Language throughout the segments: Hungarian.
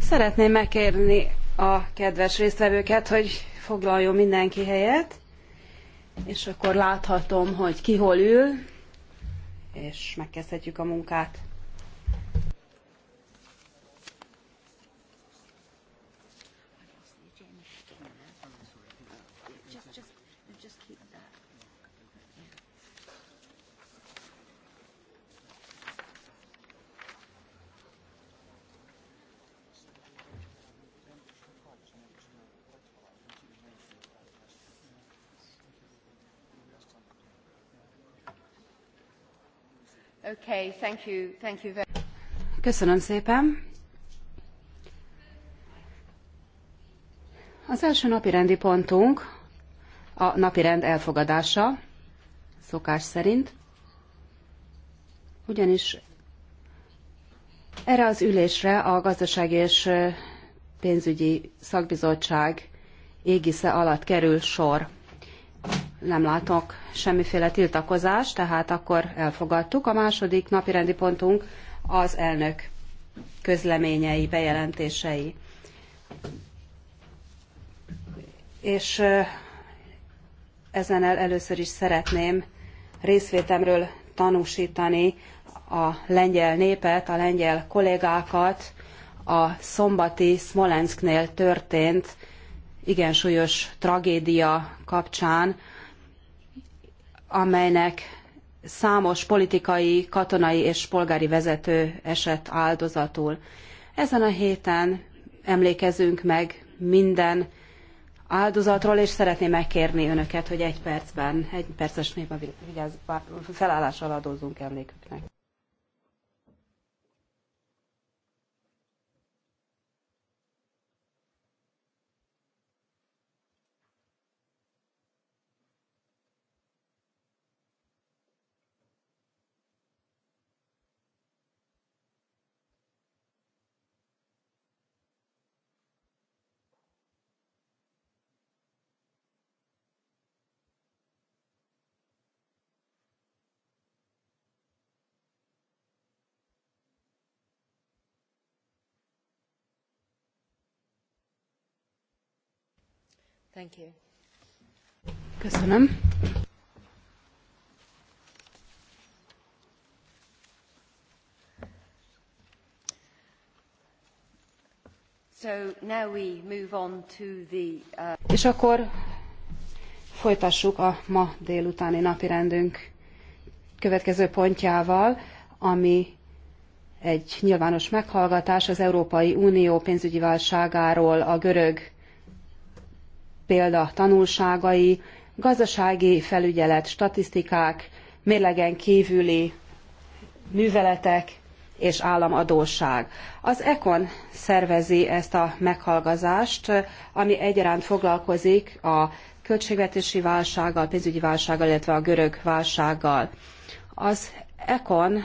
Szeretném megkérni a kedves résztvevőket, hogy foglaljon mindenki helyet, és akkor láthatom, hogy ki hol ül, és megkezdhetjük a munkát. Köszönöm szépen. Az első napirendi pontunk a napirend elfogadása, szokás szerint, ugyanis erre az ülésre a Gazdasági és Pénzügyi Szakbizottság égisze alatt kerül sor nem látok semmiféle tiltakozást, tehát akkor elfogadtuk. A második napi rendi pontunk az elnök közleményei, bejelentései. És ezen el először is szeretném részvétemről tanúsítani a lengyel népet, a lengyel kollégákat a szombati Smolensknél történt igen súlyos tragédia kapcsán, amelynek számos politikai, katonai és polgári vezető esett áldozatul. Ezen a héten emlékezünk meg minden áldozatról, és szeretném megkérni önöket, hogy egy percben, egy perces népa felállással alatt adózzunk emléküknek. Thank you. Köszönöm. So now we move on to the, uh... És akkor folytassuk a ma délutáni napirendünk következő pontjával, ami egy nyilvános meghallgatás az Európai Unió pénzügyi válságáról a görög példa tanulságai, gazdasági felügyelet, statisztikák, mérlegen kívüli műveletek és államadósság. Az ECON szervezi ezt a meghallgazást, ami egyaránt foglalkozik a költségvetési válsággal, pénzügyi válsággal, illetve a görög válsággal. Az ECON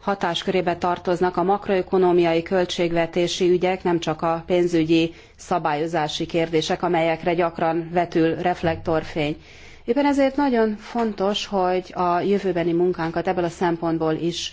hatáskörébe tartoznak a makroökonómiai költségvetési ügyek, nem csak a pénzügyi szabályozási kérdések, amelyekre gyakran vetül reflektorfény. Éppen ezért nagyon fontos, hogy a jövőbeni munkánkat ebből a szempontból is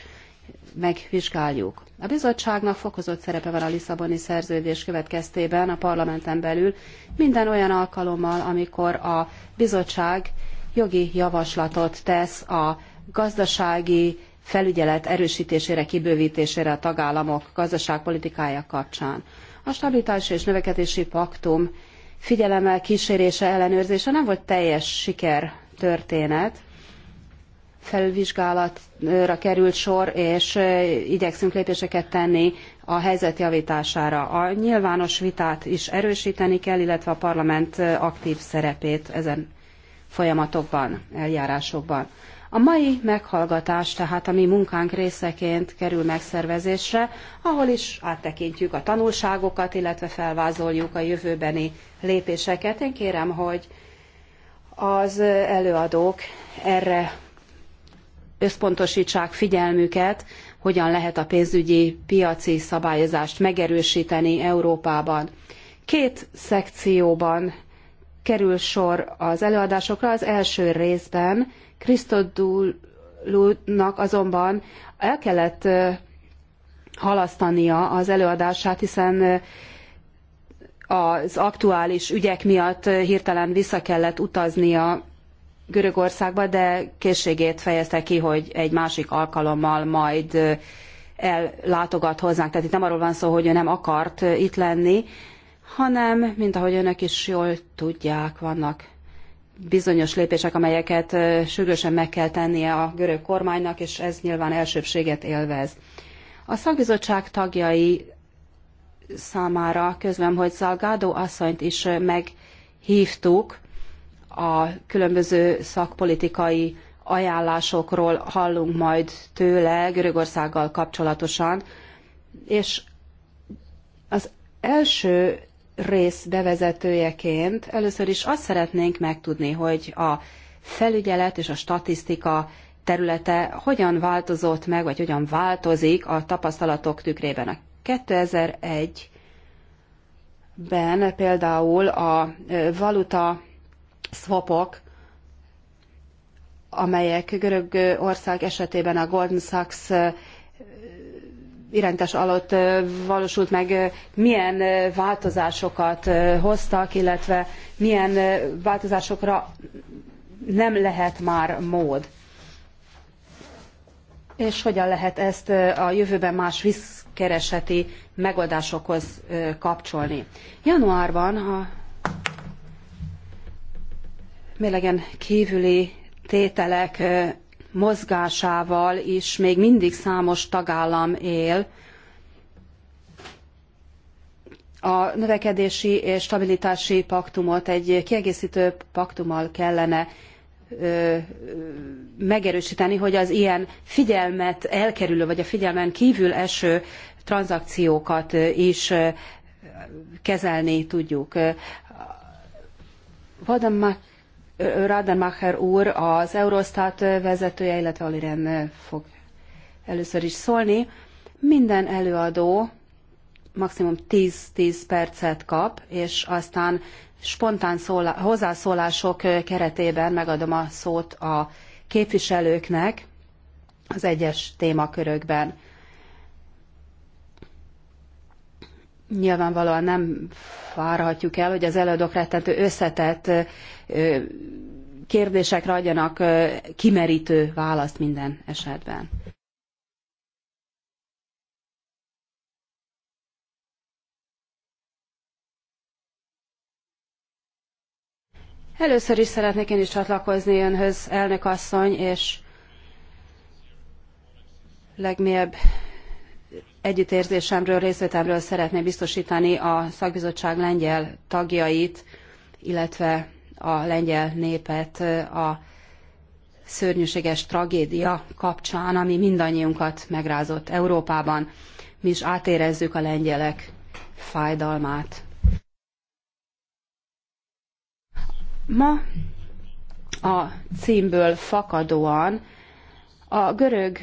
megvizsgáljuk. A bizottságnak fokozott szerepe van a Lisszaboni szerződés következtében a parlamenten belül minden olyan alkalommal, amikor a bizottság jogi javaslatot tesz a gazdasági felügyelet erősítésére, kibővítésére a tagállamok gazdaságpolitikája kapcsán. A stabilitási és növekedési paktum figyelemmel kísérése, ellenőrzése nem volt teljes siker történet, felvizsgálatra került sor, és igyekszünk lépéseket tenni a helyzet javítására. A nyilvános vitát is erősíteni kell, illetve a parlament aktív szerepét ezen folyamatokban, eljárásokban. A mai meghallgatás tehát a mi munkánk részeként kerül megszervezésre, ahol is áttekintjük a tanulságokat, illetve felvázoljuk a jövőbeni lépéseket. Én kérem, hogy az előadók erre összpontosítsák figyelmüket, hogyan lehet a pénzügyi piaci szabályozást megerősíteni Európában. Két szekcióban kerül sor az előadásokra. Az első részben Krisztodulúnak azonban el kellett halasztania az előadását, hiszen az aktuális ügyek miatt hirtelen vissza kellett utaznia Görögországba, de készségét fejezte ki, hogy egy másik alkalommal majd ellátogat hozzánk. Tehát itt nem arról van szó, hogy ő nem akart itt lenni, hanem, mint ahogy önök is jól tudják, vannak bizonyos lépések, amelyeket sürgősen meg kell tennie a görög kormánynak, és ez nyilván elsőbséget élvez. A szakbizottság tagjai számára közlöm, hogy Zalgádó asszonyt is meghívtuk, a különböző szakpolitikai ajánlásokról hallunk majd tőle Görögországgal kapcsolatosan, és az első rész bevezetőjeként először is azt szeretnénk megtudni, hogy a felügyelet és a statisztika területe hogyan változott meg, vagy hogyan változik a tapasztalatok tükrében. A 2001-ben például a valuta swapok, amelyek Görögország esetében a Goldman Sachs irányítás alatt valósult meg, milyen változásokat hoztak, illetve milyen változásokra nem lehet már mód. És hogyan lehet ezt a jövőben más visszkereseti megoldásokhoz kapcsolni. Januárban a mélegen kívüli tételek mozgásával is még mindig számos tagállam él. A növekedési és stabilitási paktumot egy kiegészítő paktummal kellene ö, megerősíteni, hogy az ilyen figyelmet elkerülő, vagy a figyelmen kívül eső tranzakciókat is kezelni tudjuk. Vadamaki Rademacher úr, az Eurostat vezetője, illetve Aliren fog először is szólni. Minden előadó maximum 10-10 percet kap, és aztán spontán szóla, hozzászólások keretében megadom a szót a képviselőknek az egyes témakörökben. nyilvánvalóan nem várhatjuk el, hogy az előadók rettentő összetett kérdésekre adjanak kimerítő választ minden esetben. Először is szeretnék én is csatlakozni önhöz, elnök asszony, és legmélyebb együttérzésemről, részvétemről szeretném biztosítani a szakbizottság lengyel tagjait, illetve a lengyel népet a szörnyűséges tragédia kapcsán, ami mindannyiunkat megrázott Európában. Mi is átérezzük a lengyelek fájdalmát. Ma a címből fakadóan a görög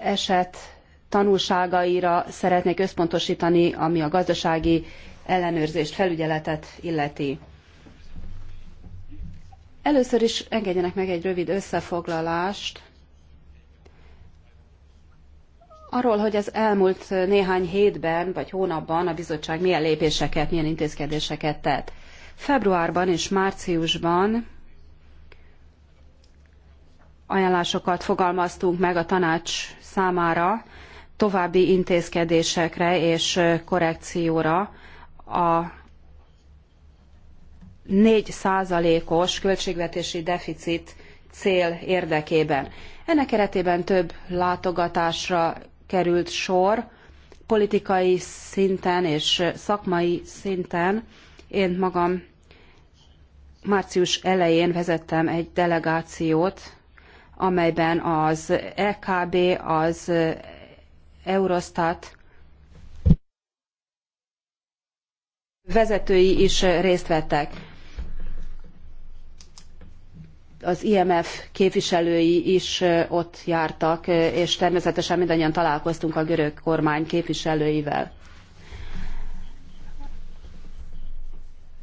eset tanulságaira szeretnék összpontosítani, ami a gazdasági ellenőrzést, felügyeletet illeti. Először is engedjenek meg egy rövid összefoglalást arról, hogy az elmúlt néhány hétben vagy hónapban a bizottság milyen lépéseket, milyen intézkedéseket tett. Februárban és márciusban ajánlásokat fogalmaztunk meg a tanács számára, további intézkedésekre és korrekcióra a 4 százalékos költségvetési deficit cél érdekében. Ennek keretében több látogatásra került sor, politikai szinten és szakmai szinten. Én magam március elején vezettem egy delegációt, amelyben az EKB, az Eurostat vezetői is részt vettek. Az IMF képviselői is ott jártak, és természetesen mindannyian találkoztunk a görög kormány képviselőivel.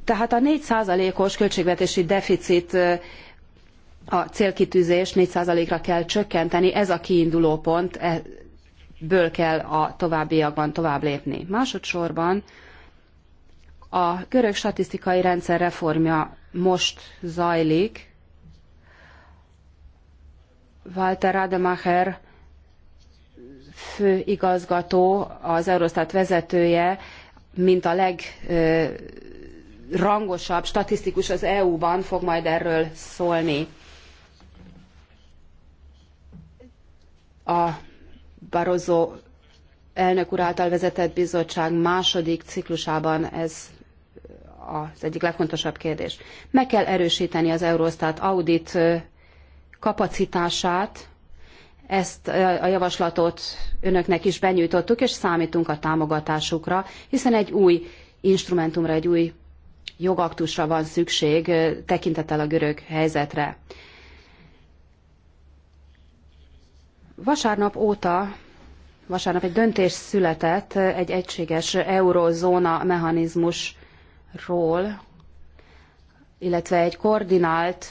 Tehát a 4%-os költségvetési deficit a célkitűzés 4%-ra kell csökkenteni, ez a kiinduló pont, e- ből kell a továbbiakban tovább lépni. Másodszorban a görög statisztikai rendszer reformja most zajlik. Walter Rademacher főigazgató, az Eurostat vezetője, mint a legrangosabb statisztikus az EU-ban fog majd erről szólni. A Barozó elnök úr által vezetett bizottság második ciklusában ez az egyik legfontosabb kérdés. Meg kell erősíteni az Eurostat audit kapacitását, ezt a javaslatot önöknek is benyújtottuk, és számítunk a támogatásukra, hiszen egy új instrumentumra, egy új jogaktusra van szükség tekintettel a görög helyzetre. Vasárnap óta, vasárnap egy döntés született egy egységes eurózóna mechanizmusról, illetve egy koordinált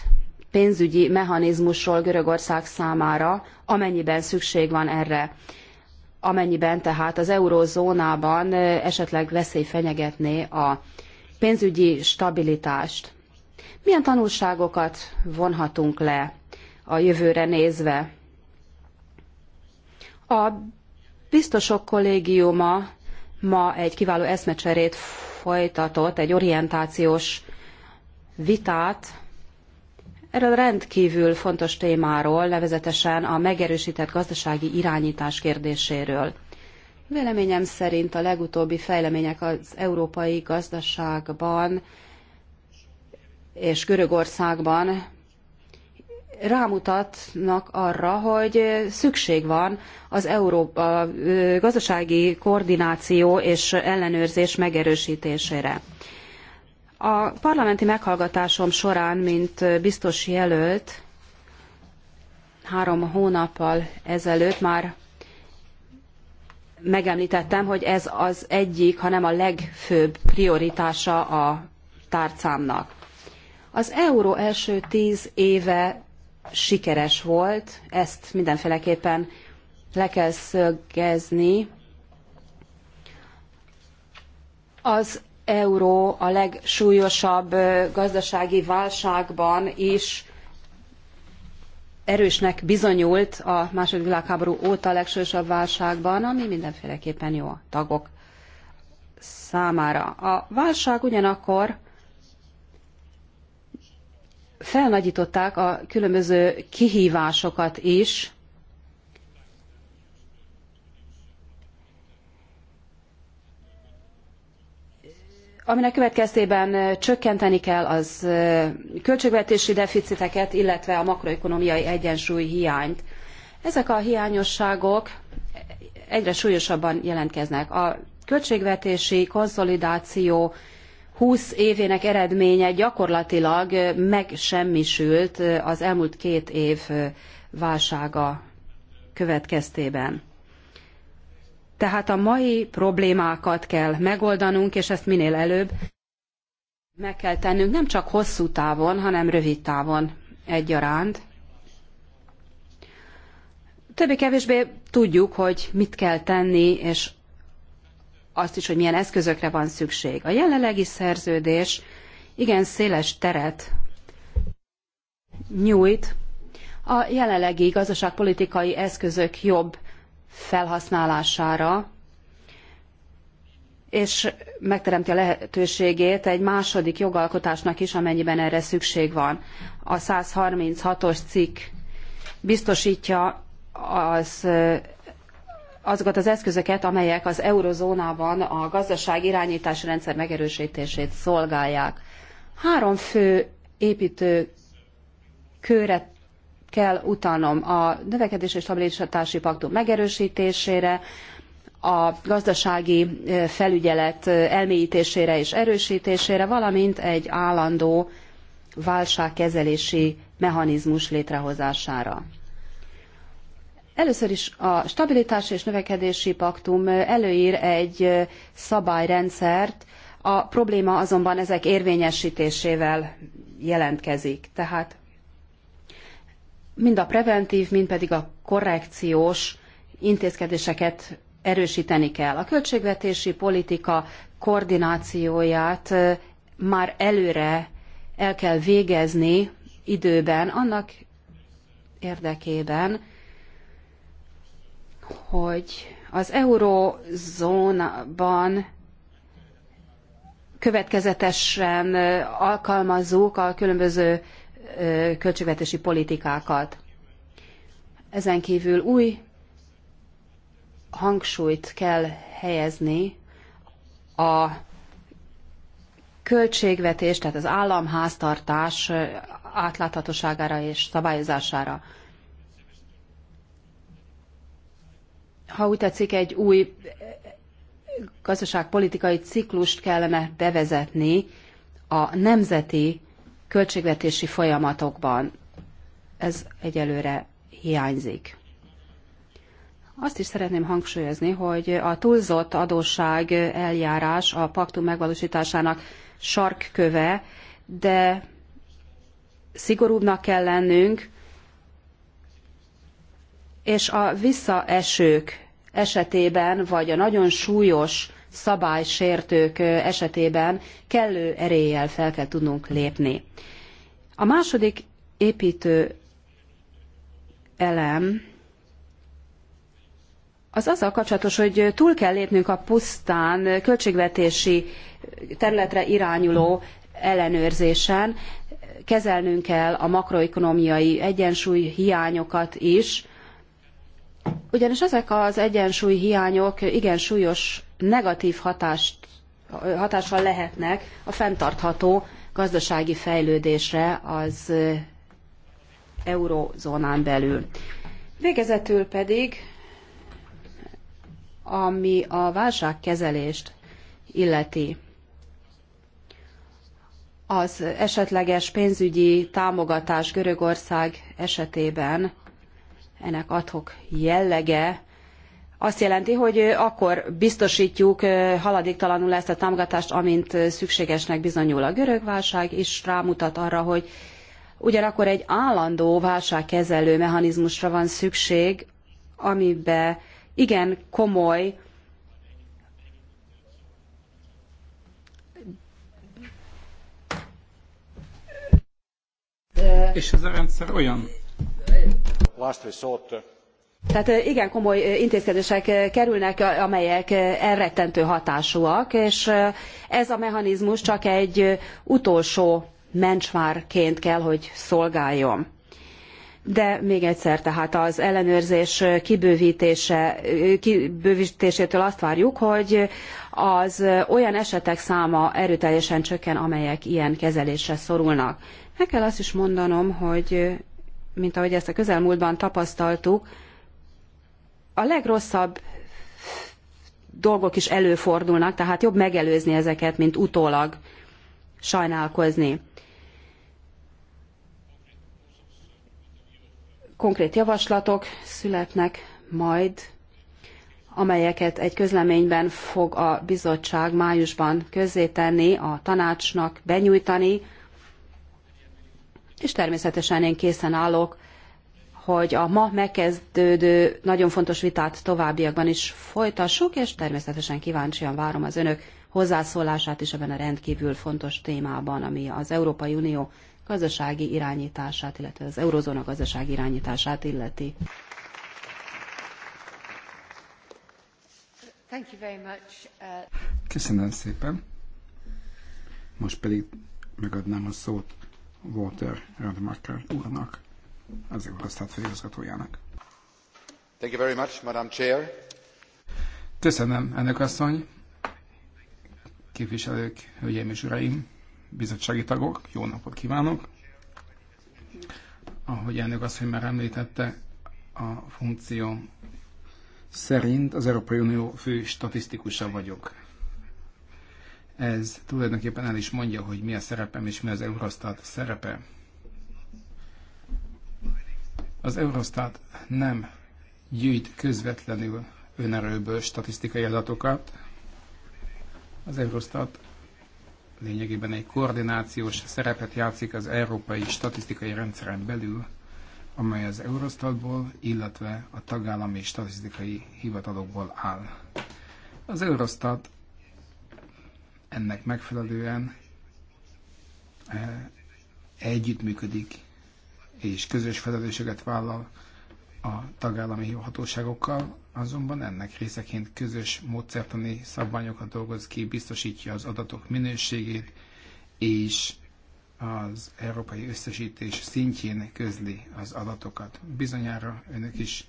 pénzügyi mechanizmusról Görögország számára, amennyiben szükség van erre. Amennyiben tehát az eurózónában esetleg veszély fenyegetné a pénzügyi stabilitást. Milyen tanulságokat vonhatunk le a jövőre nézve? A biztosok kollégiuma ma egy kiváló eszmecserét folytatott, egy orientációs vitát erről rendkívül fontos témáról, nevezetesen a megerősített gazdasági irányítás kérdéséről. Véleményem szerint a legutóbbi fejlemények az európai gazdaságban és Görögországban rámutatnak arra, hogy szükség van az Európa gazdasági koordináció és ellenőrzés megerősítésére. A parlamenti meghallgatásom során, mint biztos jelölt, három hónappal ezelőtt már megemlítettem, hogy ez az egyik, hanem a legfőbb prioritása a tárcámnak. Az euró első tíz éve sikeres volt, ezt mindenféleképpen le kell szögezni. Az euró a legsúlyosabb gazdasági válságban is erősnek bizonyult a II. világháború óta a legsúlyosabb válságban, ami mindenféleképpen jó a tagok számára. A válság ugyanakkor felnagyították a különböző kihívásokat is, aminek következtében csökkenteni kell az költségvetési deficiteket, illetve a makroökonómiai egyensúly hiányt. Ezek a hiányosságok egyre súlyosabban jelentkeznek. A költségvetési konszolidáció 20 évének eredménye gyakorlatilag megsemmisült az elmúlt két év válsága következtében. Tehát a mai problémákat kell megoldanunk, és ezt minél előbb meg kell tennünk nem csak hosszú távon, hanem rövid távon egyaránt. Többé-kevésbé tudjuk, hogy mit kell tenni, és azt is, hogy milyen eszközökre van szükség. A jelenlegi szerződés igen széles teret nyújt a jelenlegi gazdaságpolitikai eszközök jobb felhasználására, és megteremti a lehetőségét egy második jogalkotásnak is, amennyiben erre szükség van. A 136-os cikk biztosítja az azokat az eszközöket, amelyek az eurozónában a gazdaság irányítási rendszer megerősítését szolgálják. Három fő építő kőre kell utalnom a növekedés és stabilitási paktum megerősítésére, a gazdasági felügyelet elmélyítésére és erősítésére, valamint egy állandó válságkezelési mechanizmus létrehozására. Először is a stabilitási és növekedési paktum előír egy szabályrendszert, a probléma azonban ezek érvényesítésével jelentkezik. Tehát mind a preventív, mind pedig a korrekciós intézkedéseket erősíteni kell. A költségvetési politika koordinációját már előre el kell végezni időben, annak érdekében, hogy az eurózónában következetesen alkalmazzuk a különböző költségvetési politikákat. Ezen kívül új hangsúlyt kell helyezni a költségvetés, tehát az államháztartás átláthatóságára és szabályozására. ha úgy tetszik, egy új gazdaságpolitikai ciklust kellene bevezetni a nemzeti költségvetési folyamatokban. Ez egyelőre hiányzik. Azt is szeretném hangsúlyozni, hogy a túlzott adósság eljárás a paktum megvalósításának sarkköve, de szigorúbbnak kell lennünk, és a visszaesők esetében, vagy a nagyon súlyos szabálysértők esetében kellő eréllyel fel kell tudnunk lépni. A második építő elem az azzal kapcsolatos, hogy túl kell lépnünk a pusztán költségvetési területre irányuló ellenőrzésen, kezelnünk kell a makroökonómiai egyensúly hiányokat is, ugyanis ezek az egyensúly hiányok igen súlyos negatív hatást, hatással lehetnek a fenntartható gazdasági fejlődésre az eurózónán belül. Végezetül pedig, ami a válságkezelést illeti, az esetleges pénzügyi támogatás Görögország esetében ennek adhok jellege azt jelenti, hogy akkor biztosítjuk haladéktalanul ezt a támogatást, amint szükségesnek bizonyul a görög válság, és rámutat arra, hogy ugyanakkor egy állandó válságkezelő mechanizmusra van szükség, amiben igen komoly És ez a rendszer olyan, tehát igen komoly intézkedések kerülnek, amelyek elrettentő hatásúak, és ez a mechanizmus csak egy utolsó mencsvárként kell, hogy szolgáljon. De még egyszer, tehát az ellenőrzés kibővítése, azt várjuk, hogy az olyan esetek száma erőteljesen csökken, amelyek ilyen kezelésre szorulnak. Meg kell azt is mondanom, hogy mint ahogy ezt a közelmúltban tapasztaltuk, a legrosszabb dolgok is előfordulnak, tehát jobb megelőzni ezeket, mint utólag sajnálkozni. Konkrét javaslatok születnek majd, amelyeket egy közleményben fog a bizottság májusban közzétenni, a tanácsnak benyújtani, és természetesen én készen állok, hogy a ma megkezdődő nagyon fontos vitát továbbiakban is folytassuk, és természetesen kíváncsian várom az önök hozzászólását is ebben a rendkívül fontos témában, ami az Európai Unió gazdasági irányítását, illetve az eurozóna gazdasági irányítását illeti. Uh, Köszönöm szépen. Most pedig megadnám a szót Walter Rademacher úrnak, az Eurostat főigazgatójának. Thank you very much, Madam Chair. Köszönöm, elnök asszony, képviselők, hölgyeim és uraim, bizottsági tagok, jó napot kívánok! Ahogy elnök asszony már említette, a funkció szerint az Európai Unió fő statisztikusa vagyok. Ez tulajdonképpen el is mondja, hogy mi a szerepem és mi az Eurostat szerepe. Az Eurostat nem gyűjt közvetlenül önerőből statisztikai adatokat. Az Eurostat lényegében egy koordinációs szerepet játszik az európai statisztikai rendszeren belül, amely az Eurostatból, illetve a tagállami statisztikai hivatalokból áll. Az Eurostat ennek megfelelően eh, együttműködik és közös felelősséget vállal a tagállami hatóságokkal, azonban ennek részeként közös módszertani szabványokat dolgoz ki, biztosítja az adatok minőségét, és az európai összesítés szintjén közli az adatokat. Bizonyára önök is,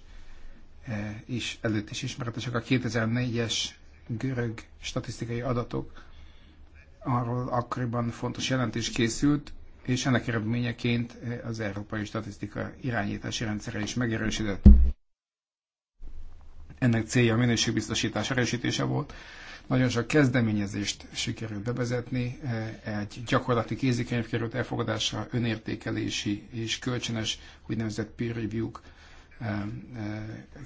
eh, is előtt is ismeretesek a 2004-es görög statisztikai adatok, arról akkoriban fontos jelentés készült, és ennek eredményeként az európai statisztika irányítási rendszere is megerősödött. Ennek célja a minőségbiztosítás erősítése volt. Nagyon sok kezdeményezést sikerült bevezetni, eh, egy gyakorlati kézikönyv került elfogadásra, önértékelési és kölcsönös úgynevezett peer review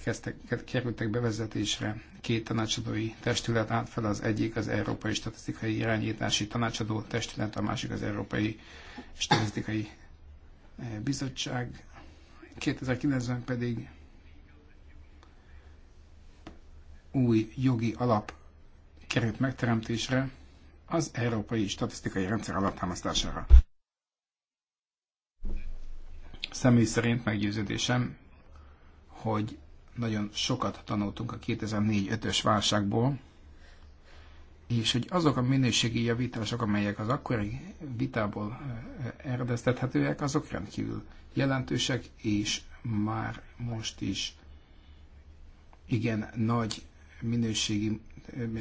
kezdtek, kerültek bevezetésre. Két tanácsadói testület állt fel, az egyik az Európai Statisztikai Irányítási Tanácsadó Testület, a másik az Európai Statisztikai Bizottság. 2009-ben pedig új jogi alap került megteremtésre az Európai Statisztikai Rendszer alaptámasztására. Személy szerint meggyőződésem, hogy nagyon sokat tanultunk a 2004-5-ös válságból, és hogy azok a minőségi javítások, amelyek az akkori vitából eredeztethetőek, azok rendkívül jelentősek, és már most is igen nagy minőségi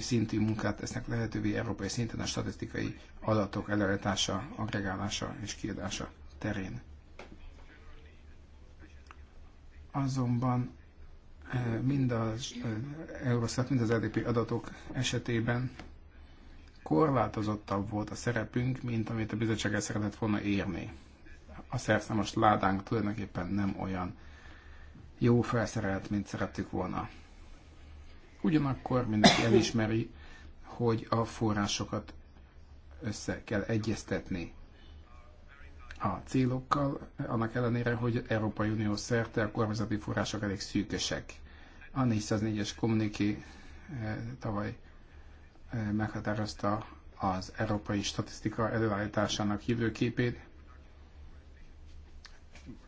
szintű munkát tesznek lehetővé európai szinten a statisztikai adatok előállítása, agregálása és kiadása terén. Azonban eh, mind az Eurostat, eh, mind az EDP adatok esetében korlátozottabb volt a szerepünk, mint amit a bizottság el szeretett volna érni. A szerszámos ládánk tulajdonképpen nem olyan jó felszerelt, mint szerettük volna. Ugyanakkor mindenki elismeri, hogy a forrásokat össze kell egyeztetni a célokkal, annak ellenére, hogy Európai Unió szerte a kormányzati források elég szűkösek. A 404-es kommuniké eh, tavaly eh, meghatározta az európai statisztika előállításának jövőképét,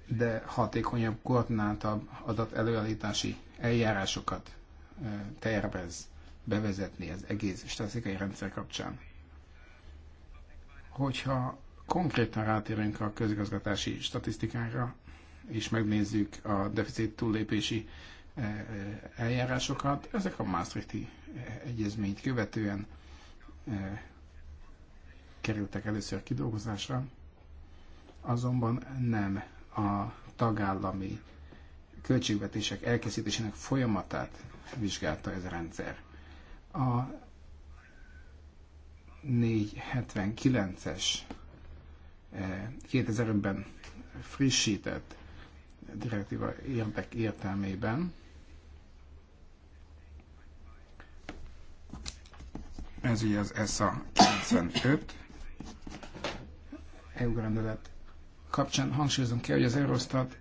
de hatékonyabb, koordináltabb adat előállítási eljárásokat eh, tervez bevezetni az egész statisztikai rendszer kapcsán. Hogyha konkrétan rátérünk a közigazgatási statisztikára, és megnézzük a deficit túllépési eh, eh, eljárásokat, ezek a Maastrichti eh, egyezményt követően kerültek először kidolgozásra, azonban nem a tagállami költségvetések elkészítésének folyamatát vizsgálta ez a rendszer. A 479-es 2005-ben frissített direktíva érdek értelmében ez ugye az ESA 95 EU rendelet kapcsán hangsúlyozom ki, hogy az Eurostat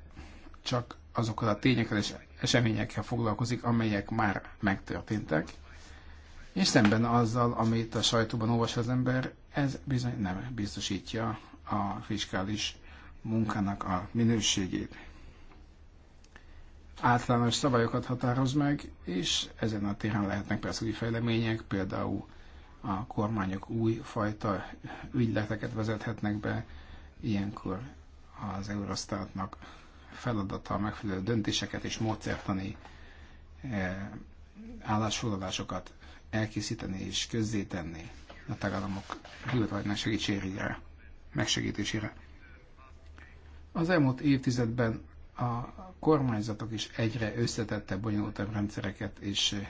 csak azokkal a tényekkel és eseményekkel foglalkozik, amelyek már megtörténtek, és szemben azzal, amit a sajtóban olvas az ember, ez bizony nem biztosítja a fiskális munkának a minőségét. Általános szabályokat határoz meg, és ezen a téren lehetnek persze új fejlemények, például a kormányok új fajta ügyleteket vezethetnek be, ilyenkor az Eurostatnak feladata a megfelelő döntéseket és módszertani e, állásfoglalásokat elkészíteni és közzétenni a tagállamok hivatalnak segítségére megsegítésére. Az elmúlt évtizedben a kormányzatok is egyre összetettebb, bonyolultabb rendszereket és eh,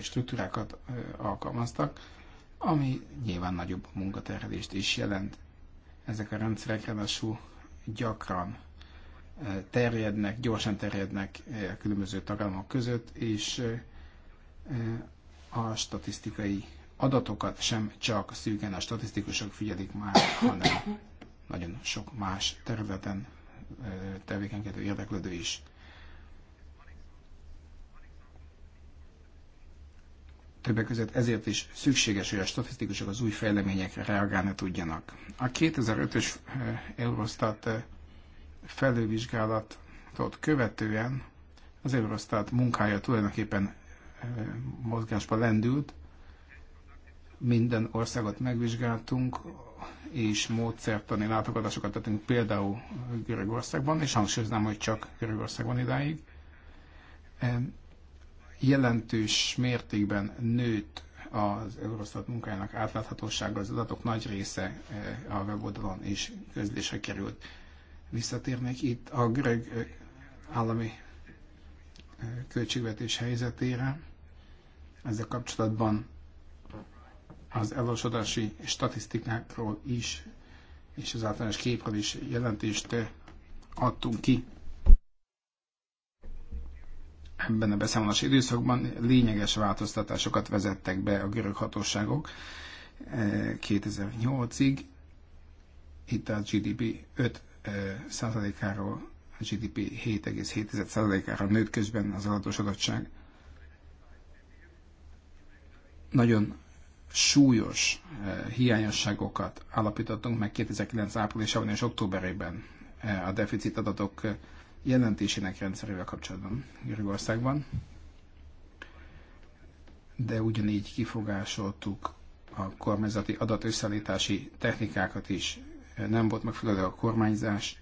struktúrákat eh, alkalmaztak, ami nyilván nagyobb munkaterhelést is jelent. Ezek a rendszerek ráadásul gyakran eh, terjednek, gyorsan terjednek a különböző tagállamok között, és a statisztikai adatokat sem csak szűken a statisztikusok figyelik már, hanem nagyon sok más területen tevékenykedő érdeklődő is. Többek között ezért is szükséges, hogy a statisztikusok az új fejleményekre reagálni tudjanak. A 2005-ös Eurostat felővizsgálatot követően az Eurostat munkája tulajdonképpen mozgásba lendült, minden országot megvizsgáltunk, és módszertani látogatásokat tettünk például Görögországban, és hangsúlyoznám, hogy csak Görögországban idáig. E, jelentős mértékben nőtt az Eurostat munkájának átláthatósága, az adatok nagy része e, a weboldalon és közlésre került. Visszatérnék itt a görög e, állami költségvetés helyzetére. Ezzel kapcsolatban az eladósodási statisztikákról is, és az általános képről is jelentést eh, adtunk ki ebben a beszámolás időszakban lényeges változtatásokat vezettek be a görög hatóságok 2008-ig. Eh, Itt a GDP 5%-áról, eh, a GDP 7,7%-ára nőtt közben az eladósodottság. Nagyon súlyos eh, hiányosságokat állapítottunk meg 2009 áprilisában és októberében eh, a deficit adatok eh, jelentésének rendszerével kapcsolatban Görögországban. De ugyanígy kifogásoltuk a kormányzati adatösszeállítási technikákat is. Nem volt megfelelő a kormányzás,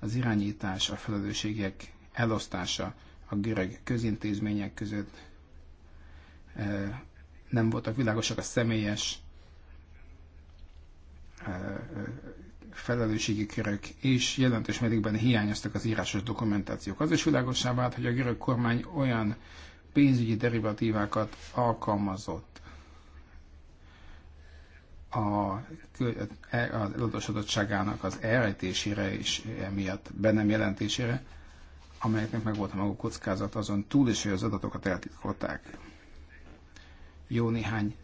az irányítás, a felelősségek elosztása a görög közintézmények között, nem voltak világosak a személyes eh, eh, felelősségi körök, és jelentős mértékben hiányoztak az írásos dokumentációk. Az is világosá vált, hogy a görög kormány olyan pénzügyi derivatívákat alkalmazott a, e- az eladósodottságának az elrejtésére és emiatt be nem jelentésére, amelyeknek meg volt a maguk kockázat azon túl is, hogy az adatokat eltitkolták jó néhány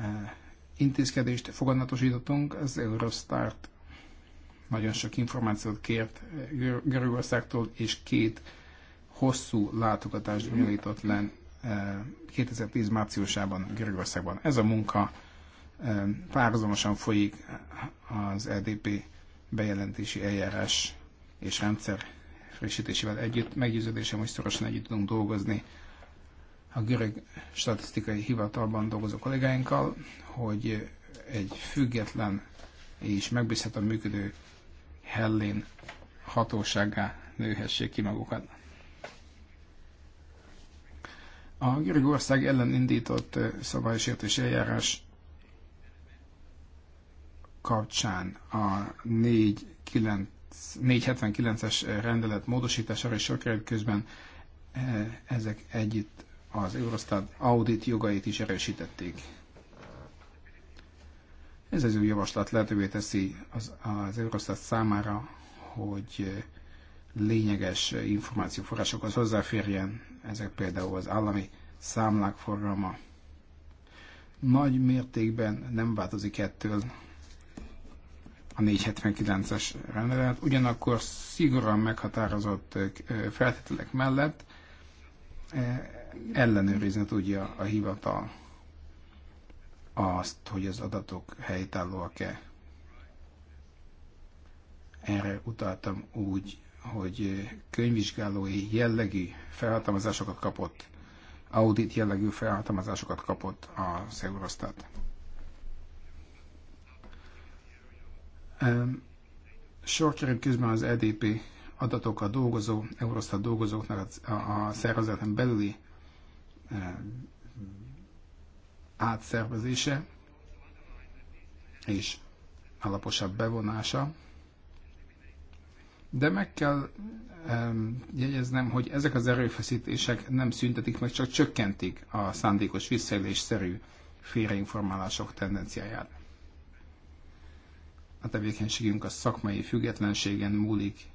eh, intézkedést fogadnatosítottunk Az Eurostart nagyon sok információt kért eh, Görögországtól, és két hosszú látogatást bonyolított len 2010 márciusában Görögországban. Ez a munka eh, párhuzamosan folyik az EDP bejelentési eljárás és rendszer frissítésével együtt. Meggyőződésem, hogy szorosan együtt tudunk dolgozni a görög statisztikai hivatalban dolgozó kollégáinkkal, hogy egy független és megbízható működő Hellén hatóságá nőhessék ki magukat. A Görögország ellen indított szabálysértési eljárás kapcsán a 479-es rendelet módosítására is sor közben ezek együtt az Eurostat audit jogait is erősítették. Ez az új javaslat lehetővé teszi az, az Eurostat számára, hogy lényeges információforrásokhoz hozzáférjen, ezek például az állami számlák forgalma. Nagy mértékben nem változik ettől a 479-es rendelet, ugyanakkor szigorúan meghatározott feltételek mellett ellenőrizni tudja a hivatal azt, hogy az adatok helytállóak-e. Erre utaltam úgy, hogy könyvvizsgálói jellegű felhatalmazásokat kapott, audit jellegű felhatalmazásokat kapott a Eurostat. Sor kerül közben az EDP adatokkal dolgozó, Eurostat dolgozóknak a, a szervezeten belüli Eh, átszervezése és alaposabb bevonása. De meg kell jegyeznem, hogy ezek az erőfeszítések nem szüntetik meg, csak csökkentik a szándékos visszaélésszerű félreinformálások tendenciáját. A tevékenységünk a szakmai függetlenségen múlik,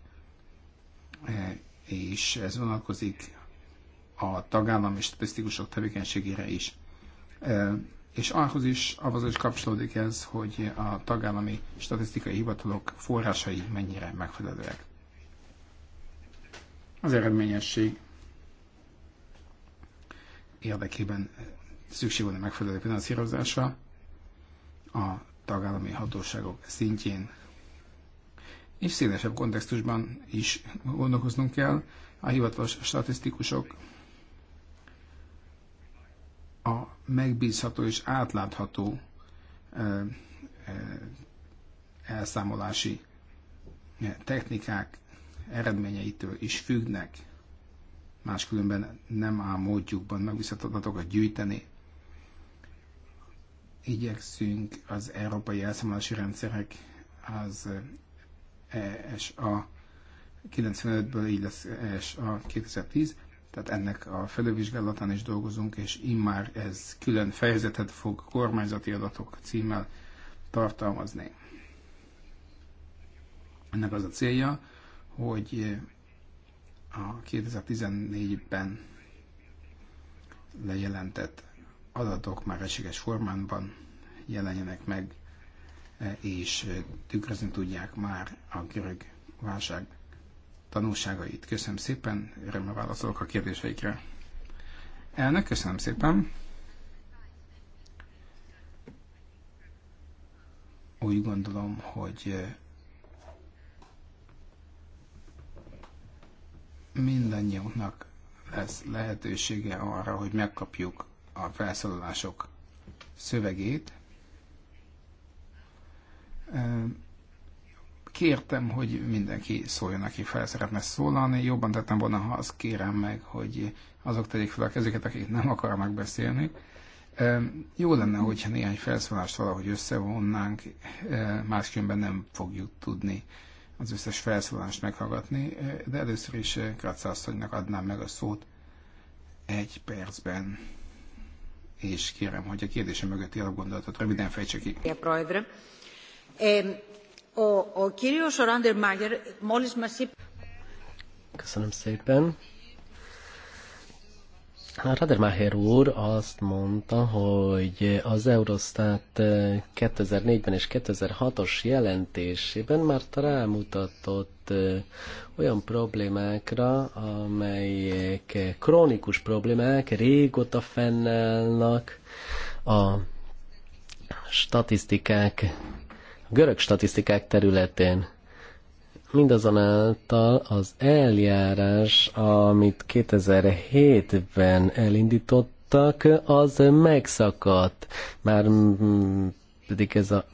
eh, és ez vonatkozik a tagállami statisztikusok tevékenységére is. És ahhoz is, ahhoz is kapcsolódik ez, hogy a tagállami statisztikai hivatalok forrásai mennyire megfelelőek. Az eredményesség érdekében szükség van a megfelelő finanszírozása a tagállami hatóságok szintjén. És szélesebb kontextusban is gondolkoznunk kell. A hivatalos statisztikusok a megbízható és átlátható elszámolási technikák eredményeitől is függnek, máskülönben nem áll módjukban megbízható adatokat gyűjteni. Igyekszünk az európai elszámolási rendszerek az ESA 95-ből, így lesz ESA 2010, tehát ennek a felővizsgálatán is dolgozunk, és immár ez külön fejezetet fog kormányzati adatok címmel tartalmazni. Ennek az a célja, hogy a 2014-ben lejelentett adatok már egységes formánban jelenjenek meg, és tükrözni tudják már a görög válság tanulságait. Köszönöm szépen, örömmel válaszolok a kérdéseikre. Elnök, köszönöm szépen. Úgy gondolom, hogy eh, mindannyiunknak lesz lehetősége arra, hogy megkapjuk a felszólalások szövegét. Eh, kértem, hogy mindenki szóljon, aki fel szeretne szólalni. Jobban tettem volna, ha azt kérem meg, hogy azok tegyék fel a kezüket, akik nem akarnak beszélni. Jó lenne, hogyha néhány felszólást valahogy összevonnánk, máskülönben nem fogjuk tudni az összes felszólást meghallgatni, de először is Kratzászonynak adnám meg a szót egy percben. És kérem, hogy a kérdése mögötti alapgondolatot röviden fejtse ki. Köszönöm szépen. A Radermacher úr azt mondta, hogy az Eurostat 2004-ben és 2006-os jelentésében már rámutatott olyan problémákra, amelyek krónikus problémák, régóta fennállnak a statisztikák görög statisztikák területén. Mindazonáltal az eljárás, amit 2007-ben elindítottak, az megszakadt. Már pedig ez a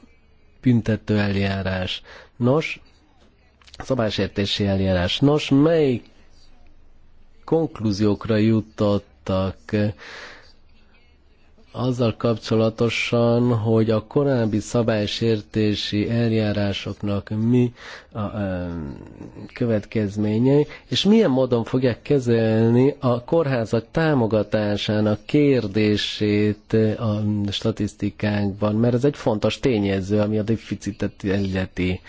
büntető eljárás. Nos, szabásértési eljárás. Nos, mely konklúziókra jutottak? azzal kapcsolatosan, hogy a korábbi szabálysértési eljárásoknak mi a, a következményei, és milyen módon fogják kezelni a kórházak támogatásának kérdését a statisztikánkban, mert ez egy fontos tényező, ami a deficitet illeti.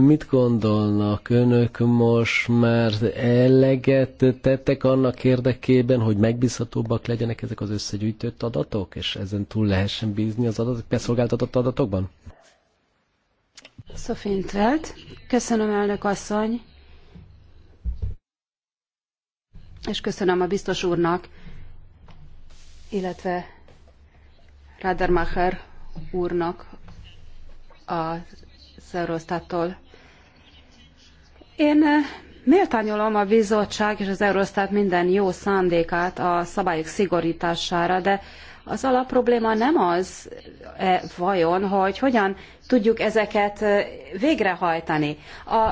Mit gondolnak önök most már eleget tettek annak érdekében, hogy megbízhatóbbak legyenek ezek az összegyűjtött adatok? adatok, és ezen túl lehessen bízni az adatok, beszolgáltatott adatokban? Szofintelt. Köszönöm, elnök asszony. És köszönöm a biztos úrnak, illetve Radermacher úrnak a Eurostattól. Én eh, méltányolom a bizottság és az Eurostat minden jó szándékát a szabályok szigorítására, de az alapprobléma nem az -e vajon, hogy hogyan tudjuk ezeket e, végrehajtani. A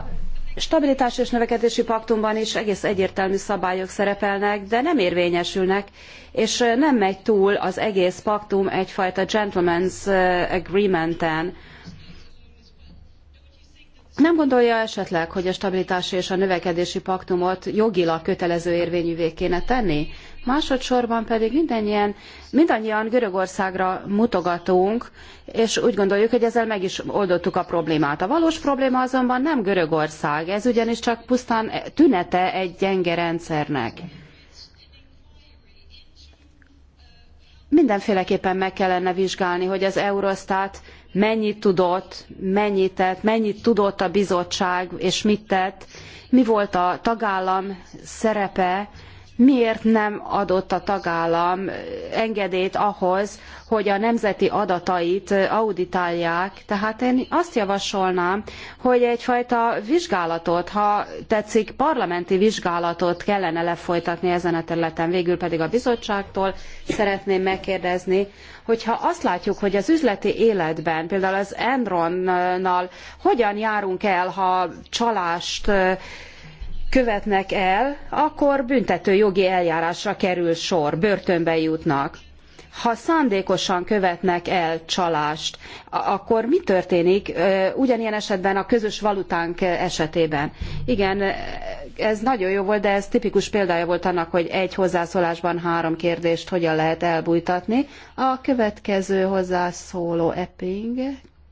stabilitás és növekedési paktumban is egész egyértelmű szabályok szerepelnek, de nem érvényesülnek, és e, nem megy túl az egész paktum egyfajta gentleman's e, agreementen. Nem gondolja esetleg, hogy a stabilitási és a növekedési paktumot jogilag kötelező érvényűvé kéne tenni? Másodszorban pedig mindannyian, mindannyian Görögországra mutogatunk, és úgy gondoljuk, hogy ezzel meg is oldottuk a problémát. A valós probléma azonban nem Görögország, ez ugyanis csak pusztán tünete egy gyenge rendszernek. Mindenféleképpen meg kellene vizsgálni, hogy az Eurostat mennyit tudott, mennyit tett, mennyit tudott a bizottság, és mit tett, mi volt a tagállam szerepe, miért nem adott a tagállam engedélyt ahhoz, hogy a nemzeti adatait auditálják. Tehát én azt javasolnám, hogy egyfajta vizsgálatot, ha tetszik, parlamenti vizsgálatot kellene lefolytatni ezen a területen. Végül pedig a bizottságtól szeretném megkérdezni, hogyha azt látjuk, hogy az üzleti életben, például az Enronnal hogyan járunk el, ha csalást követnek el, akkor büntető jogi eljárásra kerül sor, börtönbe jutnak. Ha szándékosan követnek el csalást, akkor mi történik ugyanilyen esetben a közös valutánk esetében? Igen, ez nagyon jó volt, de ez tipikus példája volt annak, hogy egy hozzászólásban három kérdést hogyan lehet elbújtatni. A következő hozzászóló Epping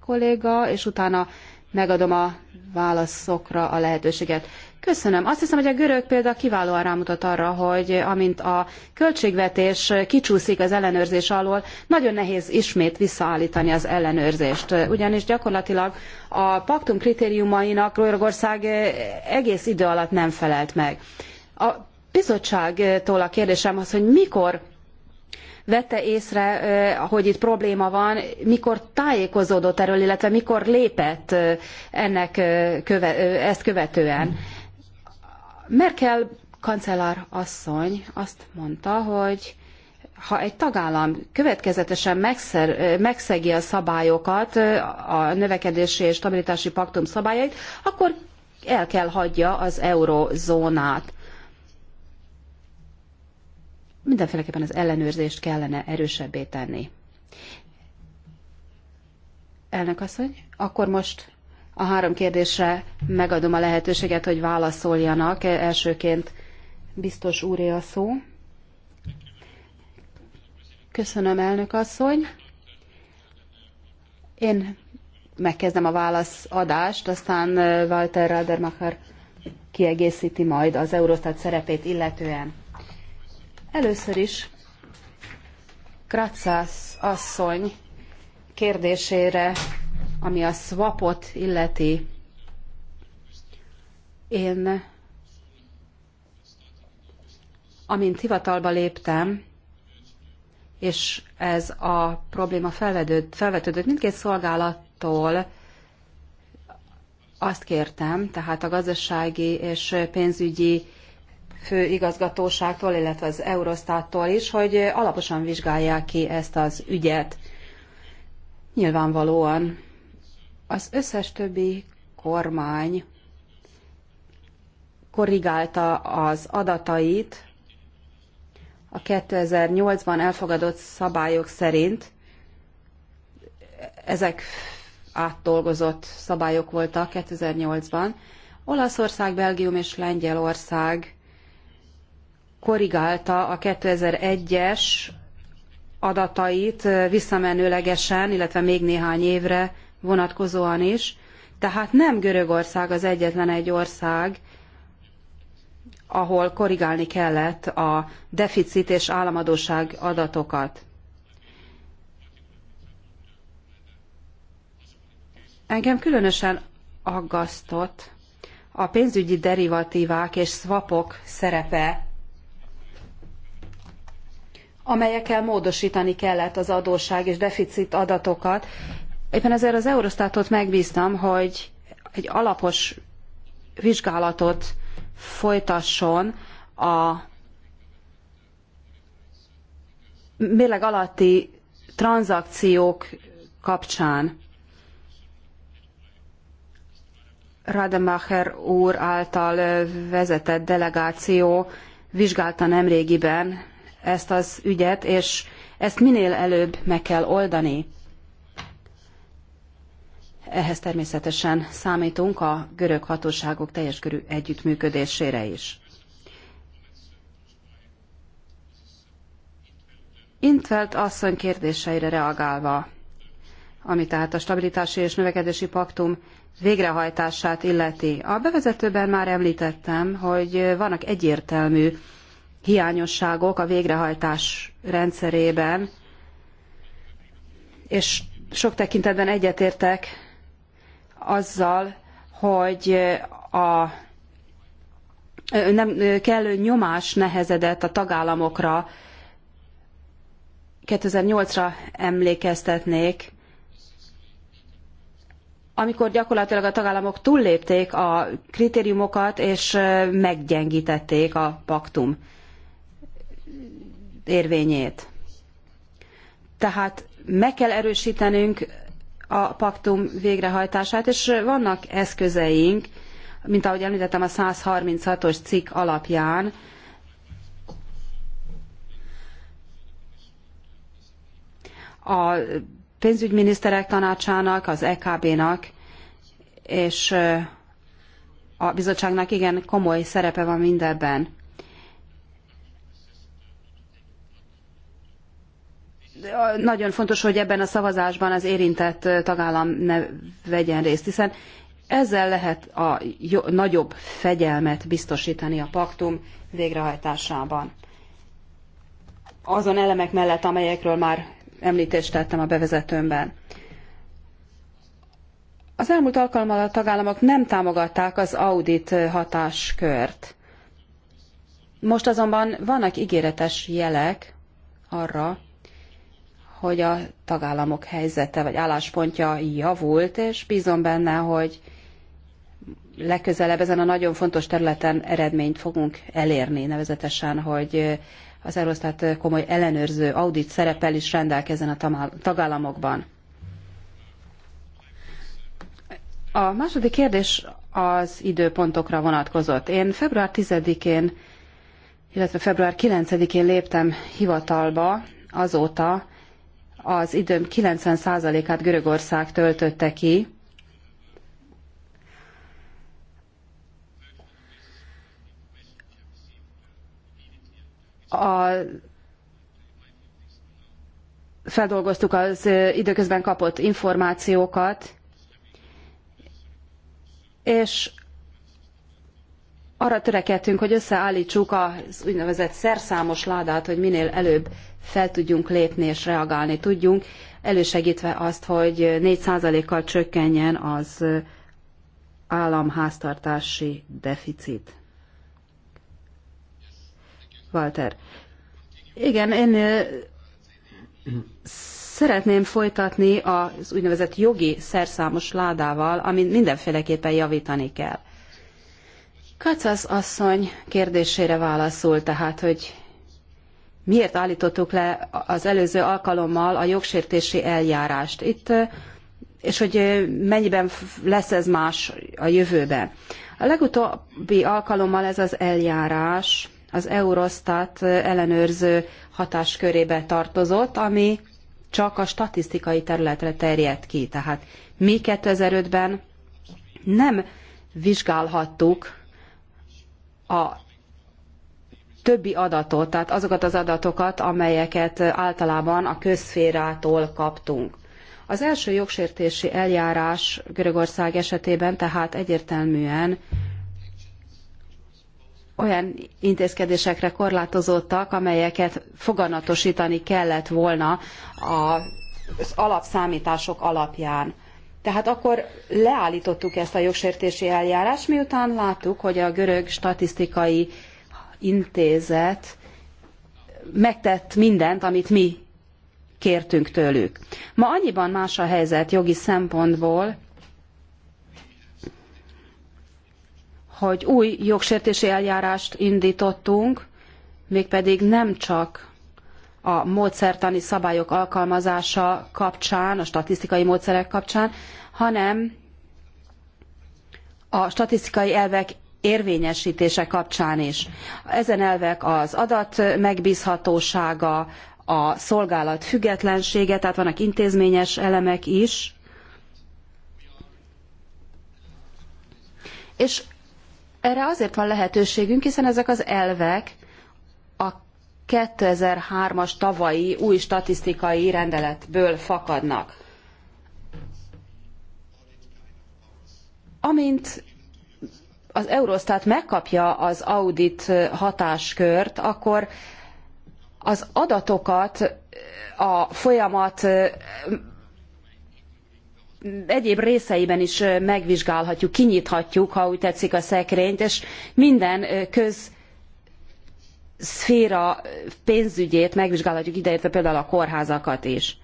kolléga, és utána megadom a válaszokra a lehetőséget. Köszönöm. Azt hiszem, hogy a görög példa kiválóan rámutat arra, hogy amint a költségvetés kicsúszik az ellenőrzés alól, nagyon nehéz ismét visszaállítani az ellenőrzést. Ugyanis gyakorlatilag a paktum kritériumainak Görögország egész idő alatt nem felelt meg. A bizottságtól a kérdésem az, hogy mikor vette észre, eh, hogy itt probléma van, mikor tájékozódott erről, illetve mikor lépett eh, ennek eh, köve, ezt követően. Merkel kancellár asszony azt mondta, hogy ha egy tagállam következetesen megszer, megszegi a szabályokat, a növekedési és stabilitási paktum szabályait, akkor el kell hagyja az eurozónát. Mindenféleképpen az ellenőrzést kellene erősebbé tenni. Elnök asszony, akkor most a három kérdésre megadom a lehetőséget, hogy válaszoljanak. Elsőként biztos úré a szó. Köszönöm, elnök asszony. Én megkezdem a válaszadást, aztán Walter Radermacher kiegészíti majd az Eurostat szerepét illetően. Először is Kratzász asszony kérdésére ami a swapot illeti. Én, amint hivatalba léptem, és ez a probléma felvetődött, felvetődött mindkét szolgálattól, azt kértem, tehát a gazdasági és pénzügyi főigazgatóságtól, illetve az Eurostattól is, hogy alaposan vizsgálják ki ezt az ügyet. Nyilvánvalóan az összes többi kormány korrigálta az adatait a 2008-ban elfogadott szabályok szerint. Ezek átdolgozott szabályok voltak 2008-ban. Olaszország, Belgium és Lengyelország korrigálta a 2001-es adatait visszamenőlegesen, illetve még néhány évre vonatkozóan is. Tehát nem Görögország az egyetlen egy ország, ahol korrigálni kellett a deficit és államadóság adatokat. Engem különösen aggasztott a pénzügyi derivatívák és swapok szerepe, amelyekkel módosítani kellett az adósság és deficit adatokat, Éppen ezért az Eurostatot megbíztam, hogy egy alapos vizsgálatot folytasson a mérleg alatti tranzakciók kapcsán. Rademacher úr által vezetett delegáció vizsgálta nemrégiben ezt az ügyet, és ezt minél előbb meg kell oldani. Ehhez természetesen számítunk a görög hatóságok teljes körű együttműködésére is. Intvelt asszony kérdéseire reagálva, ami tehát a stabilitási és növekedési paktum végrehajtását illeti. A bevezetőben már említettem, hogy vannak egyértelmű hiányosságok a végrehajtás rendszerében, és sok tekintetben egyetértek azzal, hogy a nem kellő nyomás nehezedett a tagállamokra. 2008-ra emlékeztetnék, amikor gyakorlatilag a tagállamok túllépték a kritériumokat, és meggyengítették a paktum érvényét. Tehát meg kell erősítenünk a paktum végrehajtását, és vannak eszközeink, mint ahogy említettem, a 136-os cikk alapján, a pénzügyminiszterek tanácsának, az EKB-nak és a bizottságnak igen komoly szerepe van mindebben. nagyon fontos, hogy ebben a szavazásban az érintett tagállam ne vegyen részt, hiszen ezzel lehet a nagyobb fegyelmet biztosítani a paktum végrehajtásában. Azon elemek mellett, amelyekről már említést tettem a bevezetőmben. Az elmúlt alkalommal a tagállamok nem támogatták az audit hatáskört. Most azonban vannak ígéretes jelek arra, hogy a tagállamok helyzete vagy álláspontja javult, és bízom benne, hogy legközelebb ezen a nagyon fontos területen eredményt fogunk elérni, nevezetesen, hogy az Eurostat komoly ellenőrző audit szerepel is rendelkezzen a tagállamokban. A második kérdés az időpontokra vonatkozott. Én február 10-én, illetve február 9-én léptem hivatalba, azóta az időm 90%-át Görögország töltötte ki. A feldolgoztuk az időközben kapott információkat, és arra törekedtünk, hogy összeállítsuk az úgynevezett szerszámos ládát, hogy minél előbb fel tudjunk lépni és reagálni tudjunk, elősegítve azt, hogy 4%-kal csökkenjen az államháztartási deficit. Walter. Igen, én szeretném folytatni az úgynevezett jogi szerszámos ládával, amin mindenféleképpen javítani kell. Kacasz asszony kérdésére válaszol tehát, hogy miért állítottuk le az előző alkalommal a jogsértési eljárást. Itt és hogy mennyiben lesz ez más a jövőben. A legutóbbi alkalommal ez az eljárás az Eurostat ellenőrző hatáskörébe tartozott, ami csak a statisztikai területre terjedt ki. Tehát mi 2005-ben nem vizsgálhattuk a többi adatot, tehát azokat az adatokat, amelyeket általában a közszférától kaptunk. Az első jogsértési eljárás Görögország esetében tehát egyértelműen olyan intézkedésekre korlátozódtak, amelyeket foganatosítani kellett volna az alapszámítások alapján. Tehát akkor leállítottuk ezt a jogsértési eljárást, miután láttuk, hogy a görög statisztikai intézet megtett mindent, amit mi kértünk tőlük. Ma annyiban más a helyzet jogi szempontból, hogy új jogsértési eljárást indítottunk, mégpedig nem csak a módszertani szabályok alkalmazása kapcsán, a statisztikai módszerek kapcsán, hanem a statisztikai elvek érvényesítése kapcsán is. Ezen elvek az adat megbízhatósága, a szolgálat függetlensége, tehát vannak intézményes elemek is. És erre azért van lehetőségünk, hiszen ezek az elvek a 2003-as tavalyi új statisztikai rendeletből fakadnak. Amint az Eurostat megkapja az audit hatáskört, akkor az adatokat a folyamat egyéb részeiben is megvizsgálhatjuk, kinyithatjuk, ha úgy tetszik a szekrényt, és minden köz szféra pénzügyét megvizsgálhatjuk, ideértve például a kórházakat is.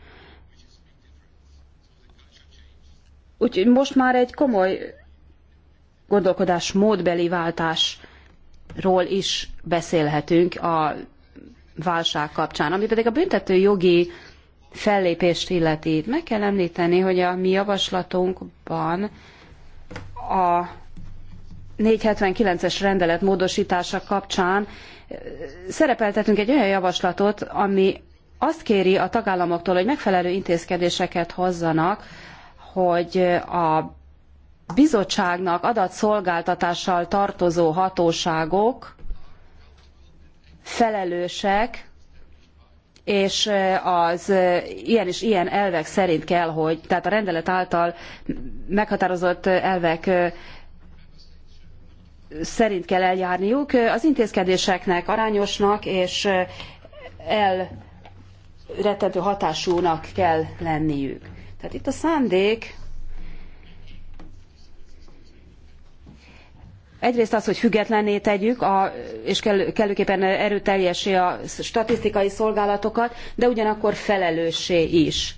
Úgyhogy most már egy komoly gondolkodás módbeli váltásról is beszélhetünk a válság kapcsán. Ami pedig a büntető jogi fellépést illeti, meg kell említeni, hogy a mi javaslatunkban a 479-es rendelet módosítása kapcsán eh, szerepeltetünk egy olyan javaslatot, ami azt kéri a tagállamoktól, hogy megfelelő intézkedéseket hozzanak, hogy a bizottságnak adatszolgáltatással tartozó hatóságok felelősek, és az ilyen és ilyen elvek szerint kell, hogy, tehát a rendelet által meghatározott elvek szerint kell eljárniuk, az intézkedéseknek arányosnak és elrettentő hatásúnak kell lenniük. Tehát itt a szándék Egyrészt az, hogy függetlenné tegyük, a, és kell, kellőképpen erőteljesé a statisztikai szolgálatokat, de ugyanakkor felelőssé is.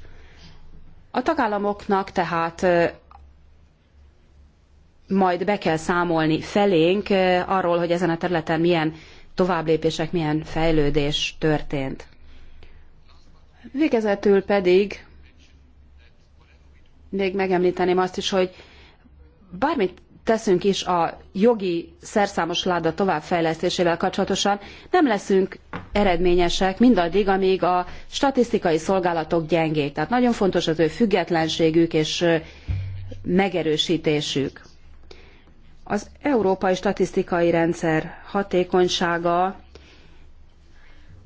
A tagállamoknak tehát majd be kell számolni felénk arról, hogy ezen a területen milyen továbblépések, milyen fejlődés történt. Végezetül pedig még megemlíteném azt is, hogy bármit teszünk is a jogi szerszámos láda továbbfejlesztésével kapcsolatosan, nem leszünk eredményesek mindaddig, amíg a statisztikai szolgálatok gyengék. Tehát nagyon fontos az ő függetlenségük és megerősítésük. Az európai statisztikai rendszer hatékonysága,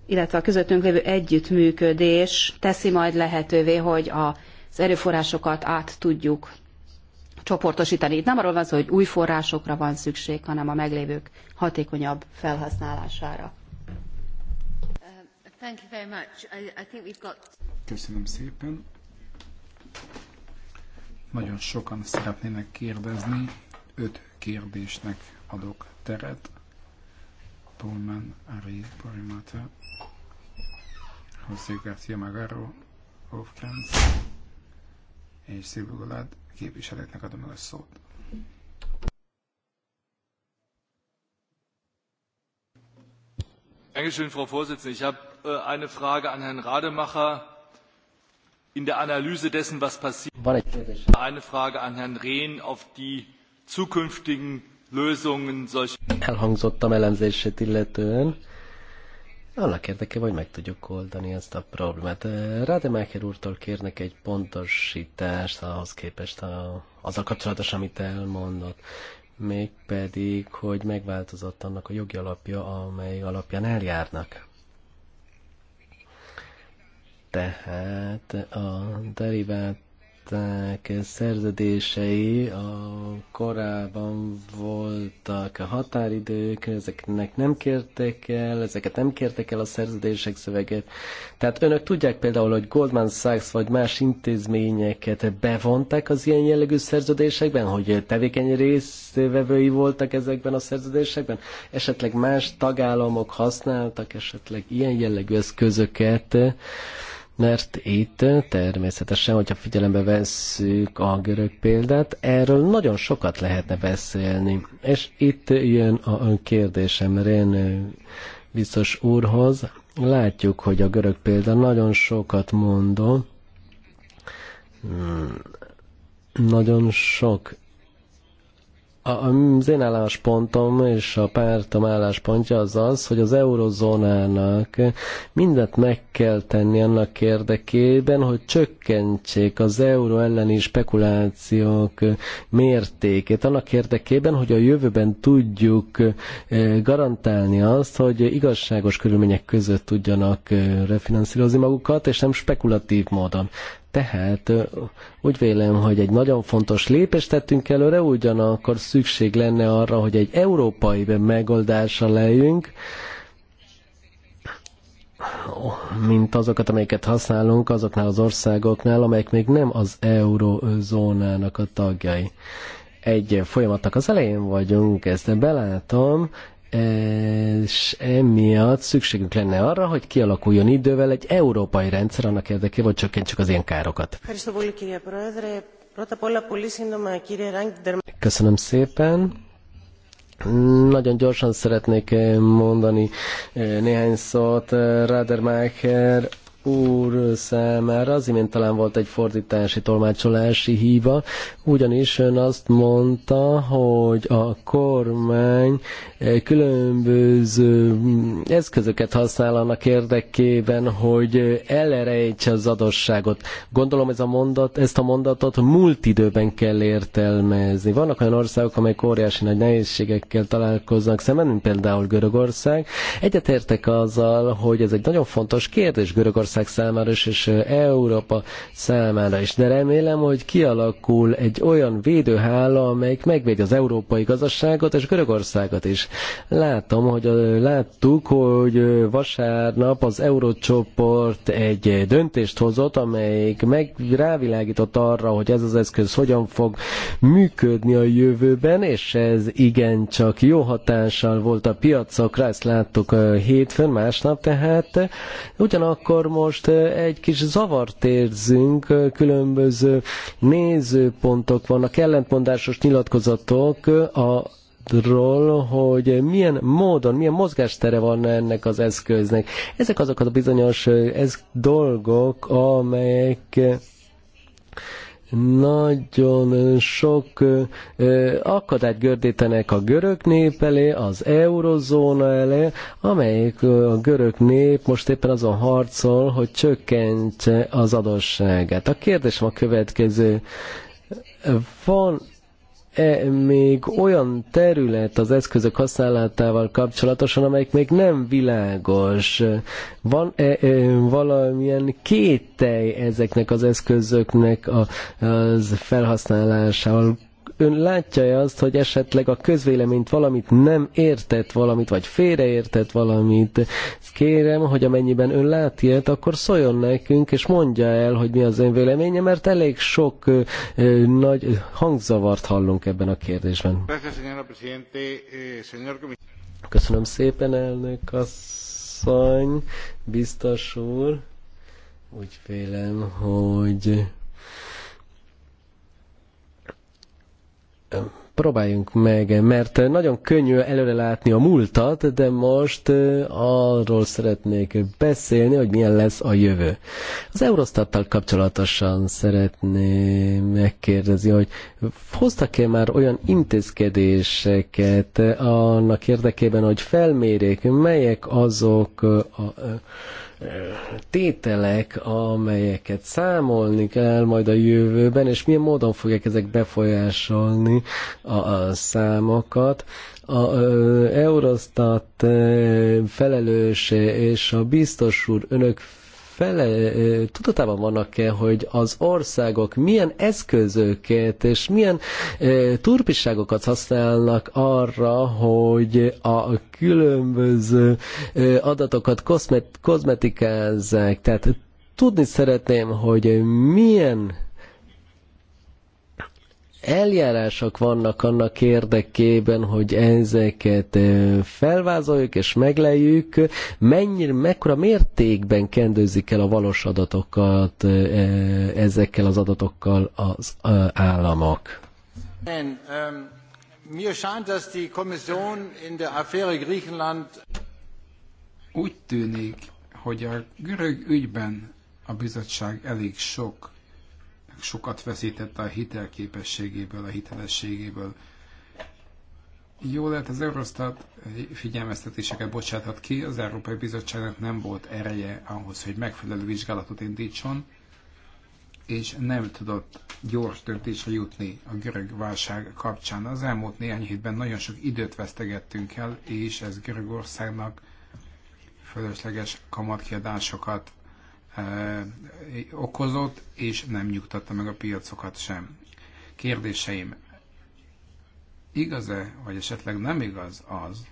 illetve a közöttünk lévő együttműködés teszi majd lehetővé, hogy az erőforrásokat át tudjuk csoportosítani. Itt nem arról van szó, hogy új forrásokra van szükség, hanem a meglévők hatékonyabb felhasználására. Köszönöm szépen. Nagyon sokan szeretnének kérdezni. Öt kérdésnek adok teret. Pullman, Ari Porimata, José García Magarro Hofkranz és Szilvogolad képviselőknek adom el a szót. Dankeschön, Frau Vorsitzende. Ich habe äh, eine Frage an Herrn Rademacher. In der Analyse dessen, was passiert, eine Frage an Herrn Rehn auf die zukünftigen Lösungen solcher. Elhangzottam elemzését illetően annak érdeke, hogy meg tudjuk oldani ezt a problémát. Rádemáker úrtól kérnek egy pontosítást ahhoz képest a, az a kapcsolatos, amit elmondott. Mégpedig, hogy megváltozott annak a jogi alapja, amely alapján eljárnak. Tehát a derivált gazdák szerződései a korábban voltak a határidők, ezeknek nem kértek el, ezeket nem kértek el a szerződések szöveget. Tehát önök tudják például, hogy Goldman Sachs vagy más intézményeket bevonták az ilyen jellegű szerződésekben, hogy tevékeny részvevői voltak ezekben a szerződésekben, esetleg más tagállamok használtak esetleg ilyen jellegű eszközöket, mert itt természetesen, hogyha figyelembe vesszük a görög példát, erről nagyon sokat lehetne beszélni. És itt jön a kérdésem Rén biztos úrhoz. Látjuk, hogy a görög példa nagyon sokat mondó, hmm, nagyon sok az én álláspontom és a pártom álláspontja az az, hogy az eurozónának mindent meg kell tenni annak érdekében, hogy csökkentsék az euró elleni spekulációk mértékét, annak érdekében, hogy a jövőben tudjuk eh, garantálni azt, hogy igazságos körülmények között tudjanak eh, refinanszírozni magukat, és nem spekulatív módon. Tehát úgy vélem, hogy egy nagyon fontos lépést tettünk előre, ugyanakkor szükség lenne arra, hogy egy európai megoldásra lejünk, mint azokat, amelyeket használunk azoknál az országoknál, amelyek még nem az eurozónának a tagjai. Egy folyamatnak az elején vagyunk, ezt belátom, és emiatt szükségünk lenne arra, hogy kialakuljon idővel egy európai rendszer annak érdekében, hogy csökkentsük az ilyen károkat. Köszönöm szépen. Nagyon gyorsan szeretnék eh, mondani eh, néhány szót eh, Rader úr számára, az imént talán volt egy fordítási, tolmácsolási híva, ugyanis ön azt mondta, hogy a kormány különböző eszközöket használ annak érdekében, hogy elerejtse az adosságot. Gondolom ez a mondat, ezt a mondatot múlt időben kell értelmezni. Vannak olyan országok, amelyek óriási nagy nehézségekkel találkoznak szemben, mint például Görögország. Egyetértek azzal, hogy ez egy nagyon fontos kérdés Görögország Magyarország számára is, és Európa számára is. De remélem, hogy kialakul egy olyan védőhála, amelyik megvédi az európai gazdaságot és Görögországot is. Látom, hogy láttuk, hogy vasárnap az Eurócsoport egy döntést hozott, amelyik meg rávilágított arra, hogy ez az eszköz hogyan fog működni a jövőben, és ez igencsak jó hatással volt a piacokra, ezt láttuk hétfőn, másnap tehát. Ugyanakkor most most egy kis zavart érzünk, különböző nézőpontok vannak, ellentmondásos nyilatkozatok a arról, hogy milyen módon, milyen mozgástere van ennek az eszköznek. Ezek azok a bizonyos ez dolgok, amelyek nagyon sok akadályt gördítenek a görög nép elé, az eurozóna elé, amelyik a görög nép most éppen azon harcol, hogy csökkentse az adósságát. A kérdésem a következő. Van e még olyan terület az eszközök használatával kapcsolatosan, amelyik még nem világos? Van-e e, valamilyen kételj ezeknek az eszközöknek a, az felhasználásával ön látja-e azt, hogy esetleg a közvéleményt valamit nem értett valamit, vagy félreértett valamit? Kérem, hogy amennyiben ön lát ilyet, akkor szóljon nekünk, és mondja el, hogy mi az ön véleménye, mert elég sok ö, ö, nagy hangzavart hallunk ebben a kérdésben. Eh, Köszönöm szépen, elnök asszony, biztos úr. Úgy vélem, hogy próbáljunk meg, mert nagyon könnyű előre látni a múltat, de most arról szeretnék beszélni, hogy milyen lesz a jövő. Az Eurostattal kapcsolatosan szeretném megkérdezni, hogy hoztak-e már olyan intézkedéseket annak érdekében, hogy felmérjék, melyek azok a, a tételek, amelyeket számolni kell majd a jövőben, és milyen módon fogják ezek befolyásolni a, a számokat. A Eurostat felelőse és a biztos úr önök fele, tudatában vannak-e, hogy az országok milyen eszközöket és milyen turpiságokat használnak arra, hogy a különböző adatokat kozmet, kozmetikázzák. Tehát tudni szeretném, hogy milyen eljárások vannak annak érdekében, hogy ezeket felvázoljuk és megleljük, mennyire, mekkora mértékben kendőzik el a valós adatokat e, ezekkel az adatokkal az államok. Ähm, úgy tűnik, hogy a görög ügyben a bizottság elég sok sokat veszített a hitelképességéből, a hitelességéből. Jó lehet, az Eurostat figyelmeztetéseket bocsáthat ki, az Európai Bizottságnak nem volt ereje ahhoz, hogy megfelelő vizsgálatot indítson, és nem tudott gyors döntésre jutni a görög válság kapcsán. Az elmúlt néhány hétben nagyon sok időt vesztegettünk el, és ez Görögországnak fölösleges kamatkiadásokat okozott, és nem nyugtatta meg a piacokat sem. Kérdéseim, igaz-e, vagy esetleg nem igaz az,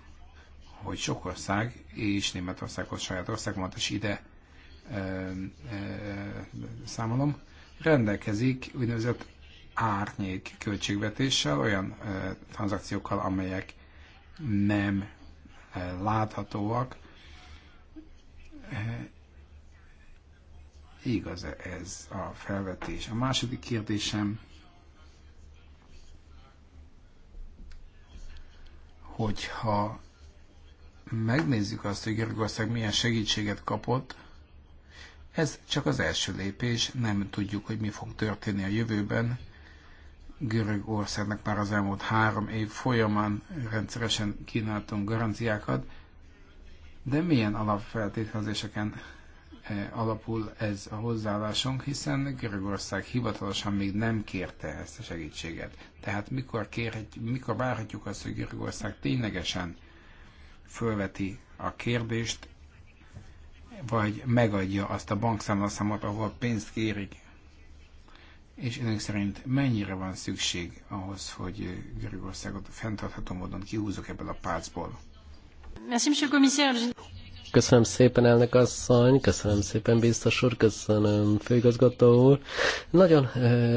hogy sok ország, és Németországhoz saját országomat is ide e, e, számolom, rendelkezik úgynevezett árnyék költségvetéssel, olyan e, tranzakciókkal, amelyek nem e, láthatóak, igaz -e ez a felvetés? A második kérdésem, hogyha megnézzük azt, hogy Görögország milyen segítséget kapott, ez csak az első lépés, nem tudjuk, hogy mi fog történni a jövőben. Görögországnak már az elmúlt három év folyamán rendszeresen kínáltunk garanciákat, de milyen alapfeltételezéseken Eh, alapul ez a hozzáállásunk, hiszen Görögország hivatalosan még nem kérte ezt a segítséget. Tehát mikor, kérhet, mikor várhatjuk azt, hogy Görögország ténylegesen fölveti a kérdést, vagy megadja azt a bankszámlaszámot, ahol pénzt kérik, és önök szerint mennyire van szükség ahhoz, hogy Görögországot fenntartható módon kihúzok ebből a pácból? Köszönöm szépen, elnök asszony, köszönöm szépen, biztos úr, köszönöm, főigazgató úr. Nagyon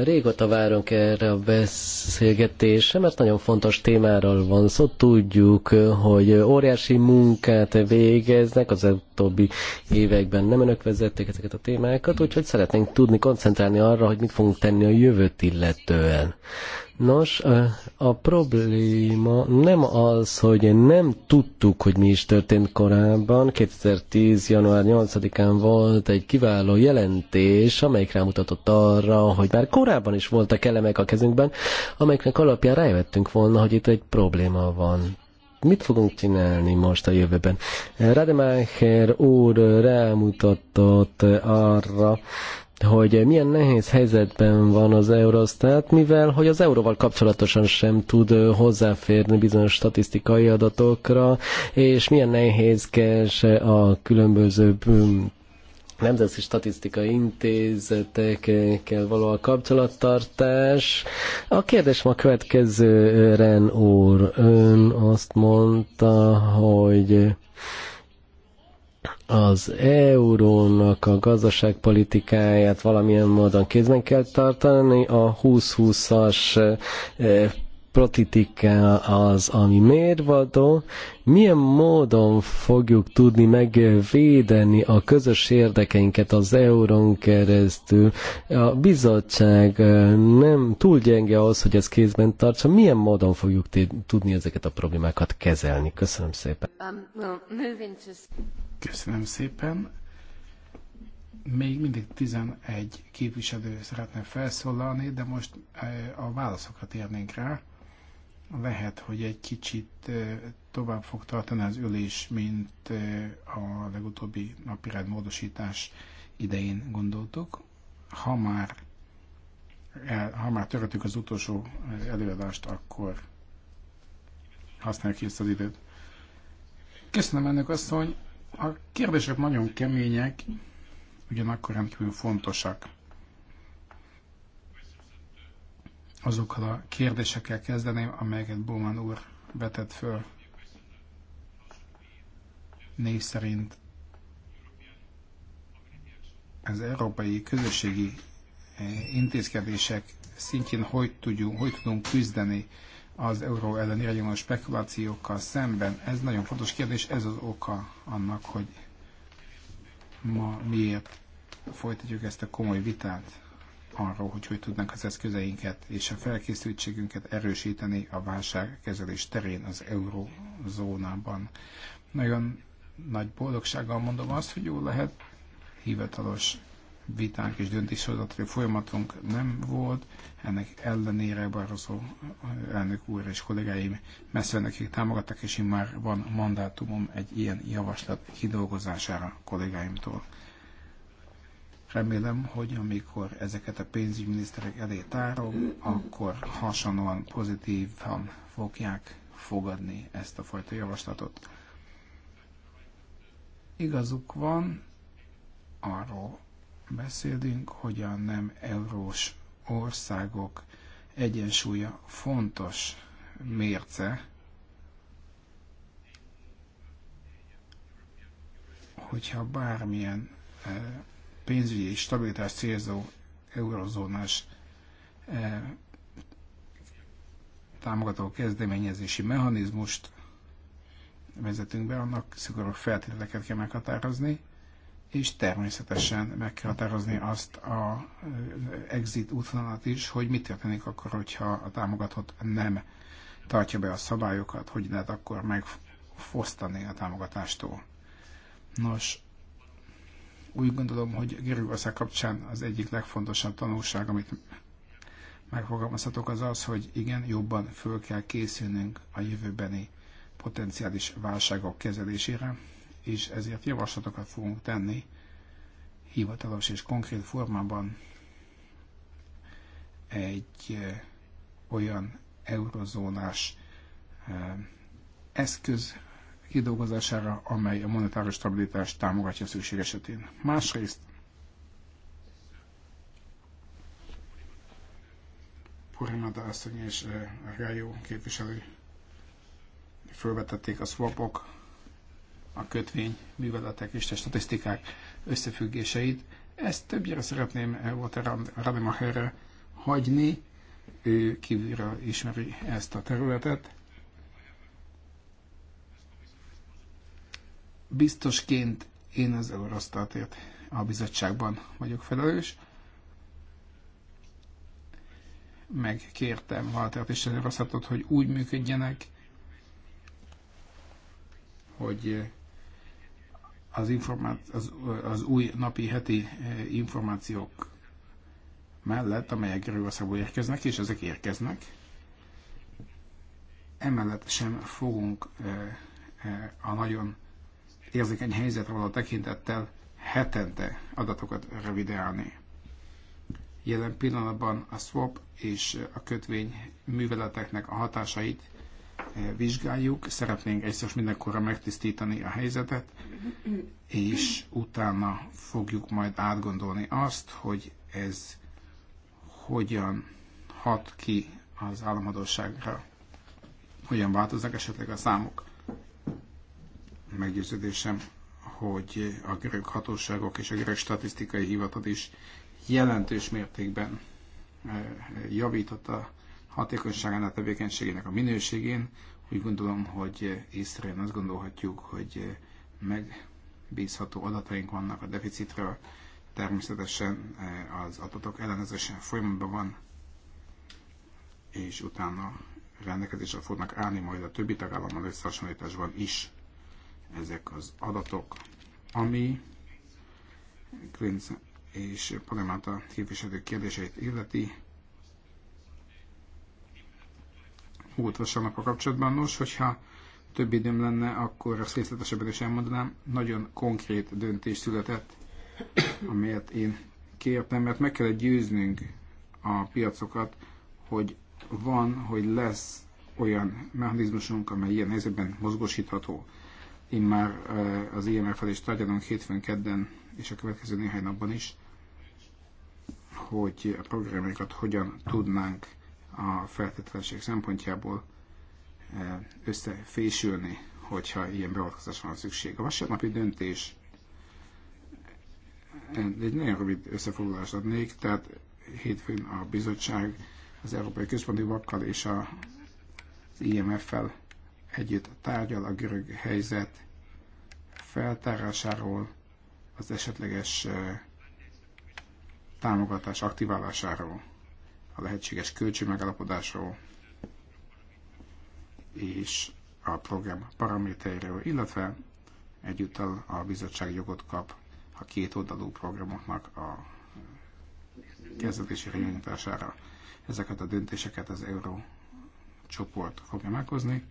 régóta várunk erre a beszélgetésre, mert nagyon fontos témáról van szó. Szóval tudjuk, hogy óriási munkát végeznek az utóbbi években. Nem önök vezették ezeket a témákat, úgyhogy szeretnénk tudni koncentrálni arra, hogy mit fogunk tenni a jövőt illetően. Nos, a probléma nem az, hogy nem tudtuk, hogy mi is történt korábban. 2010. január 8-án volt egy kiváló jelentés, amelyik rámutatott arra, hogy már korábban is voltak elemek a kezünkben, amelyeknek alapján rájöttünk volna, hogy itt egy probléma van mit fogunk csinálni most a jövőben. Rademacher úr rámutatott arra, hogy milyen nehéz helyzetben van az Eurostat, mivel hogy az euróval kapcsolatosan sem tud hozzáférni bizonyos statisztikai adatokra, és milyen nehézkes a különböző hm, nemzeti statisztikai intézetekkel való a kapcsolattartás. A kérdés ma következő, Ren úr. Ön azt mondta, hogy az eurónak a gazdaságpolitikáját valamilyen módon kézben kell tartani, a 20 as politiká az, ami mérvadó, milyen módon fogjuk tudni megvédeni a közös érdekeinket az eurón keresztül. A bizottság nem túl gyenge ahhoz, hogy ez kézben tartsa. Milyen módon fogjuk tudni ezeket a problémákat kezelni? Köszönöm szépen. Um, Köszönöm szépen. Még mindig 11 képviselő szeretne felszólalni, de most a válaszokat érnénk rá lehet, hogy egy kicsit tovább fog tartani az ülés, mint a legutóbbi napirend módosítás idején gondoltuk. Ha már, ha már töröttük az utolsó előadást, akkor használjuk ki ezt az időt. Köszönöm ennek asszony. A kérdések nagyon kemények, ugyanakkor rendkívül fontosak. azokkal a kérdésekkel kezdeném, amelyeket Bowman úr vetett föl név szerint az európai közösségi eh, intézkedések szintjén hogy, tudjuk, hogy tudunk küzdeni az euró ellen irányuló spekulációkkal szemben. Ez nagyon fontos kérdés, ez az oka annak, hogy ma miért folytatjuk ezt a komoly vitát arról, hogy hogy tudnak az eszközeinket és a felkészültségünket erősíteni a válságkezelés terén az eurózónában. Nagyon nagy boldogsággal mondom azt, hogy jó lehet, hivatalos vitánk és döntéshozatali folyamatunk nem volt, ennek ellenére Barroso eh, elnök úr és kollégáim messze nekik támogattak, és immár van mandátumom egy ilyen javaslat kidolgozására kollégáimtól. Remélem, hogy amikor ezeket a pénzügyminiszterek elé tárom, akkor hasonlóan pozitívan fogják fogadni ezt a fajta javaslatot. Igazuk van, arról beszélünk, hogy a nem eurós országok egyensúlya fontos mérce, hogyha bármilyen eh, pénzügyi stabilitás célzó eurozónás e, támogató kezdeményezési mechanizmust vezetünk be, annak szigorú feltételeket kell meghatározni, és természetesen meg kell határozni azt a e, exit útvonalat is, hogy mit történik akkor, hogyha a támogatott nem tartja be a szabályokat, hogy lehet akkor megfosztani a támogatástól. Nos, úgy gondolom, hogy Görögország kapcsán az egyik legfontosabb tanulság, amit megfogalmazhatok, az az, hogy igen, jobban föl kell készülnünk a jövőbeni potenciális válságok kezelésére, és ezért javaslatokat fogunk tenni hivatalos és konkrét formában egy olyan eurozónás eszköz kidolgozására, amely a monetáris stabilitást támogatja szükség esetén. Másrészt Purimata asszony és eh, Rájó képviselő felvetették a swapok, a kötvény műveletek és a statisztikák összefüggéseit. Ezt többnyire szeretném eh, Walter Rademacherre hagyni, ő kívülről ismeri ezt a területet Biztosként én az Eurostatért a bizottságban vagyok felelős. Megkértem Waltert és az Eurostatot, hogy úgy működjenek, hogy az, informá- az, az új napi heti e, információk mellett, amelyek Görögországból érkeznek, és ezek érkeznek, emellett sem fogunk e, e, a nagyon érzékeny helyzetre való tekintettel hetente adatokat revideálni. Jelen pillanatban a swap és a kötvény műveleteknek a hatásait eh, vizsgáljuk, szeretnénk egyszer mindenkorra megtisztítani a helyzetet, és utána fogjuk majd átgondolni azt, hogy ez hogyan hat ki az államadóságra, hogyan változnak esetleg a számok meggyőződésem, hogy a görög hatóságok és a görög statisztikai hivatal is jelentős mértékben eh, javított a hatékonyságán a tevékenységének a minőségén. Úgy gondolom, hogy észrejön azt gondolhatjuk, hogy megbízható adataink vannak a deficitről. Természetesen eh, az adatok ellenezésen folyamatban van, és utána rendelkezésre fognak állni majd a többi tagállammal összehasonlításban is ezek az adatok, ami Klinz és Panemata képviselő kérdéseit illeti. Múlt vasárnap a kapcsolatban. Nos, hogyha több időm lenne, akkor a részletesebben is elmondanám. Nagyon konkrét döntés született, amelyet én kértem, mert meg kellett győznünk a piacokat, hogy van, hogy lesz olyan mechanizmusunk, amely ilyen helyzetben mozgósítható már az imf és tárgyalom tárgyalunk hétfőn, kedden és a következő néhány napban is, hogy a programokat hogyan tudnánk a feltételesség szempontjából összefésülni, hogyha ilyen beavatkozásra van szükség. A vasárnapi döntés egy nagyon rövid összefoglalást adnék, tehát hétfőn a bizottság az Európai Központi Bakkal és az IMF-fel együtt tárgyal a görög helyzet feltárásáról, az esetleges támogatás aktiválásáról, a lehetséges kölcsönmegállapodásról és a program paramétereiről, illetve egyúttal a bizottság jogot kap a két oldalú programoknak a kezdetési nyújtására. Ezeket a döntéseket az Euró csoport fogja meghozni,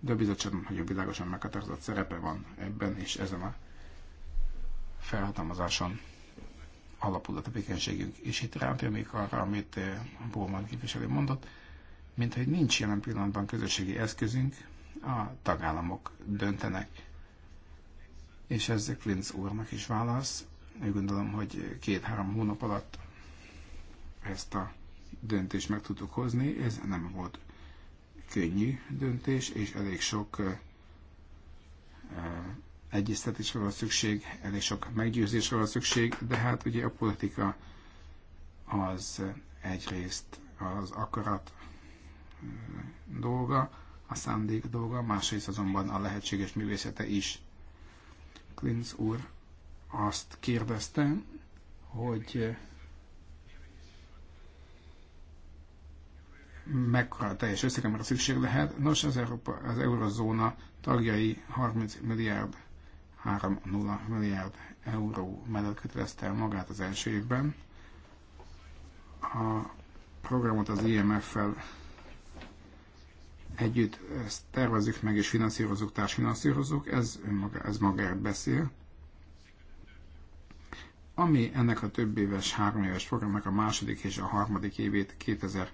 de a bizottságnak nagyon világosan meghatározott szerepe van ebben, és ezen a felhatalmazáson alapul a tevékenységünk. És itt rátérnék arra, amit eh, Bowman képviselő mondott, mint hogy nincs jelen pillanatban közösségi eszközünk, a tagállamok döntenek. És ez Klinz úrnak is válasz. Én gondolom, hogy két-három hónap alatt ezt a döntést meg tudtuk hozni, ez nem volt könnyű döntés, és elég sok egyeztetésre van szükség, elég sok meggyőzésre van szükség, de hát ugye a politika az egyrészt az akarat dolga, a szándék dolga, másrészt azonban a lehetséges művészete is. Klinz úr azt kérdezte, hogy mekkora teljes összege már szükség lehet. Nos, az, Európa, az eurozóna tagjai 30 milliárd, 3-0 milliárd euró mellett kötelezte el magát az első évben. A programot az IMF-fel együtt ezt tervezzük meg és finanszírozunk, társfinanszírozunk, ez, ez magáért beszél. Ami ennek a több éves, három éves programnak a második és a harmadik évét 2000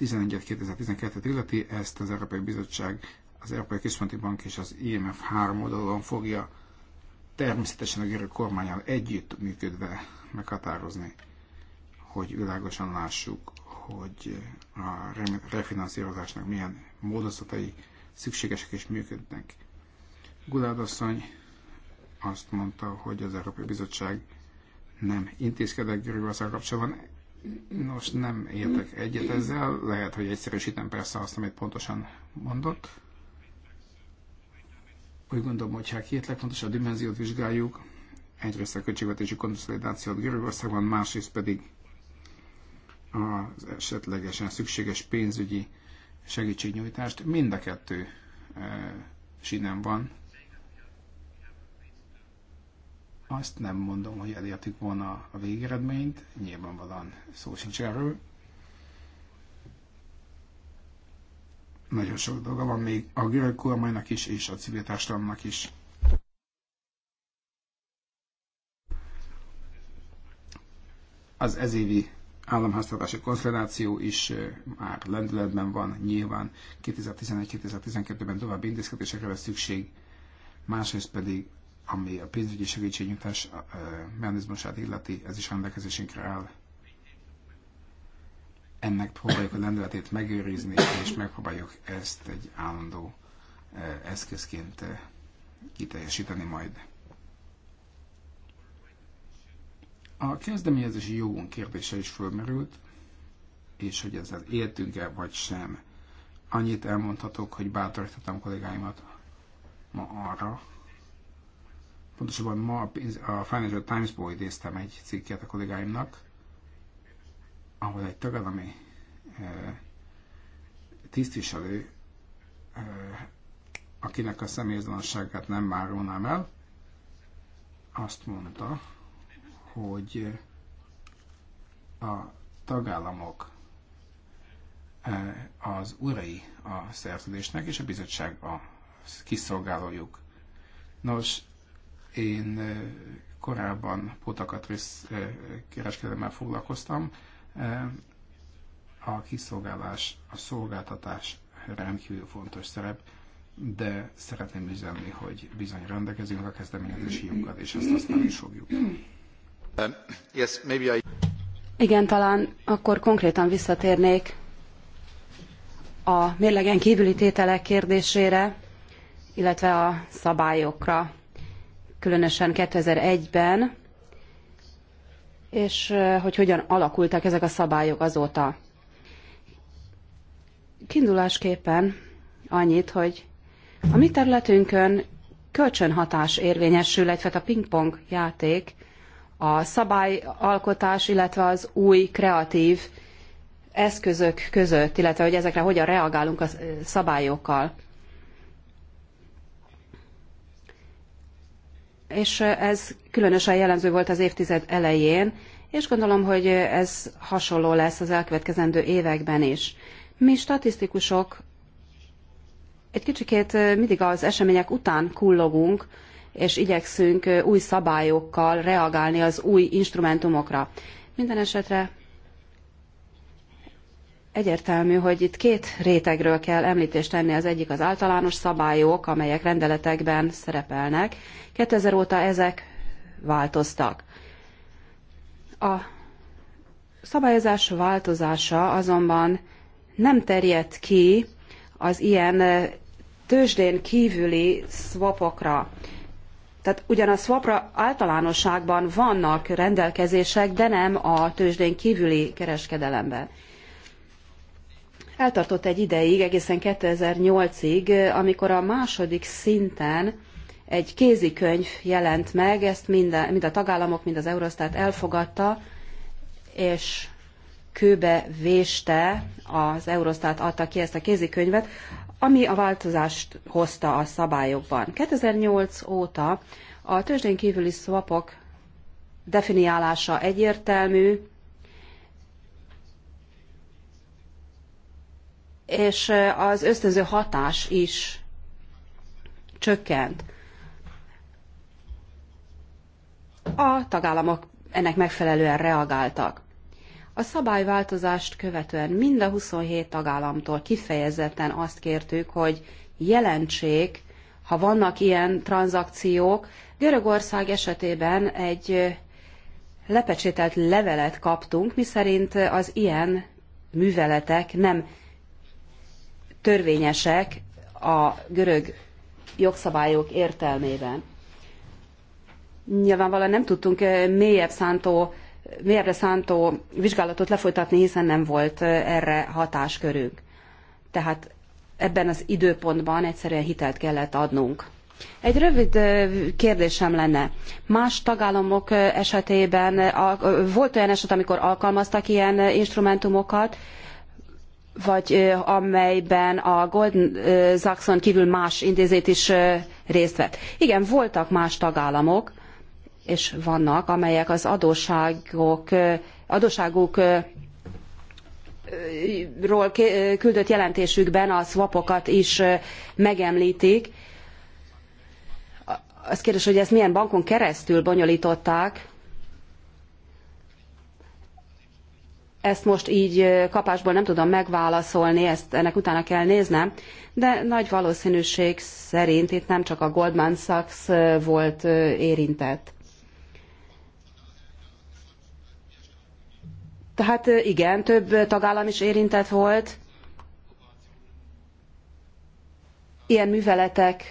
2011-2012-et illeti, ezt az Európai Bizottság, az Európai Központi Bank és az IMF három oldalon fogja természetesen a görög kormányal együtt működve meghatározni, hogy világosan lássuk, hogy a refinanszírozásnak milyen módozatai szükségesek és működnek. Gulád asszony azt mondta, hogy az Európai Bizottság nem intézkedett Görögország kapcsolatban. Nos, nem értek egyet ezzel, lehet, hogy egyszerűsítem persze azt, amit pontosan mondott. Úgy gondolom, hogy ha két legfontosabb dimenziót vizsgáljuk, egyrészt a költségvetési konszolidációt Görögországban, másrészt pedig az esetlegesen szükséges pénzügyi segítségnyújtást, mind a kettő e, eh, sinem van, azt nem mondom, hogy elértük volna a végeredményt, nyilvánvalóan szó sincs erről. Nagyon sok dolga van még a görög kormánynak is, és a civil társadalomnak is. Az ezévi államháztartási konszolidáció is már lendületben van, nyilván 2011-2012-ben további intézkedésekre lesz szükség, másrészt pedig ami a pénzügyi segítségnyújtás mechanizmusát illeti, ez is rendelkezésünkre áll. Ennek próbáljuk a lendületét megőrizni, és megpróbáljuk ezt egy állandó eszközként kiteljesíteni majd. A kezdeményezési jogunk kérdése is fölmerült, és hogy ezzel éltünk-e vagy sem. Annyit elmondhatok, hogy bátorítottam kollégáimat ma arra, pontosabban ma a Financial Times-ból idéztem egy cikket a kollégáimnak, ahol egy tagadami tisztviselő, akinek a személyazonosságát nem árulnám el, azt mondta, hogy a tagállamok az urai a szerződésnek, és a bizottság a kiszolgálójuk. Nos, én korábban potakatrész kereskedelemmel foglalkoztam. A kiszolgálás, a szolgáltatás rendkívül fontos szerep, de szeretném üzenni, hogy bizony rendelkezünk a kezdeményezési joggal, és ezt aztán is fogjuk. Um, yes, maybe I... Igen, talán akkor konkrétan visszatérnék a mérlegen kívüli tételek kérdésére, illetve a szabályokra különösen 2001-ben, és hogy hogyan alakultak ezek a szabályok azóta. Kindulásképpen annyit, hogy a mi területünkön kölcsönhatás érvényesül egyfajta pingpong játék, a szabályalkotás, illetve az új kreatív eszközök között, illetve hogy ezekre hogyan reagálunk a szabályokkal. és ez különösen jellemző volt az évtized elején, és gondolom, hogy ez hasonló lesz az elkövetkezendő években is. Mi statisztikusok egy kicsikét mindig az események után kullogunk, és igyekszünk új szabályokkal reagálni az új instrumentumokra. Minden esetre egyértelmű, hogy itt két rétegről kell említést tenni. Az egyik az általános szabályok, amelyek rendeletekben szerepelnek. 2000 óta ezek változtak. A szabályozás változása azonban nem terjed ki az ilyen tőzsdén kívüli swapokra. Tehát ugyan a swapra általánosságban vannak rendelkezések, de nem a tőzsdén kívüli kereskedelemben eltartott egy ideig, egészen 2008-ig, amikor a második szinten egy kézikönyv jelent meg, ezt mind a tagállamok, mind az Eurostat elfogadta, és kőbe véste, az Eurostat adta ki ezt a kézikönyvet, ami a változást hozta a szabályokban. 2008 óta a tőzsdén kívüli swapok definiálása egyértelmű, és az ösztönző hatás is csökkent. A tagállamok ennek megfelelően reagáltak. A szabályváltozást követően mind a 27 tagállamtól kifejezetten azt kértük, hogy jelentsék, ha vannak ilyen tranzakciók. Görögország esetében egy lepecsételt levelet kaptunk, miszerint az ilyen műveletek nem törvényesek a görög jogszabályok értelmében. Nyilvánvalóan nem tudtunk eh, mélyebb szántó, mélyebbre szántó vizsgálatot lefolytatni, hiszen nem volt eh, erre hatáskörünk. Tehát ebben az időpontban egyszerűen hitelt kellett adnunk. Egy rövid eh, kérdésem lenne. Más tagállamok esetében volt olyan eset, amikor alkalmaztak ilyen instrumentumokat, vagy amelyben a Golden Saxon kívül más intézet is részt vett. Igen, voltak más tagállamok, és vannak, amelyek az adósságok, adósságukról küldött jelentésükben a swapokat is megemlítik. Az kérdés, hogy ezt milyen bankon keresztül bonyolították, Ezt most így kapásból nem tudom megválaszolni, ezt ennek utána kell néznem, de nagy valószínűség szerint itt nem csak a Goldman Sachs volt érintett. Tehát igen, több tagállam is érintett volt. Ilyen műveletek.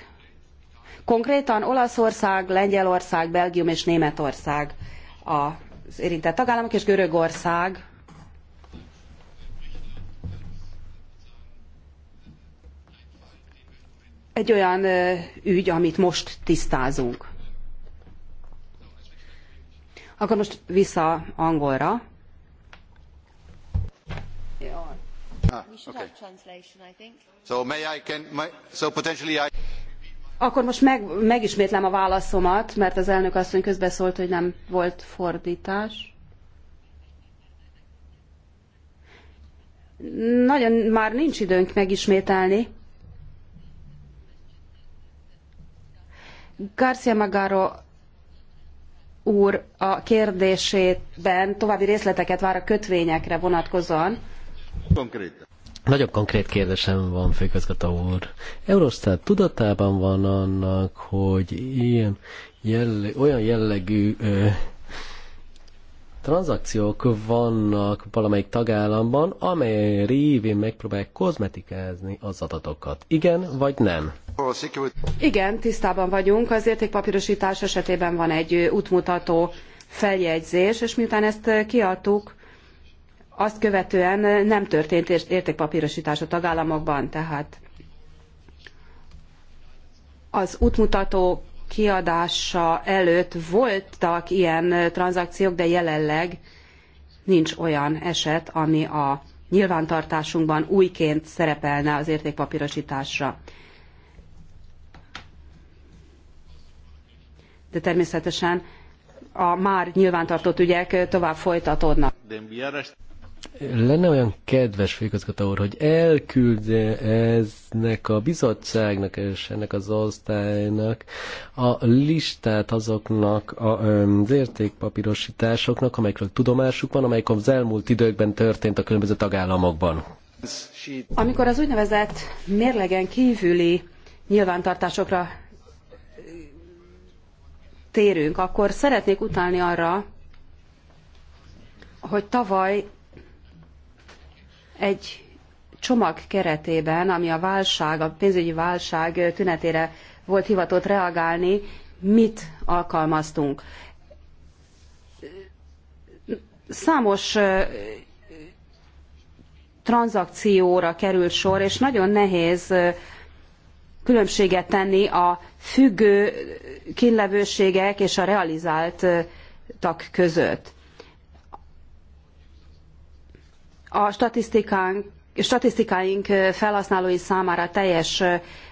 Konkrétan Olaszország, Lengyelország, Belgium és Németország az érintett tagállamok, és Görögország egy olyan ügy, amit most tisztázunk. Akkor most vissza angolra. Ah, Akkor most meg, megismétlem a válaszomat, mert az elnök asszony közbeszólt, hogy nem volt fordítás. Nagyon már nincs időnk megismételni. Garcia Magaro úr a kérdésében további részleteket vár a kötvényekre vonatkozóan. Konkrétan. Nagyobb konkrét kérdésem van, főigazgató úr. Eurostat tudatában van annak, hogy ilyen jelle, olyan jellegű ö, tranzakciók vannak valamelyik tagállamban, amely révén megpróbálják kozmetikázni az adatokat. Igen vagy nem? Igen, tisztában vagyunk. Az értékpapírosítás esetében van egy útmutató feljegyzés, és miután ezt kiadtuk, azt követően nem történt értékpapírosítás a tagállamokban, tehát az útmutató kiadása előtt voltak ilyen tranzakciók, de jelenleg nincs olyan eset, ami a nyilvántartásunkban újként szerepelne az értékpapírosításra. de természetesen a már nyilvántartott ügyek tovább folytatódnak. Lenne olyan kedves főigazgató úr, hogy elküldje eznek a bizottságnak és ennek az osztálynak a listát azoknak az értékpapírosításoknak, amelyekről tudomásuk van, amelyek az elmúlt időkben történt a különböző tagállamokban. Amikor az úgynevezett mérlegen kívüli nyilvántartásokra térünk, akkor szeretnék utalni arra, hogy tavaly egy csomag keretében, ami a válság, a pénzügyi válság tünetére volt hivatott reagálni, mit alkalmaztunk. Számos tranzakcióra került sor, és nagyon nehéz különbséget tenni a függő kínlevőségek és a realizáltak között. A statisztikánk, statisztikáink felhasználói számára teljes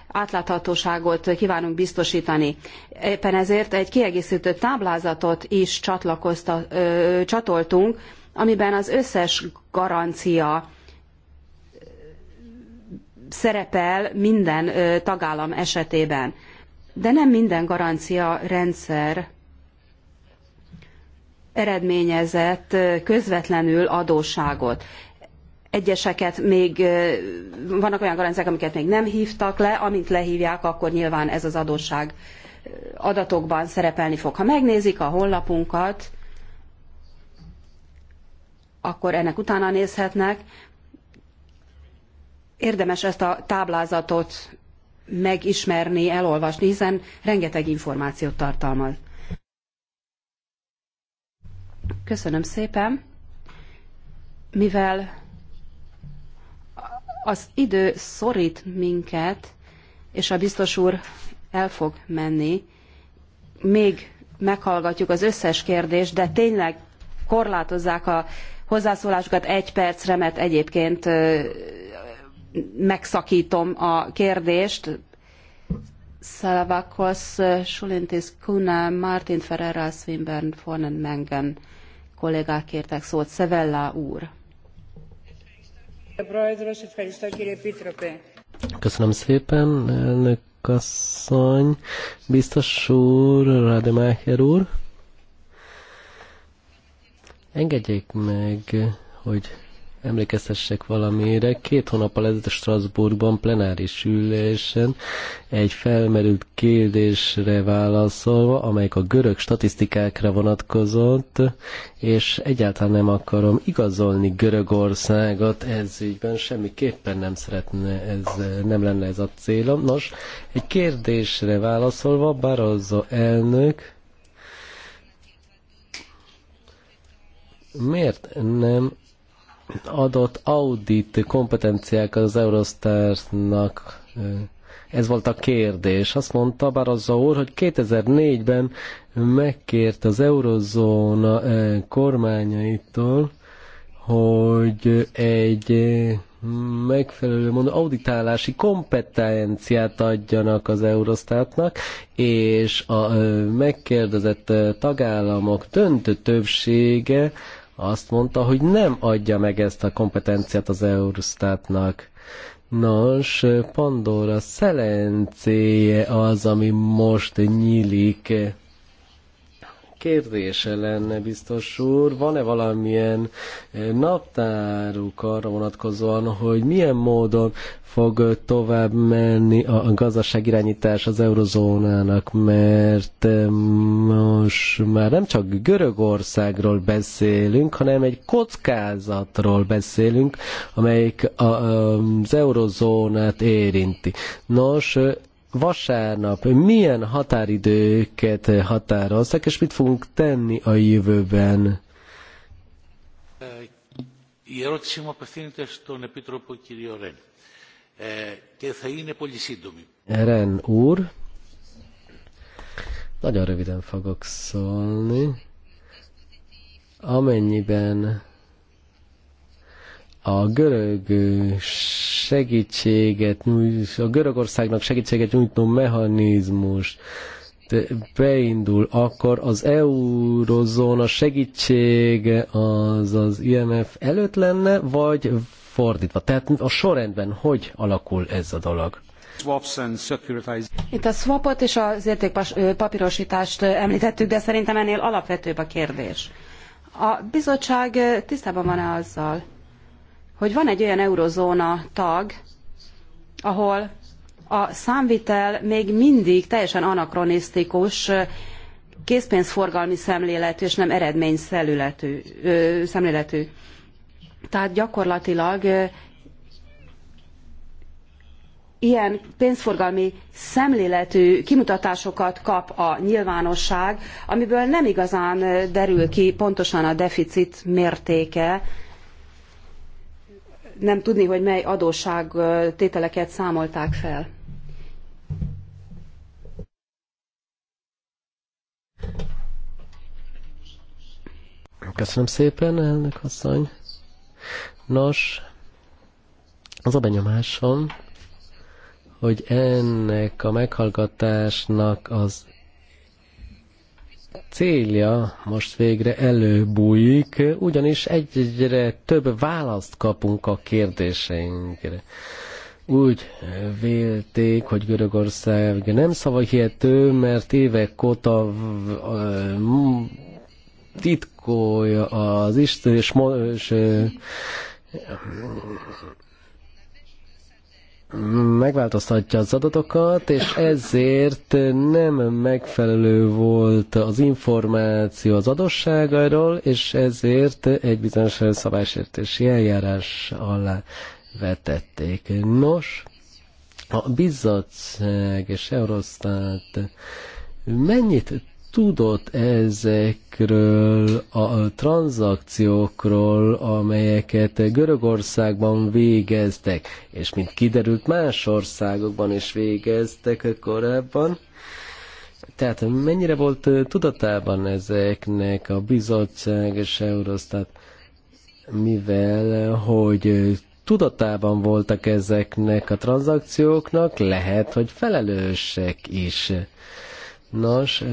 átláthatóságot kívánunk biztosítani. Éppen ezért egy kiegészítő táblázatot is csatoltunk, amiben az összes garancia szerepel minden tagállam esetében. De nem minden garancia rendszer eredményezett közvetlenül adósságot. Egyeseket még, vannak olyan garanciák, amiket még nem hívtak le, amint lehívják, akkor nyilván ez az adósság adatokban szerepelni fog. Ha megnézik a honlapunkat, akkor ennek utána nézhetnek érdemes ezt a táblázatot megismerni, elolvasni, hiszen rengeteg információt tartalmaz. Köszönöm szépen. Mivel az idő szorít minket, és a biztos úr el fog menni, még meghallgatjuk az összes kérdést, de tényleg korlátozzák a hozzászólásokat egy percre, mert egyébként megszakítom a kérdést. Szalavakos, Sulintis, Kuna, Martin Ferreira, Swinburne, Fornen, Mengen kollégák kértek szót. Szevella úr. Köszönöm szépen, elnök asszony, biztos úr, Rademacher úr. Engedjék meg, hogy emlékeztessek valamire. Két hónappal ezelőtt Strasbourgban plenáris ülésen egy felmerült kérdésre válaszolva, amelyik a görög statisztikákra vonatkozott, és egyáltalán nem akarom igazolni Görögországot ez ügyben, semmiképpen nem szeretne, ez, nem lenne ez a célom. Nos, egy kérdésre válaszolva Barroso elnök miért nem adott audit kompetenciákat az Eurostatnak? Eh, ez volt a kérdés. Azt mondta Barazza úr, hogy 2004-ben megkért az eurozóna eh, kormányaitól, hogy egy eh, megfelelő mondom, auditálási kompetenciát adjanak az Eurostatnak, és a megkérdezett tagállamok döntő többsége azt mondta, hogy nem adja meg ezt a kompetenciát az Eurostatnak. Nos, Pandora szelencéje az, ami most nyílik kérdése lenne, biztos úr, van-e valamilyen eh, naptáruk arra vonatkozóan, hogy milyen módon fog tovább menni a gazdaságirányítás az eurozónának, mert eh, most már nem csak Görögországról beszélünk, hanem egy kockázatról beszélünk, amelyik eh, az eurozónát érinti. Nos, vasárnap milyen határidőket határoztak, és mit fogunk tenni a jövőben? Η ερώτησή μου απευθύνεται στον Επίτροπο κύριο Ρεν και θα είναι πολύ σύντομη. Ρεν Ουρ, nagyon röviden fogok szólni. Amennyiben a görög segítséget, a Görögországnak segítséget nyújtó mechanizmus beindul, akkor az eurozóna segítsége, az az IMF előtt lenne, vagy fordítva? Tehát a sorrendben hogy alakul ez a dolog? Itt a swapot és az értékpapírosítást említettük, de szerintem ennél alapvetőbb a kérdés. A bizottság tisztában van-e azzal, hogy van egy olyan eurozóna tag, ahol a számvitel még mindig teljesen anakronisztikus, készpénzforgalmi szemléletű és nem eredmény szemléletű. Tehát gyakorlatilag ilyen pénzforgalmi szemléletű kimutatásokat kap a nyilvánosság, amiből nem igazán derül ki pontosan a deficit mértéke, nem tudni, hogy mely adósság tételeket számolták fel. Köszönöm szépen, elnök asszony. Nos, az a benyomásom, hogy ennek a meghallgatásnak az célja most végre előbújik, ugyanis egyre több választ kapunk a kérdéseinkre. Úgy vélték, hogy Görögország nem szavahihető, mert évek óta titkolja az Isten és, és megváltoztatja az adatokat, és ezért nem megfelelő volt az információ az adosságairól, és ezért egy bizonyos szabálysértési eljárás alá vetették. Nos, a bizottság és Eurostat mennyit tudott ezekről a tranzakciókról, amelyeket Görögországban végeztek, és mint kiderült, más országokban is végeztek korábban. Tehát mennyire volt tudatában ezeknek a bizottság és Eurostat, mivel hogy tudatában voltak ezeknek a tranzakcióknak, lehet, hogy felelősek is. Nos,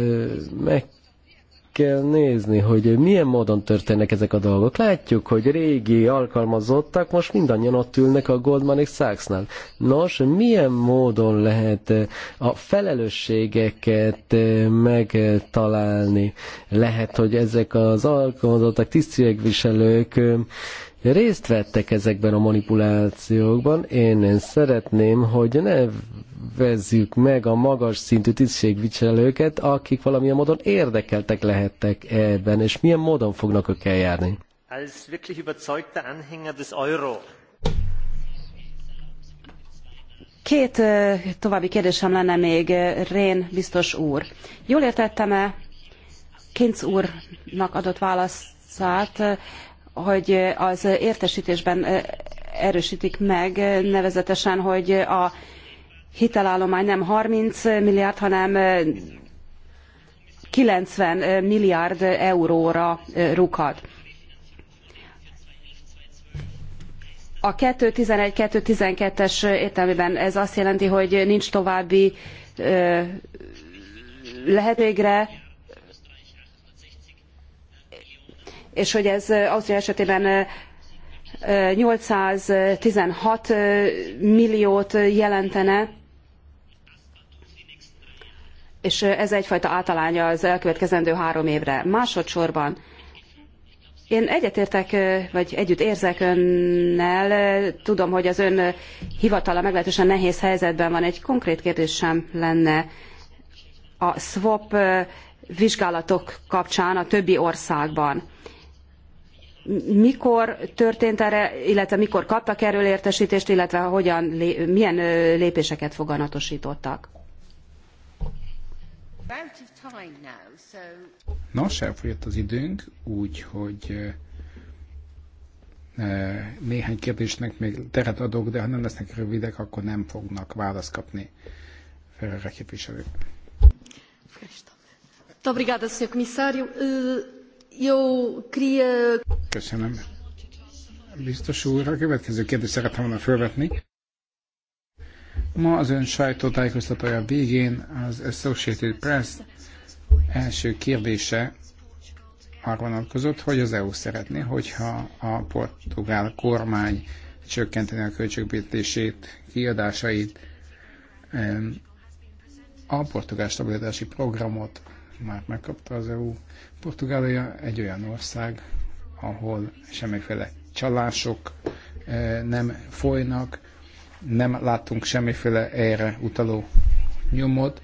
meg kell nézni, hogy milyen módon történnek ezek a dolgok. Látjuk, hogy régi alkalmazottak most mindannyian ott ülnek a Goldman Sachsnál. Nos, milyen módon lehet a felelősségeket megtalálni? Lehet, hogy ezek az alkalmazottak, tisztségviselők részt vettek ezekben a manipulációkban. Én szeretném, hogy ne vezzük meg a magas szintű tisztségviselőket, akik valamilyen módon érdekeltek lehettek ebben, és milyen módon fognak ők eljárni. Als wirklich Anhänger des Euro Két további kérdésem lenne még, Rén biztos úr. Jól értettem-e Kinc úrnak adott válaszát, hogy az értesítésben erősítik meg, nevezetesen, hogy a hitelállomány nem 30 milliárd, hanem 90 milliárd euróra rukad. A 2011-2012-es értelmében ez azt jelenti, hogy nincs további lehetőségre és hogy ez eh, Ausztria esetében 816 eh, eh, milliót jelentene, és ez egyfajta átalánya az elkövetkezendő három évre. Másodszorban én egyetértek, vagy együtt érzek önnel, tudom, hogy az ön hivatala meglehetősen nehéz helyzetben van, egy konkrét kérdésem lenne a swap vizsgálatok kapcsán a többi országban mikor történt erre, illetve mikor kaptak erről értesítést, illetve hogyan, milyen lépéseket foganatosítottak? Nos, elfogyott az időnk, úgyhogy néhány kérdésnek még teret adok, de ha nem lesznek rövidek, akkor nem fognak választ kapni Ferrara képviselők. Obrigada, Sr. Comissário. Jó, kria... Köszönöm. Biztos úr, a következő kérdést szeretném volna felvetni. Ma az ön sajtótájékoztatója végén az Associated Press első kérdése arra vonatkozott, hogy az EU szeretné, hogyha a portugál kormány csökkenteni a költségvetését, kiadásait, a portugál stabilitási programot már megkapta az EU, Portugália egy olyan ország, ahol semmiféle csalások eh, nem folynak, nem látunk semmiféle erre utaló nyomot,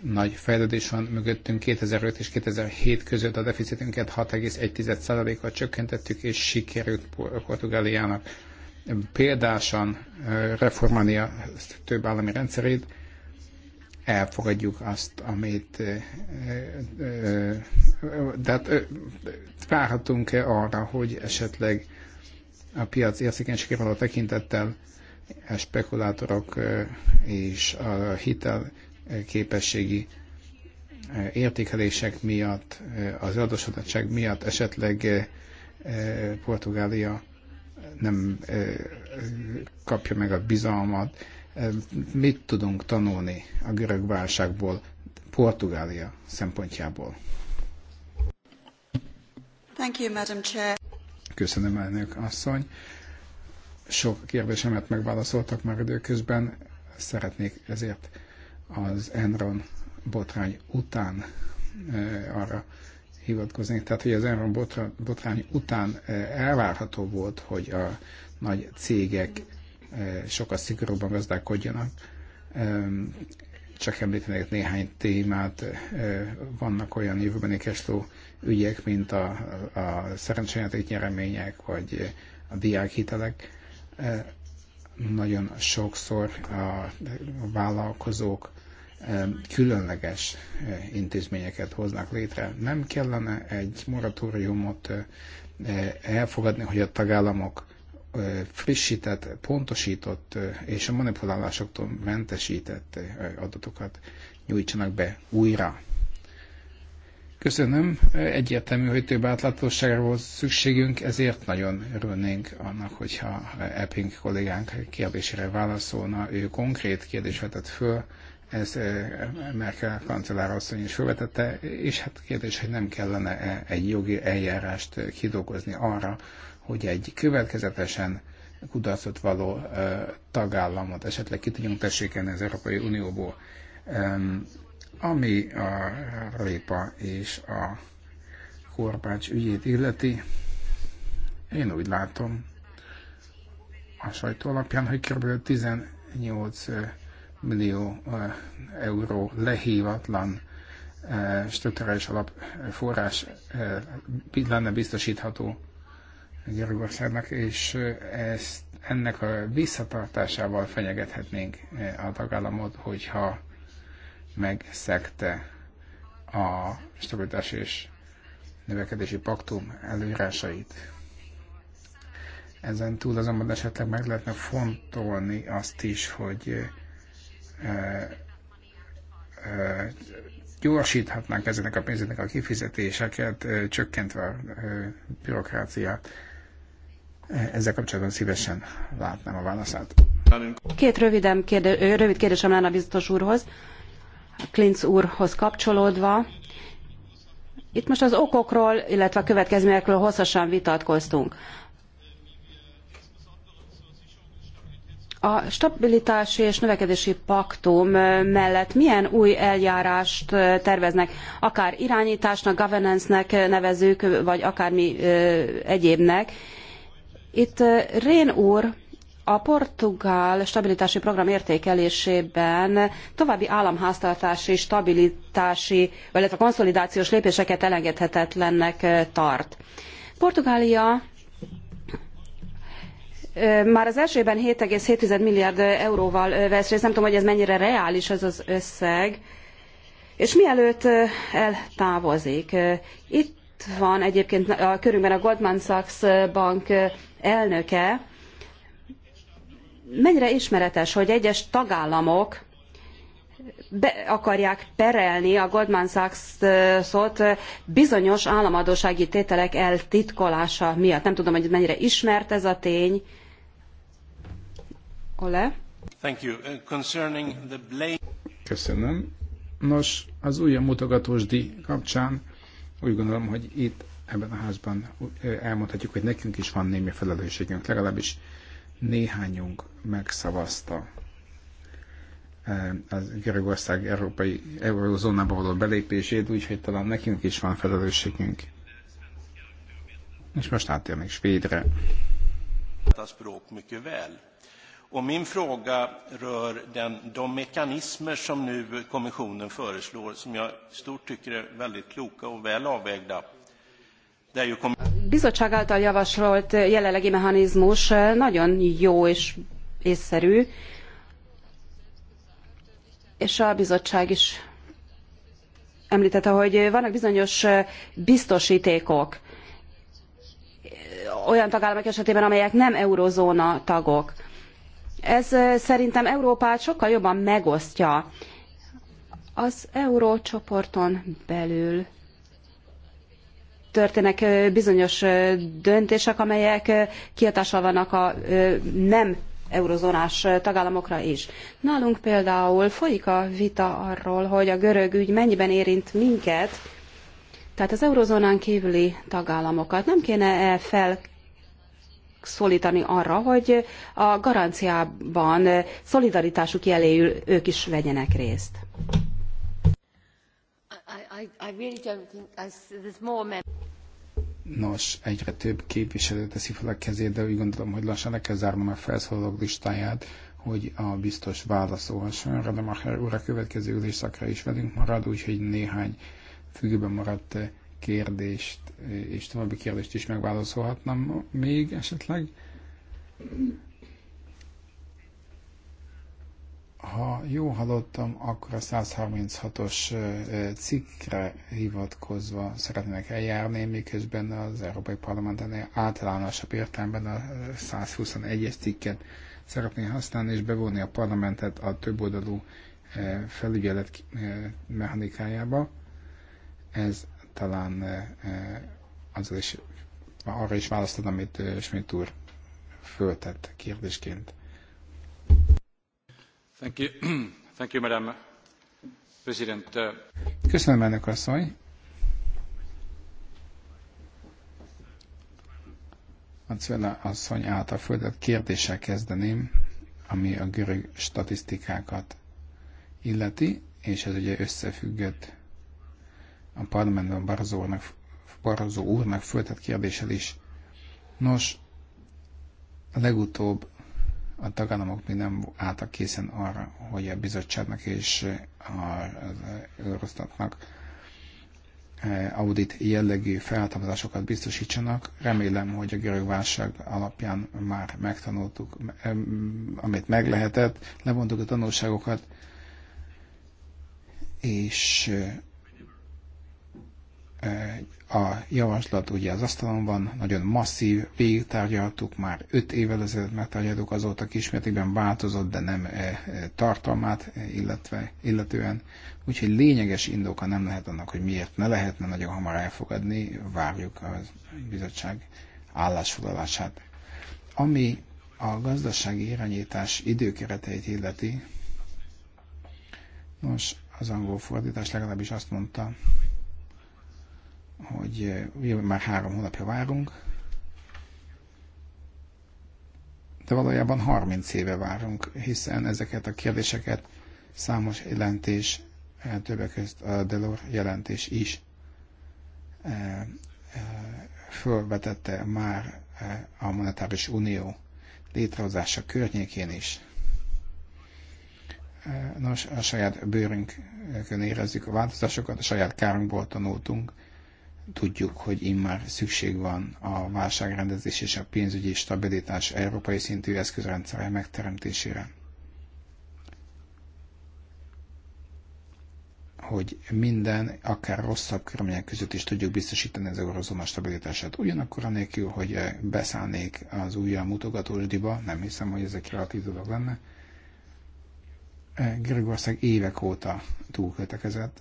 nagy fejlődés van mögöttünk. 2005 és 2007 között a deficitünket 6,1%-kal csökkentettük, és sikerült Portugáliának példásan eh, a több állami rendszerét elfogadjuk azt, amit de várhatunk-e arra, hogy esetleg a piac érzékenységével való tekintettel a spekulátorok és a hitel képességi értékelések miatt, az adósodottság miatt esetleg Portugália nem kapja meg a bizalmat mit tudunk tanulni a görög válságból Portugália szempontjából? Thank you, Madam Chair. Köszönöm, elnök asszony. Sok kérdésemet megválaszoltak már időközben. Szeretnék ezért az Enron botrány után eh, arra hivatkozni. Tehát, hogy az Enron botrány után eh, elvárható volt, hogy a nagy cégek Eh, sokkal szigorúban gazdálkodjanak. Csak említenek néhány témát, eh, vannak olyan jövőbeni kestó ügyek, mint a, a szerencsejáték nyeremények, vagy a diákhitelek. Eh, nagyon sokszor a vállalkozók különleges intézményeket hoznak létre. Nem kellene egy moratóriumot elfogadni, hogy a tagállamok frissített, pontosított és a manipulálásoktól mentesített adatokat nyújtsanak be újra. Köszönöm, egyértelmű, hogy több átláthatóságra volt szükségünk, ezért nagyon örülnénk annak, hogyha Epping kollégánk kérdésére válaszolna. Ő konkrét kérdést vetett föl, ez Merkel kancellár asszony is felvetette, és hát kérdés, hogy nem kellene egy jogi eljárást kidolgozni arra, hogy egy következetesen kudarcot való tagállamot esetleg ki tudjunk tessékeni az Európai Unióból, ami a répa és a korpács ügyét illeti. Én úgy látom a sajtó alapján, hogy kb. 18 millió euró lehívatlan strukturális alapforrás lenne biztosítható Görögországnak, és eh, ezt, ennek a visszatartásával fenyegethetnénk eh, a tagállamot, hogyha megszegte a stabilitás és növekedési paktum előírásait. Ezen túl azonban esetleg meg lehetne fontolni azt is, hogy e, e, gyorsíthatnánk ezeknek a pénzeknek a kifizetéseket, e, csökkentve a bürokráciát. Ezzel kapcsolatban szívesen látnám a válaszát. Két röviden kérdő, rövid kérdésem lenne a biztos úrhoz, Klinc úrhoz kapcsolódva. Itt most az okokról, illetve a következményekről hosszasan vitatkoztunk. A stabilitási és növekedési paktum mellett milyen új eljárást terveznek, akár irányításnak, governance-nek nevezők, vagy akármi egyébnek, itt Rén úr a portugál stabilitási program értékelésében további államháztartási stabilitási, illetve konszolidációs lépéseket elengedhetetlennek tart. Portugália már az elsőben 7,7 milliárd euróval vesz részt, nem tudom, hogy ez mennyire reális ez az összeg, és mielőtt eltávozik, itt van egyébként a körünkben a Goldman Sachs bank elnöke, mennyire ismeretes, hogy egyes tagállamok be akarják perelni a Goldman Sachs-ot bizonyos államadósági tételek eltitkolása miatt. Nem tudom, hogy mennyire ismert ez a tény. Ole? Uh, Köszönöm. Nos, az újabb mutogatós díj kapcsán úgy gondolom, hogy itt ebben a házban elmondhatjuk, hogy nekünk is van némi felelősségünk, legalábbis néhányunk megszavazta az Görögország európai eurozónába való belépését, úgyhogy talán nekünk is van felelősségünk. És most átérnék Svédre. Och min fråga rör den, de mekanismer som nu kommissionen föreslår, som jag stort tycker är väldigt kloka och väl avvägda bizottság által javasolt jelenlegi mechanizmus eh, nagyon jó és észszerű, és a bizottság is említette, hogy vannak bizonyos eh, biztosítékok eh, olyan tagállamok esetében, amelyek nem eurozóna tagok. Ez szerintem Európát sokkal jobban megosztja az eurócsoporton belül történnek bizonyos döntések, amelyek kiatással vannak a nem eurozónás tagállamokra is. Nálunk például folyik a vita arról, hogy a görög ügy mennyiben érint minket, tehát az eurozónán kívüli tagállamokat. Nem kéne e fel szólítani arra, hogy a garanciában szolidaritásuk jeléül ők is vegyenek részt. Nos, egyre több képviselő teszi fel a kezét, de úgy gondolom, hogy lassan le kell zárnom a felszólalók listáját, hogy a biztos válaszolhasson. Rademacher úr a következő ülésszakra is velünk marad, úgyhogy néhány függőben maradt kérdést és további kérdést is megválaszolhatnám még esetleg. Ha jó hallottam, akkor a 136-os cikkre hivatkozva szeretnének eljárni, miközben az Európai Parlamenten általánosabb értelemben a 121-es cikket szeretné használni, és bevonni a parlamentet a többoldalú felügyelet mechanikájába. Ez talán az is, arra is választod, amit Schmidt úr föltett kérdésként. Uh, Köszönöm, elnök asszony. A asszony által föltett kérdéssel kezdeném, ami a görög statisztikákat illeti, és ez ugye összefüggött a parlamentben Barzó úrnak, Barzó úrnak föltett kérdéssel is. Nos, legutóbb a tagállamok még nem álltak készen arra, hogy a bizottságnak és az Eurostatnak e, audit jellegű felhatalmazásokat biztosítsanak. Remélem, hogy a görög válság alapján már megtanultuk, e, amit meg lehetett, levontuk a tanulságokat, és a javaslat ugye az asztalon van, nagyon masszív, végigtárgyaltuk, már 5 évvel ezelőtt megtárgyaltuk, azóta kismértékben változott, de nem e, e, tartalmát e, illetve, illetően. Úgyhogy lényeges indoka nem lehet annak, hogy miért ne lehetne nagyon hamar elfogadni, várjuk a bizottság állásfoglalását. Ami a gazdasági irányítás időkereteit illeti, nos, az angol fordítás legalábbis azt mondta, hogy eh, mi már három hónapja várunk, de valójában 30 éve várunk, hiszen ezeket a kérdéseket számos jelentés, eh, többek között a Delor jelentés is eh, fölvetette már a Monetáris Unió létrehozása környékén is. Nos, a saját bőrünkön érezzük a változásokat, a saját kárunkból tanultunk, Tudjuk, hogy immár szükség van a válságrendezés és a pénzügyi stabilitás európai szintű eszközrendszere megteremtésére. hogy minden, akár rosszabb körülmények között is tudjuk biztosítani az eurozóna stabilitását. Ugyanakkor anélkül, hogy beszállnék az újjal mutogatósdiba, nem hiszem, hogy ez egy kreatív dolog lenne, Görögország évek óta túlkötekezett,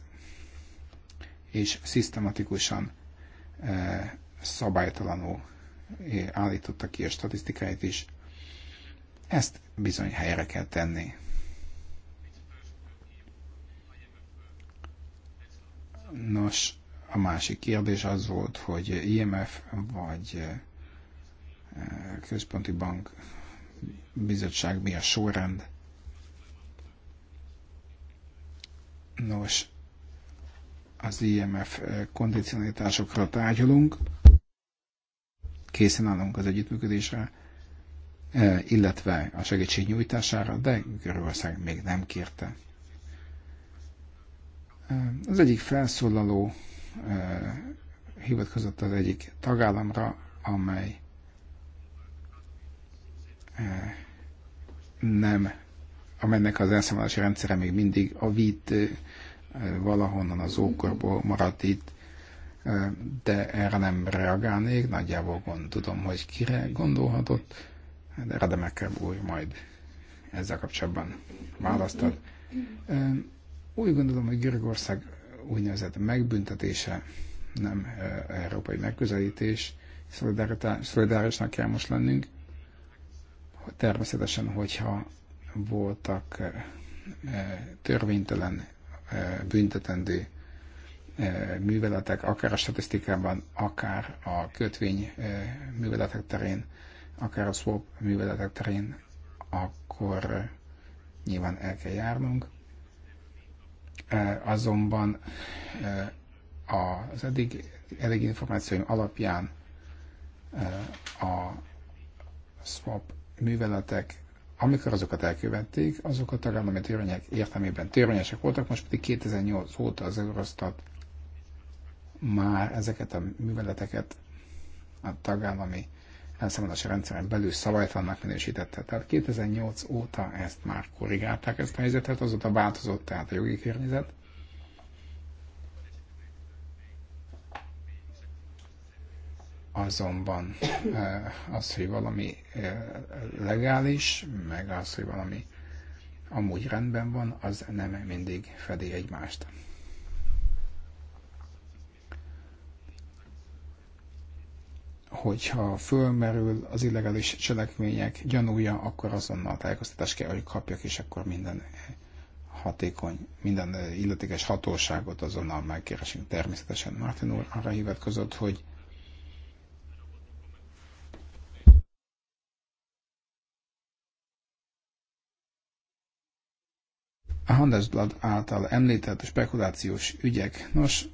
és szisztematikusan eh, szabálytalanul eh, állította ki a statisztikáit is. Ezt bizony helyre kell tenni. Nos, a másik kérdés az volt, hogy IMF vagy eh, központi bank bizottság mi a sorrend. Nos, az IMF e eh, kondicionalitásokra tárgyalunk, készen állunk az együttműködésre, eh, illetve a segítség nyújtására, de Görögország még nem kérte. Eh, az egyik felszólaló hivatkozott az egyik tagállamra, amely nem, amelynek az elszámolási rendszere még mindig a vít valahonnan az ókorból maradt itt, de erre nem reagálnék, nagyjából gond, tudom, hogy kire gondolhatott, de Rademekebb úr majd ezzel kapcsolatban választott. Úgy gondolom, hogy Görögország úgynevezett megbüntetése nem európai megközelítés, szolidárisnak kell most lennünk. Természetesen, hogyha voltak törvénytelen büntetendő műveletek, akár a statisztikában, akár a kötvény műveletek terén, akár a swap műveletek terén, akkor nyilván el kell járnunk. Azonban az eddig, eddig információim alapján a swap műveletek amikor azokat elkövették, azok a tagállami törvények értelmében törvényesek voltak, most pedig 2008 óta az Eurostat már ezeket a műveleteket a tagállami elszámolási rendszeren belül szabálytalannak minősítette. Tehát 2008 óta ezt már korrigálták, ezt a helyzetet, azóta változott tehát a jogi környezet, azonban az, hogy valami legális, meg az, hogy valami amúgy rendben van, az nem mindig fedi egymást. Hogyha fölmerül az illegális cselekmények gyanúja, akkor azonnal tájékoztatást kell, hogy kapjak, és akkor minden hatékony, minden illetékes hatóságot azonnal megkeresünk. Természetesen Martin úr arra hivatkozott, hogy A Handelsblad által említett spekulációs ügyek, nos,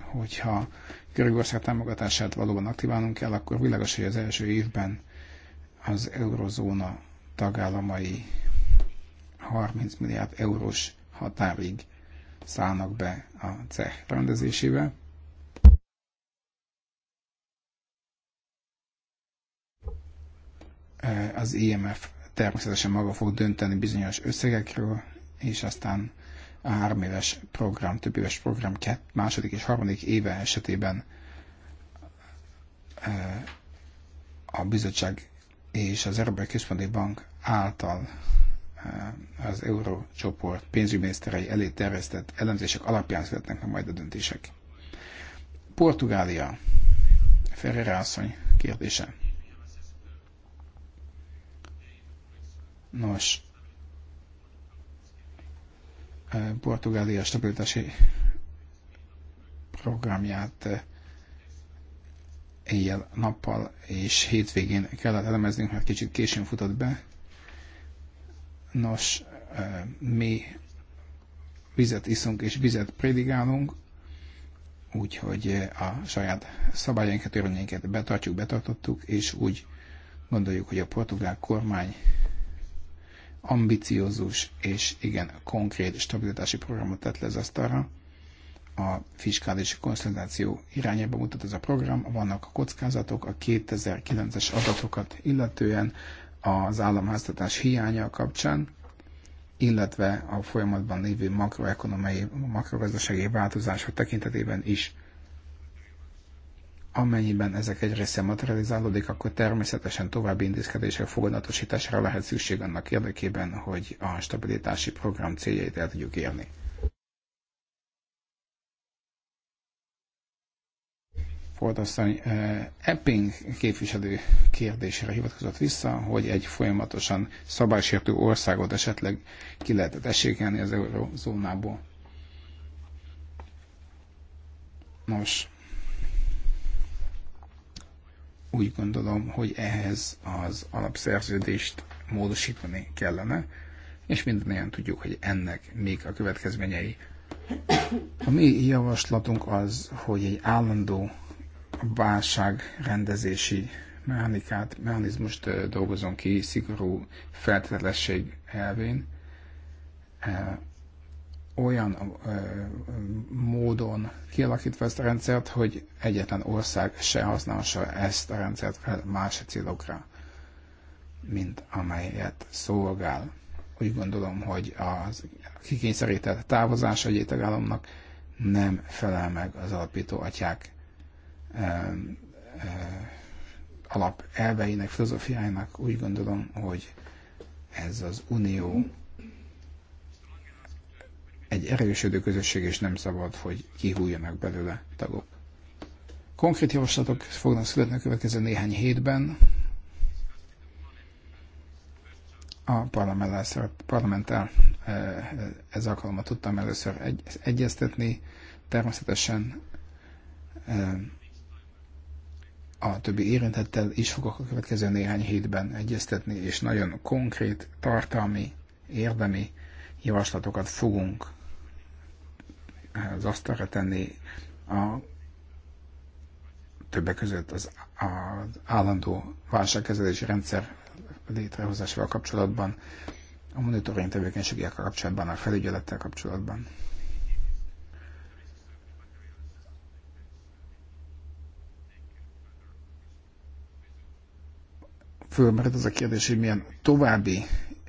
hogyha Görögország támogatását valóban aktiválnunk kell, akkor világos, hogy az első évben az eurozóna tagállamai 30 milliárd eurós határig szállnak be a CEH rendezésébe. Az IMF természetesen maga fog dönteni bizonyos összegekről, és aztán a három éves program, több éves program kett, második és harmadik éve esetében a bizottság és az Európai Központi Bank által az eurócsoport pénzügyminiszterei elé terjesztett elemzések alapján születnek meg majd a döntések. Portugália. Ferreira asszony kérdése. Nos, Portugália stabilitási programját éjjel-nappal és hétvégén kellett elemeznünk, mert kicsit későn futott be. Nos, mi vizet iszunk és vizet prédigálunk, úgyhogy a saját szabályainkat, törvényeinket betartjuk, betartottuk, és úgy gondoljuk, hogy a portugál kormány ambiciózus és igen konkrét stabilitási programot tett le az asztalra. A fiskális konszolidáció irányába mutat ez a program, vannak a kockázatok, a 2009-es adatokat illetően az államháztatás hiánya kapcsán, illetve a folyamatban lévő makroekonomiai, makrogazdasági változások tekintetében is Amennyiben ezek egy része materializálódik, akkor természetesen további intézkedések fogadatosításra lehet szükség annak érdekében, hogy a stabilitási program céljait el tudjuk érni. Fordasszony eh, Epping képviselő kérdésére hivatkozott vissza, hogy egy folyamatosan szabálysértő országot esetleg ki lehetett esékelni az eurozónából. Nos, úgy gondolom, hogy ehhez az alapszerződést módosítani kellene, és mindannyian tudjuk, hogy ennek még a következményei. A mi javaslatunk az, hogy egy állandó válságrendezési mechanikát, mechanizmust dolgozunk ki szigorú feltételesség elvén, olyan ö, módon kialakítva ezt a rendszert, hogy egyetlen ország se használhassa ezt a rendszert fel más célokra, mint amelyet szolgál. Úgy gondolom, hogy a kikényszerített távozás egy tagállamnak nem felel meg az alapító atyák ö, ö, elveinek, filozófiájának. Úgy gondolom, hogy ez az unió egy erősödő közösség, és nem szabad, hogy kihújjanak belőle tagok. Konkrét javaslatok fognak születni a következő néhány hétben. A parlamenttel eh, ez alkalommal tudtam először egy, egyeztetni. Természetesen eh, a többi érintettel is fogok a következő néhány hétben egyeztetni, és nagyon konkrét, tartalmi, érdemi javaslatokat fogunk az asztalra tenni a többek között az, az állandó válságkezelési rendszer létrehozásával kapcsolatban, a monitoring tevékenységekkel kapcsolatban, a felügyelettel kapcsolatban. Fölmerült az a kérdés, hogy milyen további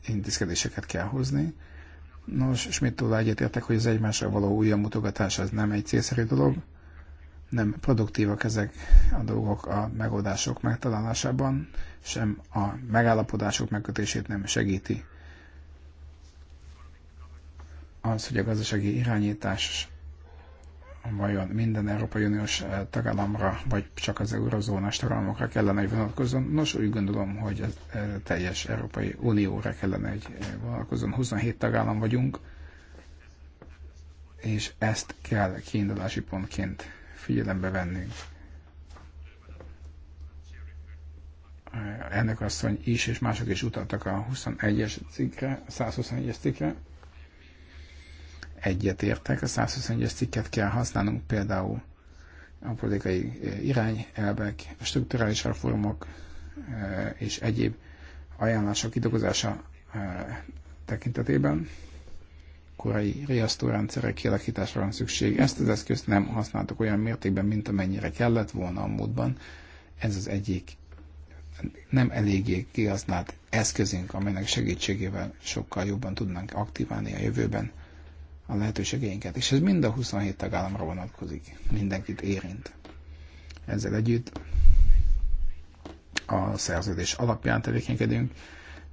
intézkedéseket kell hozni, Nos, mit túl egyetértek, hogy az egymásra való újra mutogatás az nem egy célszerű dolog, nem produktívak ezek a dolgok a megoldások megtalálásában, sem a megállapodások megkötését nem segíti. Az, hogy a gazdasági irányítás vajon minden Európai Uniós eh, tagállamra, vagy csak az eurozónás tagállamokra kellene, hogy vonatkozzon. Nos, úgy gondolom, hogy a eh, teljes Európai Unióra kellene, hogy eh, vonatkozzon. 27 tagállam vagyunk, és ezt kell kiindulási pontként figyelembe vennünk. Ennek asszony is, és mások is utaltak a 21-es cikkre, 121-es cikkre, egyet értek, a 121-es cikket kell használnunk például a politikai eh, irányelvek, a strukturális reformok eh, és egyéb ajánlások kidolgozása eh, tekintetében korai riasztórendszerek kialakításra van szükség. Ezt az eszközt nem használtuk olyan mértékben, mint amennyire kellett volna a módban. Ez az egyik nem eléggé kihasznált eszközünk, amelynek segítségével sokkal jobban tudnánk aktiválni a jövőben a lehetőségeinket. És ez mind a 27 tagállamra vonatkozik, mindenkit érint. Ezzel együtt a szerződés alapján tevékenykedünk,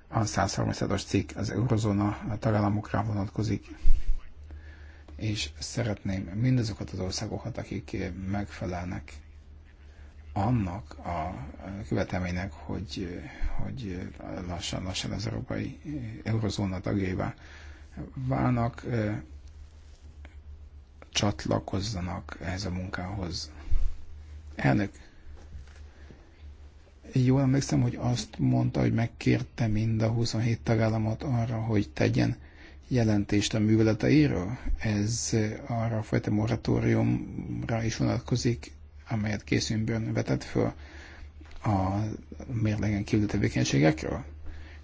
a 137-as cikk az eurozóna tagállamokra vonatkozik, és szeretném mindazokat az országokat, akik megfelelnek annak a követelménynek, hogy, hogy lassan-lassan az európai eurozóna tagjaivá válnak, csatlakozzanak ehhez a munkához. Elnök, jól emlékszem, hogy azt mondta, hogy megkérte mind a 27 tagállamot arra, hogy tegyen jelentést a műveleteiről. Ez arra a fajta moratóriumra is vonatkozik, amelyet készünkből vetett föl a mérlegen kívül tevékenységekről?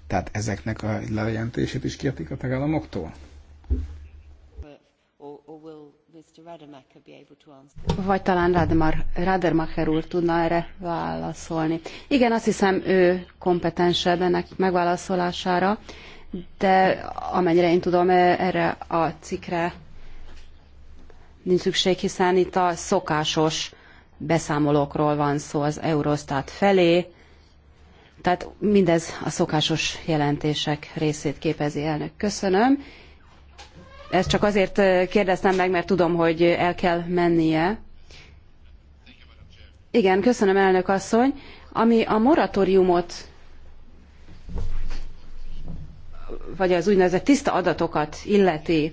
Tehát ezeknek a lejelentését is kérték a tagállamoktól? Vagy talán Rademar, Rademacher úr tudna erre válaszolni. Igen, azt hiszem ő kompetensebb ennek megválaszolására, de amennyire én tudom, e- erre a cikre nincs szükség, hiszen itt a szokásos beszámolókról van szó az Eurostat felé, tehát mindez a szokásos jelentések részét képezi elnök. Köszönöm. Ezt csak azért kérdeztem meg, mert tudom, hogy el kell mennie. Igen, köszönöm, elnök asszony. Ami a moratóriumot, vagy az úgynevezett tiszta adatokat illeti,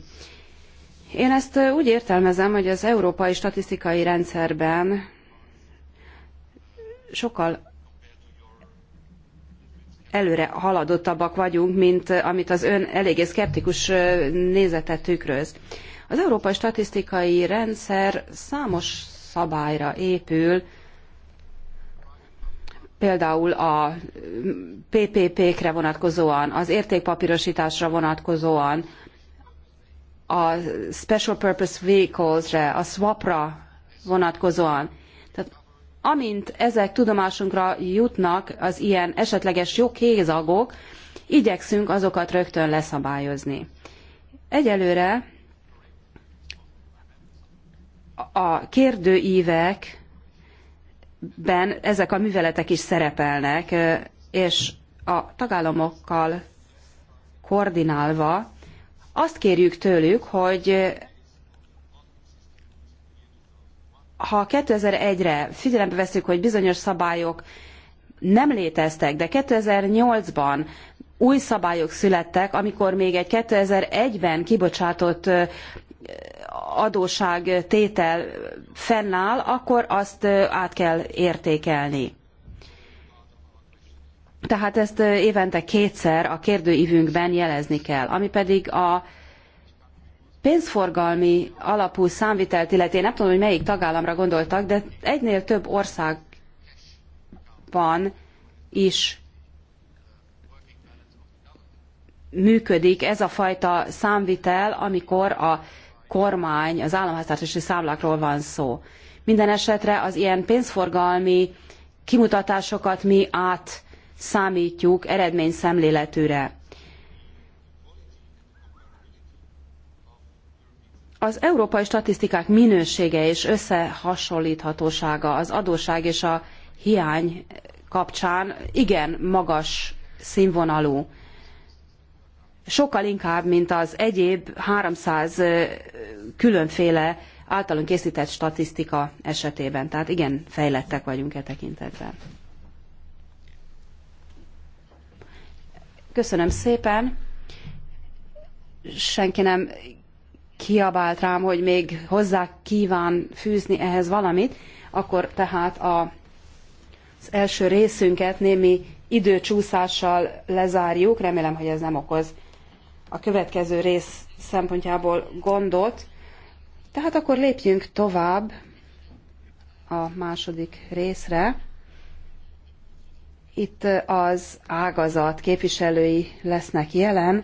én ezt úgy értelmezem, hogy az európai statisztikai rendszerben sokkal előre haladottabbak vagyunk, mint amit az ön eléggé szkeptikus nézete tükröz. Az európai statisztikai rendszer számos szabályra épül, például a PPP-kre vonatkozóan, az értékpapírosításra vonatkozóan, a special purpose vehicles-re, a swap-ra vonatkozóan amint ezek tudomásunkra jutnak az ilyen esetleges joghézagok, igyekszünk azokat rögtön leszabályozni. Egyelőre a kérdőívekben ezek a műveletek is szerepelnek, és a tagállamokkal koordinálva azt kérjük tőlük, hogy ha 2001-re figyelembe veszük, hogy bizonyos szabályok nem léteztek, de 2008-ban új szabályok születtek, amikor még egy 2001-ben kibocsátott adósságtétel fennáll, akkor azt át kell értékelni. Tehát ezt évente kétszer a kérdőívünkben jelezni kell, ami pedig a pénzforgalmi alapú számvitelt illeti, én nem tudom, hogy melyik tagállamra gondoltak, de egynél több országban is működik ez a fajta számvitel, amikor a kormány, az államháztartási számlákról van szó. Minden esetre az ilyen pénzforgalmi kimutatásokat mi eredmény eredményszemléletűre. Az európai statisztikák minősége és összehasonlíthatósága az adósság és a hiány kapcsán igen magas színvonalú. Sokkal inkább, mint az egyéb 300 különféle általunk készített statisztika esetében. Tehát igen, fejlettek vagyunk e tekintetben. Köszönöm szépen. Senki nem kiabált rám, hogy még hozzá kíván fűzni ehhez valamit, akkor tehát a, az első részünket némi időcsúszással lezárjuk. Remélem, hogy ez nem okoz a következő rész szempontjából gondot. Tehát akkor lépjünk tovább a második részre. Itt az ágazat képviselői lesznek jelen,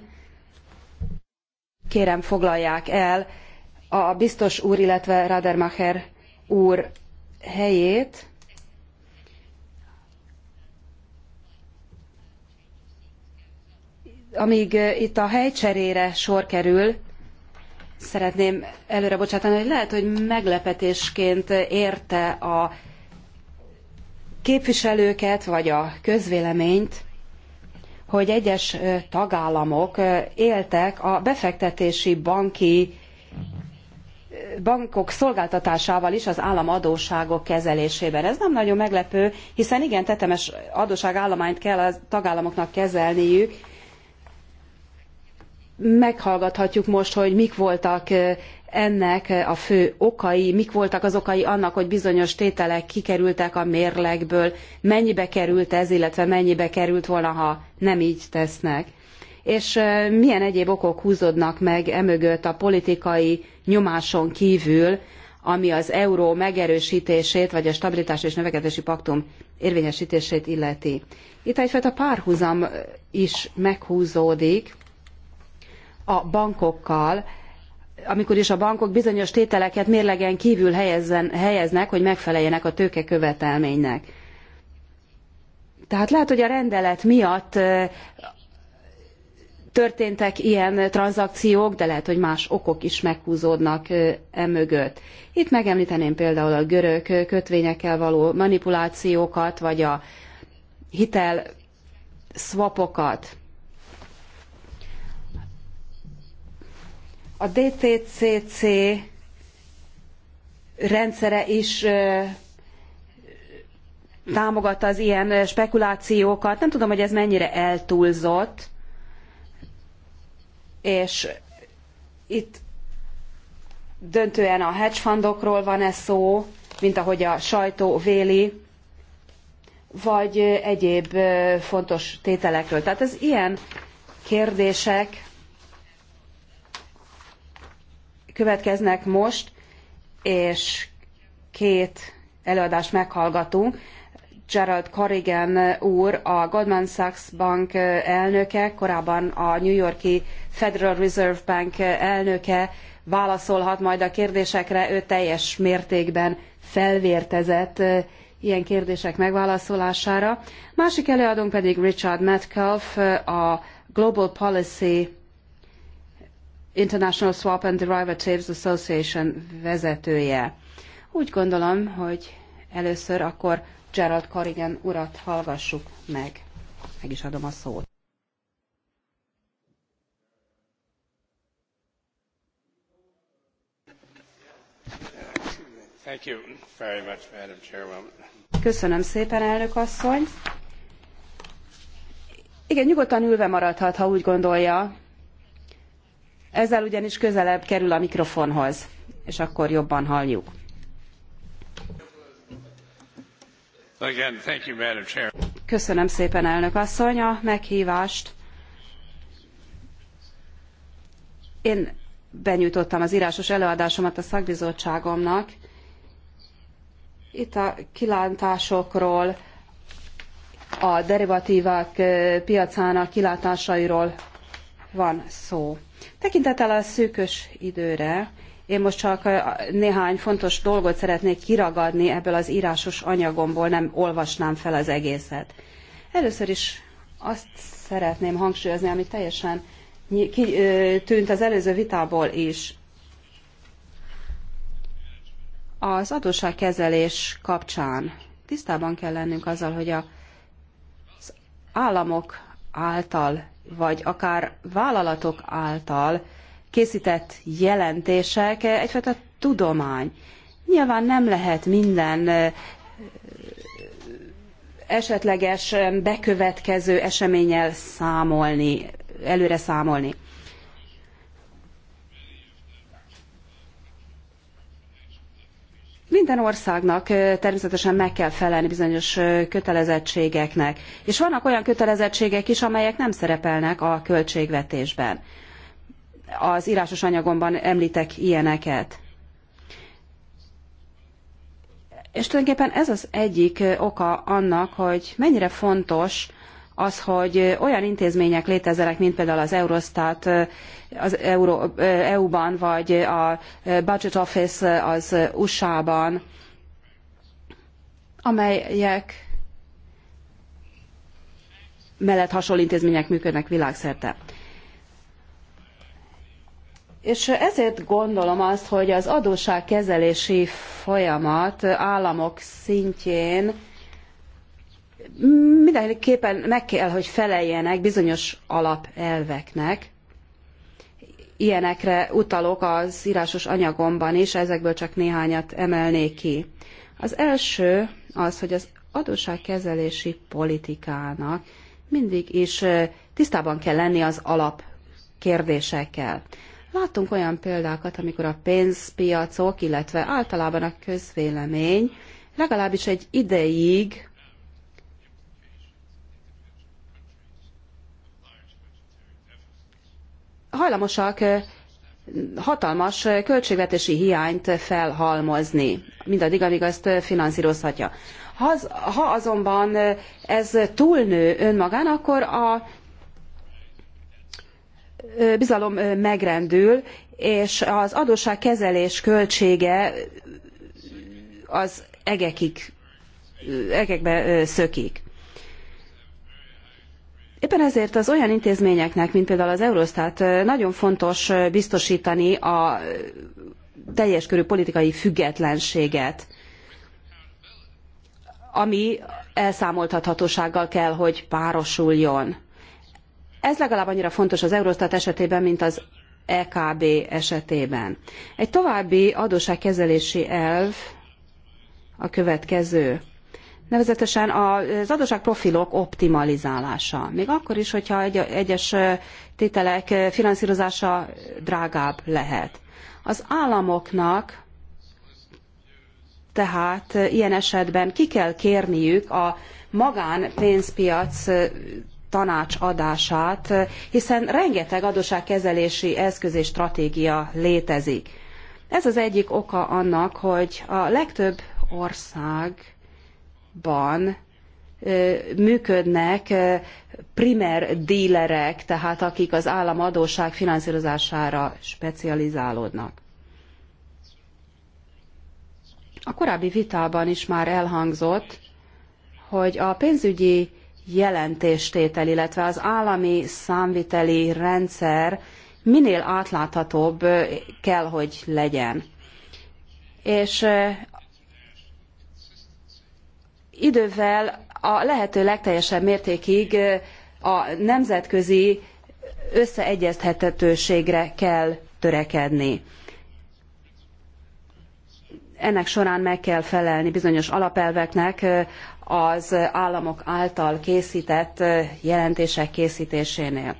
kérem foglalják el a biztos úr, illetve Radermacher úr helyét. Amíg eh, itt a helycserére sor kerül, szeretném előre bocsátani, hogy lehet, hogy meglepetésként érte a képviselőket, vagy a közvéleményt, hogy egyes tagállamok éltek a befektetési banki bankok szolgáltatásával is az államadósságok kezelésében. Ez nem nagyon meglepő, hiszen igen, tetemes adósságállományt kell a tagállamoknak kezelniük. Meghallgathatjuk most, hogy mik voltak ennek a fő okai, mik voltak az okai annak, hogy bizonyos tételek kikerültek a mérlegből, mennyibe került ez, illetve mennyibe került volna, ha nem így tesznek. És milyen egyéb okok húzódnak meg emögött a politikai nyomáson kívül, ami az euró megerősítését, vagy a stabilitás és növekedési paktum érvényesítését illeti. Itt egyfajta párhuzam is meghúzódik a bankokkal, amikor is a bankok bizonyos tételeket mérlegen kívül helyezzen, helyeznek, hogy megfeleljenek a tőkekövetelménynek. Tehát lehet, hogy a rendelet miatt történtek ilyen tranzakciók, de lehet, hogy más okok is meghúzódnak emögött. Itt megemlíteném például a görög kötvényekkel való manipulációkat, vagy a hitel swapokat. A DTCC rendszere is támogatta az ilyen spekulációkat. Nem tudom, hogy ez mennyire eltúlzott, és itt döntően a hedge fundokról van e szó, mint ahogy a sajtó véli, vagy egyéb fontos tételekről. Tehát az ilyen kérdések következnek most, és két előadást meghallgatunk. Gerald Corrigan úr, a Goldman Sachs Bank elnöke, korábban a New Yorki Federal Reserve Bank elnöke válaszolhat majd a kérdésekre, ő teljes mértékben felvértezett ilyen kérdések megválaszolására. Másik előadónk pedig Richard Metcalf, a Global Policy International Swap and Derivatives Association vezetője. Úgy gondolom, hogy először akkor Gerald Corrigan urat hallgassuk meg. Meg is adom a szót. Thank you very much, Madam Chairwoman. Köszönöm szépen, elnök asszony. Igen, nyugodtan ülve maradhat, ha úgy gondolja. Ezzel ugyanis közelebb kerül a mikrofonhoz, és akkor jobban halljuk. Köszönöm szépen, elnök asszony, a meghívást. Én benyújtottam az írásos előadásomat a szakbizottságomnak. Itt a kilátásokról, a derivatívák eh, piacának kilátásairól van szó. Tekintettel a szűkös időre, én most csak néhány fontos dolgot szeretnék kiragadni ebből az írásos anyagomból, nem olvasnám fel az egészet. Először is azt szeretném hangsúlyozni, ami teljesen tűnt az előző vitából is. Az adósságkezelés kapcsán tisztában kell lennünk azzal, hogy az államok által, vagy akár vállalatok által készített jelentések eh, egyfajta tudomány. Nyilván nem lehet minden eh, esetleges eh, bekövetkező eseménnyel számolni, előre számolni. Minden országnak természetesen meg kell felelni bizonyos kötelezettségeknek, és vannak olyan kötelezettségek is, amelyek nem szerepelnek a költségvetésben. Az írásos anyagomban említek ilyeneket. És tulajdonképpen ez az egyik oka annak, hogy mennyire fontos az, hogy olyan intézmények létezzenek, mint például az Eurostat az EU-ban, vagy a Budget Office az USA-ban, amelyek mellett hasonló intézmények működnek világszerte. És ezért gondolom azt, hogy az adósságkezelési folyamat államok szintjén mindenképpen meg kell, hogy feleljenek bizonyos alapelveknek. Ilyenekre utalok az írásos anyagomban is, ezekből csak néhányat emelnék ki. Az első az, hogy az adósságkezelési politikának mindig is tisztában kell lenni az alap kérdésekkel. Láttunk olyan példákat, amikor a pénzpiacok, illetve általában a közvélemény legalábbis egy ideig hajlamosak hatalmas költségvetési hiányt felhalmozni, mindaddig, amíg azt finanszírozhatja. Ha azonban ez túlnő önmagán, akkor a bizalom megrendül, és az adósságkezelés költsége az egekig, egekbe szökik. Éppen ezért az olyan intézményeknek, mint például az Eurostat, nagyon fontos biztosítani a teljes körű politikai függetlenséget, ami elszámoltathatósággal kell, hogy párosuljon. Ez legalább annyira fontos az Eurostat esetében, mint az EKB esetében. Egy további adósságkezelési elv a következő nevezetesen az adósságprofilok optimalizálása. Még akkor is, hogyha egy, egyes tételek finanszírozása drágább lehet. Az államoknak tehát ilyen esetben ki kell kérniük a magánpénzpiac tanácsadását, hiszen rengeteg adósságkezelési eszköz és stratégia létezik. Ez az egyik oka annak, hogy a legtöbb ország ban működnek primer dílerek, tehát akik az állam adóság finanszírozására specializálódnak. A korábbi vitában is már elhangzott, hogy a pénzügyi jelentéstétel, illetve az állami számviteli rendszer minél átláthatóbb kell, hogy legyen. És idővel a lehető legteljesebb mértékig a nemzetközi összeegyeztethetőségre kell törekedni. Ennek során meg kell felelni bizonyos alapelveknek az államok által készített jelentések készítésénél.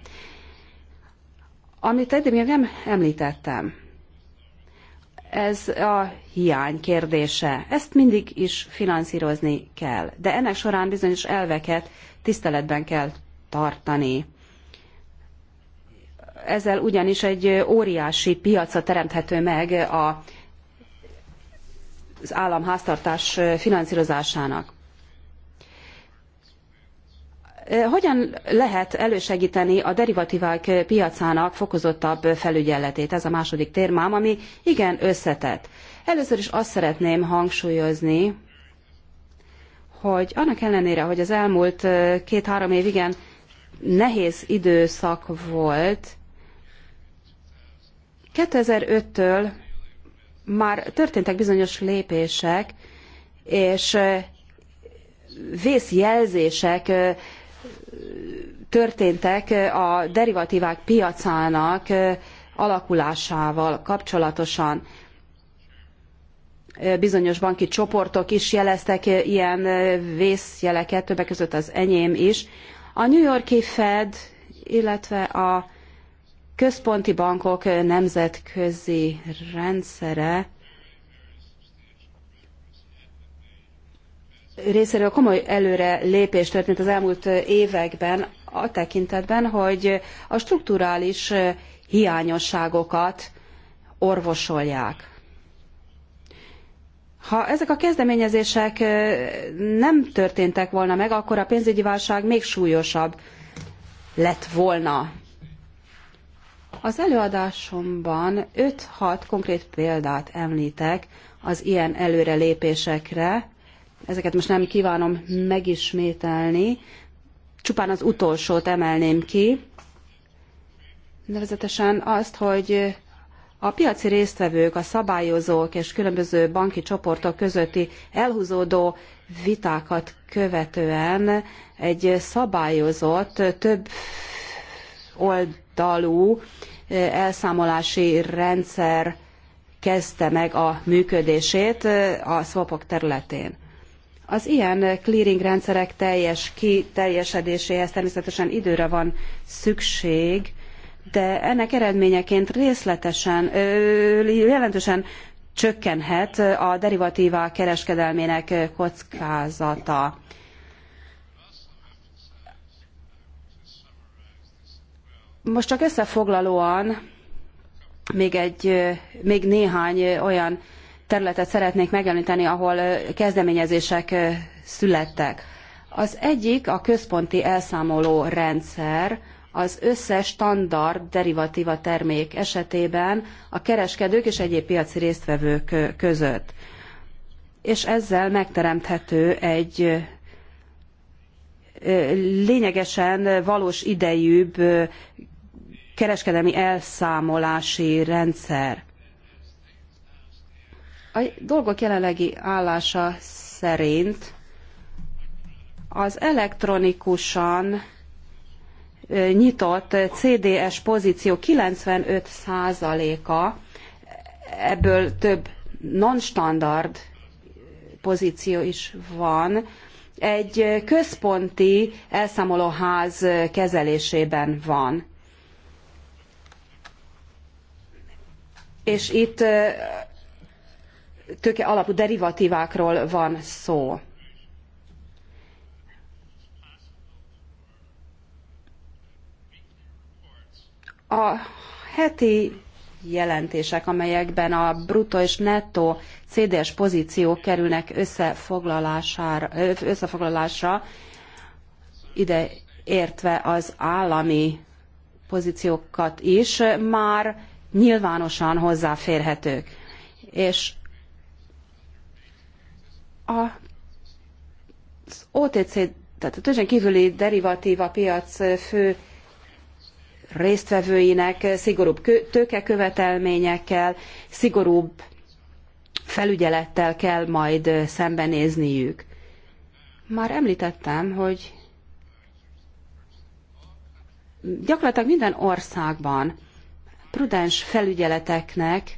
Amit eddig még nem említettem, ez a hiány kérdése. Ezt mindig is finanszírozni kell, de ennek során bizonyos elveket tiszteletben kell tartani. Ezzel ugyanis egy óriási piaca teremthető meg a, az állam háztartás finanszírozásának. Hogyan lehet elősegíteni a derivatívák piacának fokozottabb felügyeletét? Ez a második térmám, ami igen összetett. Először is azt szeretném hangsúlyozni, hogy annak ellenére, hogy az elmúlt két-három év igen nehéz időszak volt, 2005-től már történtek bizonyos lépések, és vészjelzések történtek a derivatívák piacának alakulásával kapcsolatosan. Bizonyos banki csoportok is jeleztek ilyen vészjeleket, többek között az enyém is. A New Yorki Fed, illetve a központi bankok nemzetközi rendszere részéről komoly előre lépés történt az elmúlt években a tekintetben, hogy a strukturális hiányosságokat orvosolják. Ha ezek a kezdeményezések nem történtek volna meg, akkor a pénzügyi válság még súlyosabb lett volna. Az előadásomban 5-6 konkrét példát említek az ilyen előrelépésekre, ezeket most nem kívánom megismételni, csupán az utolsót emelném ki, nevezetesen azt, hogy a piaci résztvevők, a szabályozók és különböző banki csoportok közötti elhúzódó vitákat követően egy szabályozott, több oldalú eh, elszámolási rendszer kezdte meg a működését eh, a swapok területén. Az ilyen clearing rendszerek teljes kiteljesedéséhez természetesen időre van szükség, de ennek eredményeként részletesen, jelentősen csökkenhet a derivatívák kereskedelmének kockázata. Most csak összefoglalóan még, egy, még néhány olyan területet szeretnék megemlíteni, ahol kezdeményezések születtek. Az egyik a központi elszámoló rendszer, az összes standard derivatíva termék esetében a kereskedők és egyéb piaci résztvevők között. És ezzel megteremthető egy lényegesen valós idejűbb kereskedelmi elszámolási rendszer. A dolgok jelenlegi állása szerint az elektronikusan nyitott CDS pozíció 95%-a, ebből több non-standard pozíció is van, egy központi elszámolóház kezelésében van. És itt tőke alapú derivatívákról van szó. A heti jelentések, amelyekben a bruttó és nettó CDS pozíciók kerülnek összefoglalására, összefoglalásra, ide értve az állami pozíciókat is, már nyilvánosan hozzáférhetők. És az OTC, tehát a törzsen kívüli derivatíva piac fő résztvevőinek szigorúbb tőkekövetelményekkel, szigorúbb felügyelettel kell majd szembenézniük. Már említettem, hogy gyakorlatilag minden országban prudens felügyeleteknek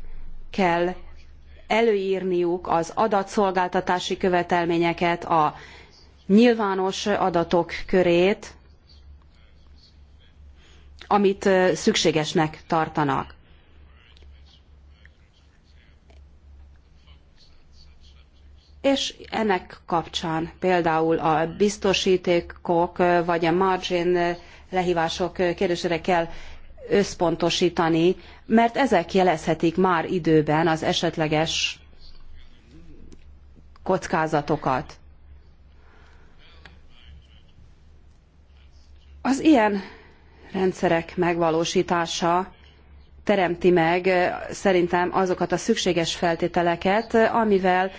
kell előírniuk az adatszolgáltatási követelményeket, a nyilvános adatok körét, amit szükségesnek tartanak. És ennek kapcsán például a biztosítékok vagy a margin lehívások kérdésére kell összpontosítani, mert ezek jelezhetik már időben az esetleges kockázatokat. Az ilyen rendszerek megvalósítása teremti meg eh, szerintem azokat a szükséges feltételeket, amivel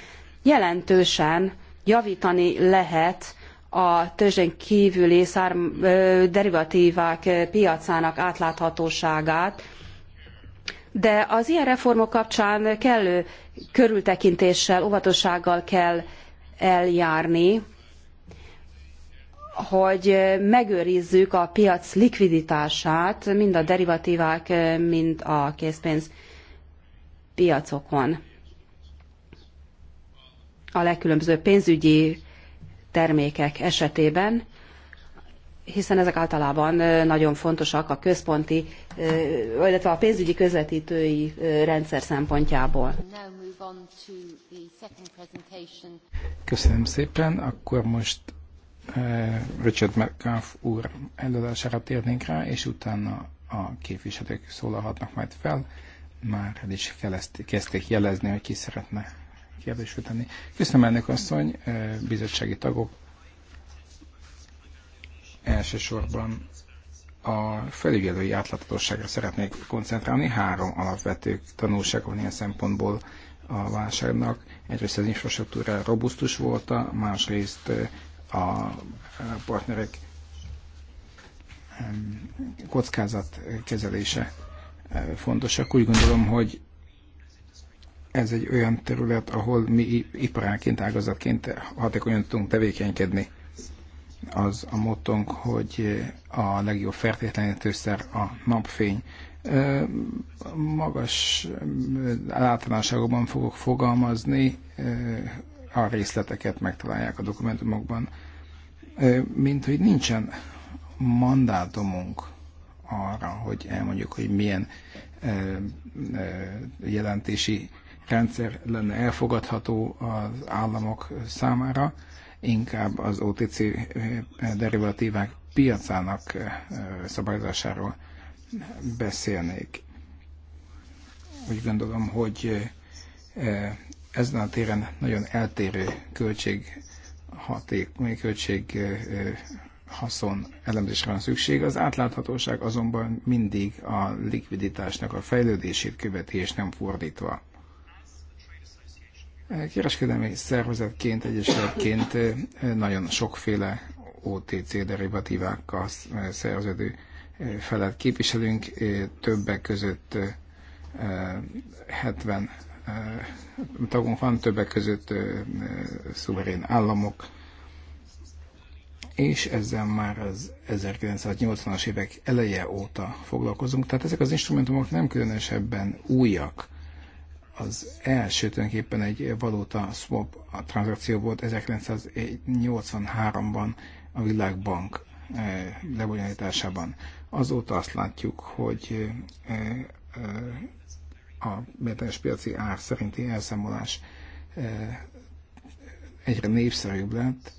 jelentősen javítani lehet a tőzsdén kívüli szárm, derivatívák piacának átláthatóságát, de az ilyen reformok kapcsán kellő körültekintéssel, óvatossággal kell eljárni, hogy megőrizzük a piac likviditását, mind a derivatívák, mind a készpénz piacokon. A legkülönbözőbb pénzügyi termékek esetében, hiszen ezek általában nagyon fontosak a központi, illetve a pénzügyi közvetítői rendszer szempontjából. Köszönöm szépen, akkor most Richard Metcalf úr előadására térnénk rá, és utána a képviselők szólalhatnak majd fel. Már el is kezdték jelezni, hogy ki szeretne kérdésre tenni. Köszönöm elnök asszony, eh, bizottsági tagok. Elsősorban a felügyelői átláthatóságra szeretnék koncentrálni. Három alapvető tanulság van ilyen szempontból a válságnak. Egyrészt az infrastruktúra robusztus volt, másrészt eh, a partnerek kockázat kezelése eh, fontosak. Úgy gondolom, hogy ez egy olyan terület, ahol mi iparánként, ágazatként hatékonyan tudunk tevékenykedni. Az a motónk, hogy a legjobb fertőtlenítőszer a napfény. Magas általánosságokban fogok fogalmazni, a részleteket megtalálják a dokumentumokban, mint hogy nincsen mandátumunk arra, hogy elmondjuk, hogy milyen jelentési rendszer lenne elfogadható az államok számára, inkább az OTC derivatívák piacának szabályozásáról beszélnék. Úgy gondolom, hogy ezen a téren nagyon eltérő költség hatékony költség haszon elemzésre van szükség. Az átláthatóság azonban mindig a likviditásnak a fejlődését követi, és nem fordítva. Kereskedelmi szervezetként, egyesületként nagyon sokféle OTC derivatívákkal szerződő felet képviselünk, többek között 70 tagunk van, többek között szuverén államok, és ezzel már az 1980-as évek eleje óta foglalkozunk. Tehát ezek az instrumentumok nem különösebben újak. Az első tulajdonképpen egy valóta swap a tranzakció volt 1983-ban a Világbank e, lebonyolításában. Azóta azt látjuk, hogy e, e, a méteres piaci ár szerinti elszámolás egyre népszerűbb lett.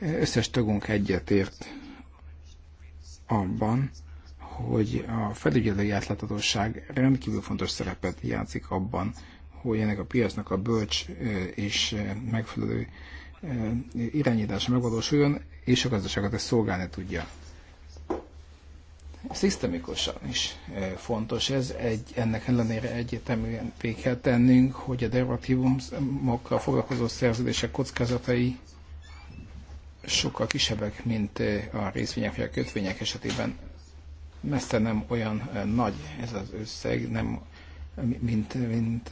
Összes tagunk egyetért abban, hogy a felügyelői átláthatóság rendkívül fontos szerepet játszik abban, hogy ennek a piacnak a bölcs és megfelelő irányítása megvalósuljon, és a gazdaságot ezt szolgálni tudja. Szisztemikusan is fontos ez, egy, ennek ellenére egyértelműen végig kell tennünk, hogy a derivatívumokkal foglalkozó szerződések kockázatai sokkal kisebbek, mint a részvények vagy a kötvények esetében. Messze nem olyan nagy ez az összeg, nem mint, mint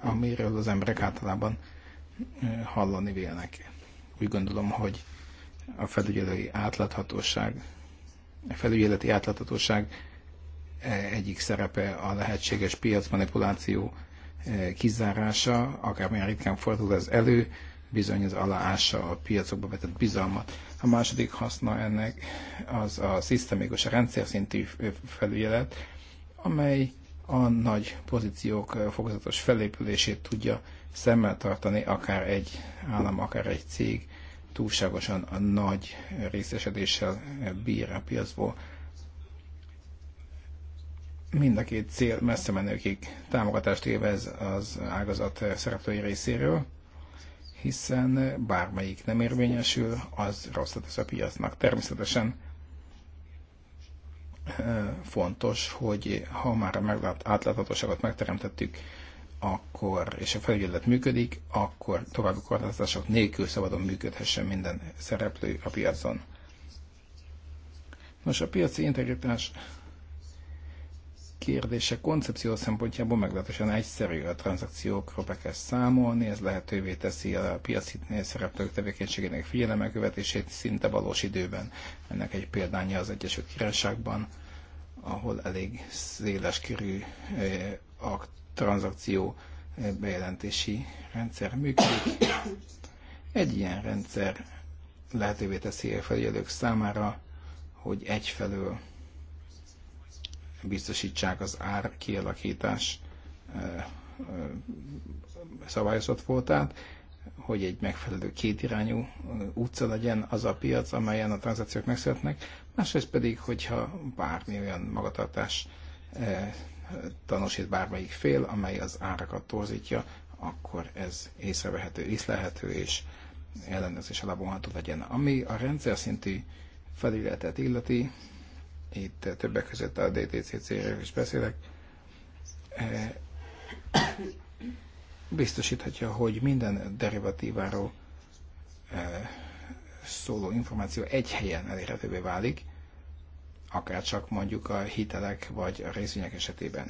amiről az emberek általában hallani vélnek. Úgy gondolom, hogy a felügyeleti átláthatóság, a felügyeleti átláthatóság e, egyik szerepe a lehetséges piacmanipuláció e, kizárása, akármilyen ritkán fordul ez elő, bizony az aláássa a piacokba vetett bizalmat. A második haszna ennek az a szisztemikus, a rendszer szintű felügyelet, amely a nagy pozíciók fokozatos felépülését tudja szemmel tartani akár egy állam, akár egy cég túlságosan a nagy részesedéssel bír a piacból. Mind a két cél messze menőkig támogatást élvez az ágazat szereplői részéről, hiszen bármelyik nem érvényesül, az rosszat tesz a piacnak. Természetesen fontos, hogy ha már a meglát, átláthatóságot megteremtettük, akkor, és a felügyelet működik, akkor további korlátozások nélkül szabadon működhessen minden szereplő a piacon. Nos, a piaci integritás kérdése koncepció szempontjából meglehetősen egyszerű a tranzakciókról be kell számolni, ez lehetővé teszi a piaci szereplők tevékenységének figyelemelkövetését szinte valós időben. Ennek egy példánya az Egyesült Királyságban, ahol elég széles körű eh, a tranzakció eh, bejelentési rendszer működik. Egy ilyen rendszer lehetővé teszi a felügyelők számára, hogy egyfelől biztosítsák az ár kialakítás szabályozott voltát, hogy egy megfelelő kétirányú utca legyen az a piac, amelyen a tranzakciók megszületnek, másrészt pedig, hogyha bármi olyan magatartás tanúsít bármelyik fél, amely az árakat torzítja, akkor ez észrevehető, észlelhető és ellenőrzés alapon legyen. Ami a rendszer szintű felületet illeti, itt többek között a DTCC-ről is beszélek, eh, biztosíthatja, hogy minden derivatíváról eh, szóló információ egy helyen elérhetővé válik, akár csak mondjuk a hitelek vagy a részvények esetében.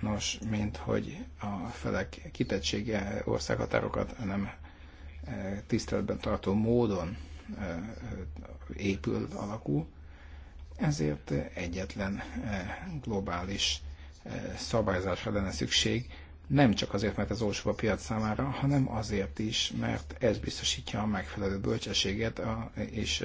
Nos, mint hogy a felek kitettsége országhatárokat nem eh, tiszteletben tartó módon épül, alakul, ezért eh, egyetlen eh, globális eh, szabályzásra lenne szükség, nem csak azért, mert ez olcsóbb a piac számára, hanem azért is, mert ez biztosítja a megfelelő bölcsességet és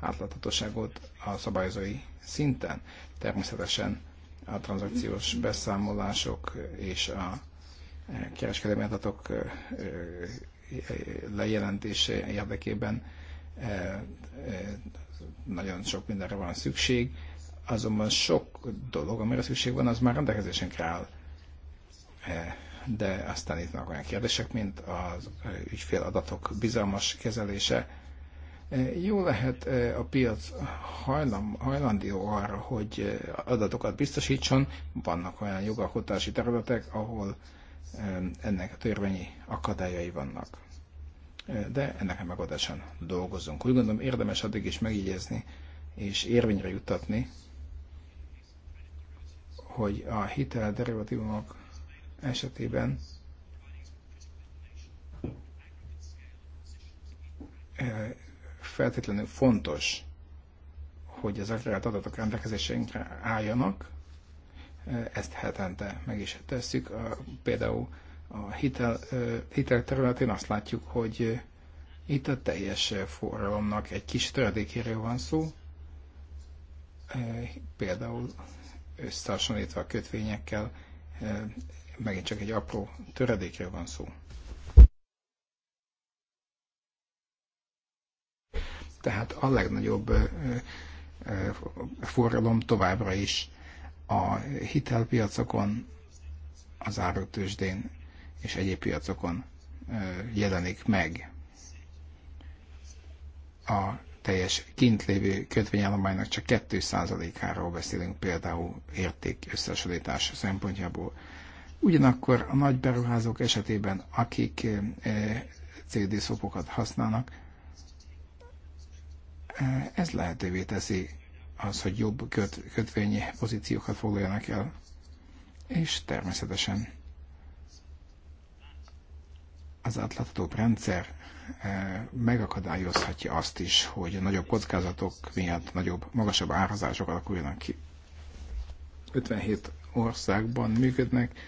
átláthatóságot a szabályozói szinten. Természetesen a tranzakciós beszámolások és a kereskedelmi adatok lejelentése érdekében nagyon sok mindenre van szükség, azonban sok dolog, amire szükség van, az már rendelkezésünkre áll. E, de aztán itt vannak olyan kérdések, mint az adatok bizalmas kezelése. E, jó lehet e, a piac hajlam, hajlandió arra, hogy adatokat biztosítson. Vannak olyan jogalkotási területek, ahol ennek a törvényi akadályai vannak de ennek a megoldásán dolgozunk. Úgy gondolom érdemes addig is megjegyezni és érvényre juttatni, hogy a hitel derivatívumok esetében e, feltétlenül fontos, hogy az agregált adatok rendelkezésünkre álljanak, e, ezt hetente meg is tesszük. Például a hitel, hitel területén azt látjuk, hogy itt a teljes forralomnak egy kis töredékéről van szó, például összehasonlítva a kötvényekkel, megint csak egy apró töredékről van szó. Tehát a legnagyobb forralom továbbra is a hitelpiacokon, az árutősdén és egyéb piacokon jelenik meg a teljes kint lévő kötvényállománynak csak 2%-áról beszélünk például érték összehasonlítás szempontjából. Ugyanakkor a nagy beruházók esetében, akik CD szopokat használnak, ez lehetővé teszi az, hogy jobb köt, kötvényi pozíciókat foglaljanak el, és természetesen az átláthatóbb rendszer eh, megakadályozhatja azt is, hogy nagyobb kockázatok miatt nagyobb, magasabb árazások alakuljanak ki. 57 országban működnek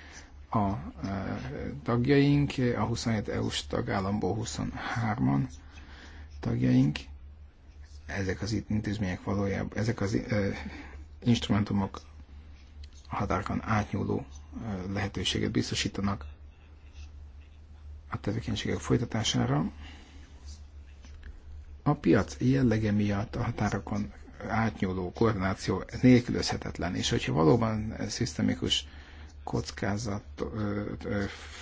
a eh, tagjaink, a 27 EU-s tagállamból 23-an tagjaink. Ezek az intézmények valójában, ezek az eh, instrumentumok a átnyúló lehetőséget biztosítanak a tevékenységek folytatására. A piac jellege miatt a határokon átnyúló koordináció nélkülözhetetlen, és hogyha valóban szisztemikus kockázat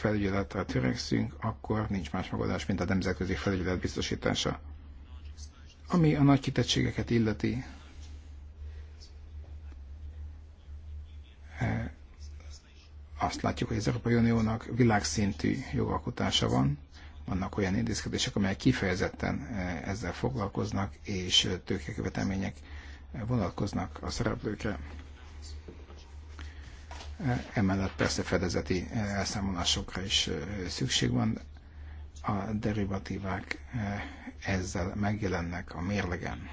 felügyeletre törekszünk, akkor nincs más megoldás, mint a nemzetközi felügyelet biztosítása. Ami a nagy kitettségeket illeti, azt látjuk, hogy az Európai Uniónak világszintű jogalkotása van, vannak olyan intézkedések, amelyek kifejezetten eh, ezzel foglalkoznak, és eh, tőkekövetelmények eh, vonatkoznak a szereplőkre. Emellett persze fedezeti elszámolásokra is szükség van. A derivatívák ezzel megjelennek a mérlegen.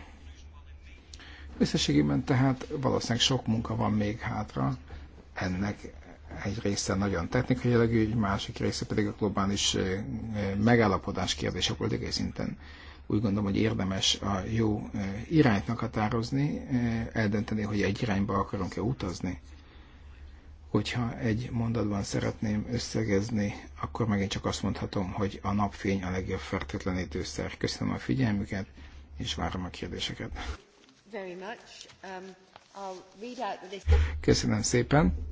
Összességében tehát valószínűleg sok munka van még hátra, ennek egy része nagyon technikai jellegű, egy másik része pedig a globális eh, megállapodás kérdése politikai szinten. Úgy gondolom, hogy érdemes a jó eh, irányt meghatározni, eh, eldönteni, hogy egy irányba akarunk-e utazni. Hogyha egy mondatban szeretném összegezni, akkor megint csak azt mondhatom, hogy a napfény a legjobb fertőtlenítőszer. Köszönöm a figyelmüket, és várom a kérdéseket. Um, Köszönöm szépen.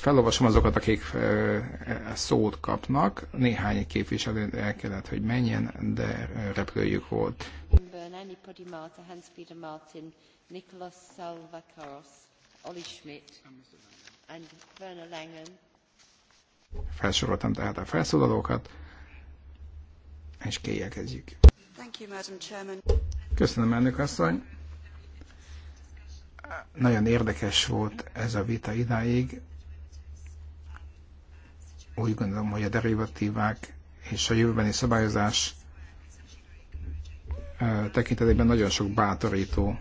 Felolvasom azokat, akik e, szót kapnak. Néhány képviselő el kellett, hogy menjen, de repülőjük volt. Hans Peter Martin, Nicholas Oli Schmidt, Werner Langen. Felsoroltam tehát a felszólalókat, és kéjelkezzük. Köszönöm, elnök asszony. Nagyon érdekes volt ez a vita idáig. Úgy gondolom, hogy a derivatívák és a jövőbeni szabályozás tekintetében nagyon sok bátorító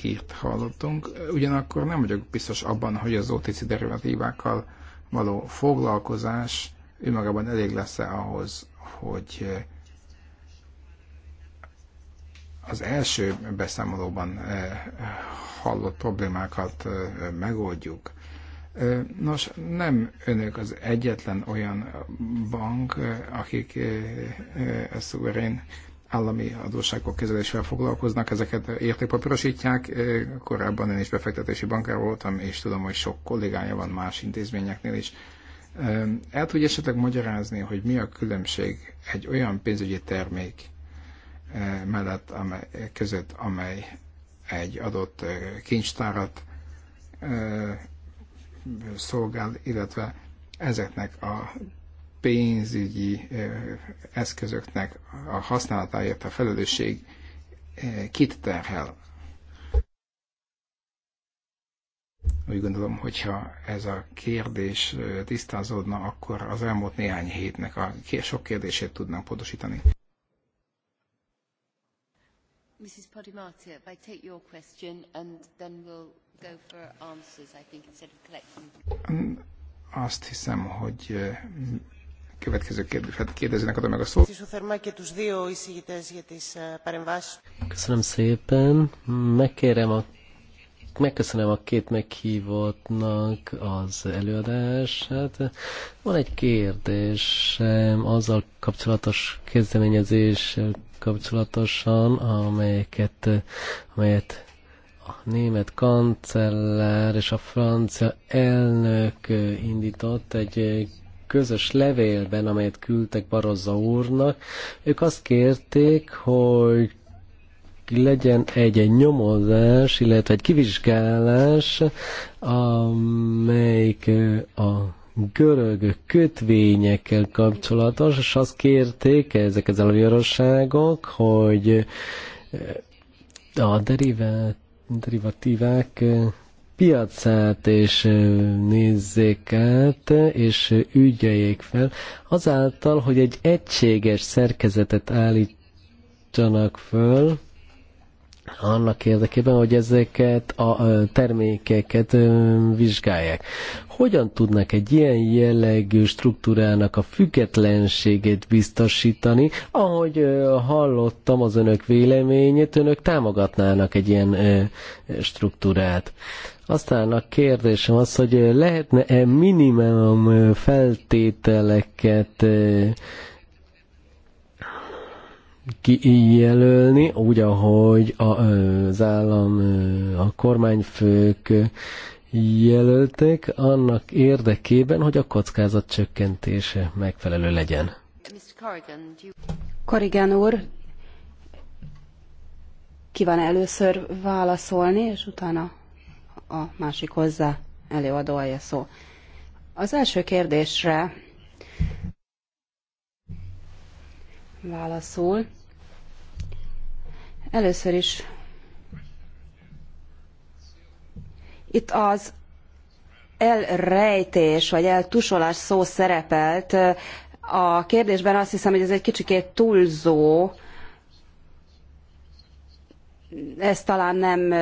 hírt hallottunk. Ugyanakkor nem vagyok biztos abban, hogy az OTC derivatívákkal való foglalkozás önmagában elég lesz-e ahhoz, hogy az első beszámolóban hallott problémákat megoldjuk. Nos, nem önök az egyetlen olyan bank, akik a szuverén állami adósságok kezelésével foglalkoznak, ezeket értékpapírosítják. Korábban én is befektetési bankár voltam, és tudom, hogy sok kollégája van más intézményeknél is. El tudja esetleg magyarázni, hogy mi a különbség egy olyan pénzügyi termék mellett, amely, között, amely egy adott kincstárat szolgál, illetve ezeknek a pénzügyi eszközöknek a használatáért a felelősség kit terhel. Úgy gondolom, hogyha ez a kérdés tisztázódna, akkor az elmúlt néhány hétnek a sok kérdését tudnánk pontosítani. Mrs. Podimata, if I take your question and then we'll azt hiszem, hogy eh, következő hát kérdezőnek adom meg a szót. Köszönöm szépen. Megkérem a megköszönöm a két meghívottnak az előadását. Van egy kérdésem azzal kapcsolatos kezdeményezéssel kapcsolatosan, amelyeket, amelyet a német kancellár és a francia elnök indított egy közös levélben, amelyet küldtek Barozza úrnak. Ők azt kérték, hogy legyen egy, egy nyomozás, illetve egy kivizsgálás, amelyik a görög kötvényekkel kapcsolatos, és azt kérték ezek ezzel a vöröságok, hogy a derivált derivatívák piacát és nézzék át, és ügyeljék fel, azáltal, hogy egy egységes szerkezetet állítsanak föl, annak érdekében, hogy ezeket a termékeket vizsgálják. Hogyan tudnak egy ilyen jellegű struktúrának a függetlenségét biztosítani? Ahogy hallottam az önök véleményét, önök támogatnának egy ilyen struktúrát. Aztán a kérdésem az, hogy lehetne-e minimum feltételeket kijelölni, úgy, ahogy a, az állam, a kormányfők jelölték, annak érdekében, hogy a kockázat csökkentése megfelelő legyen. Korrigan úr, van először válaszolni, és utána a másik hozzá előadója szó. Az első kérdésre válaszol. Először is itt az elrejtés vagy eltusolás szó szerepelt. A kérdésben azt hiszem, hogy ez egy kicsikét túlzó. Ez talán nem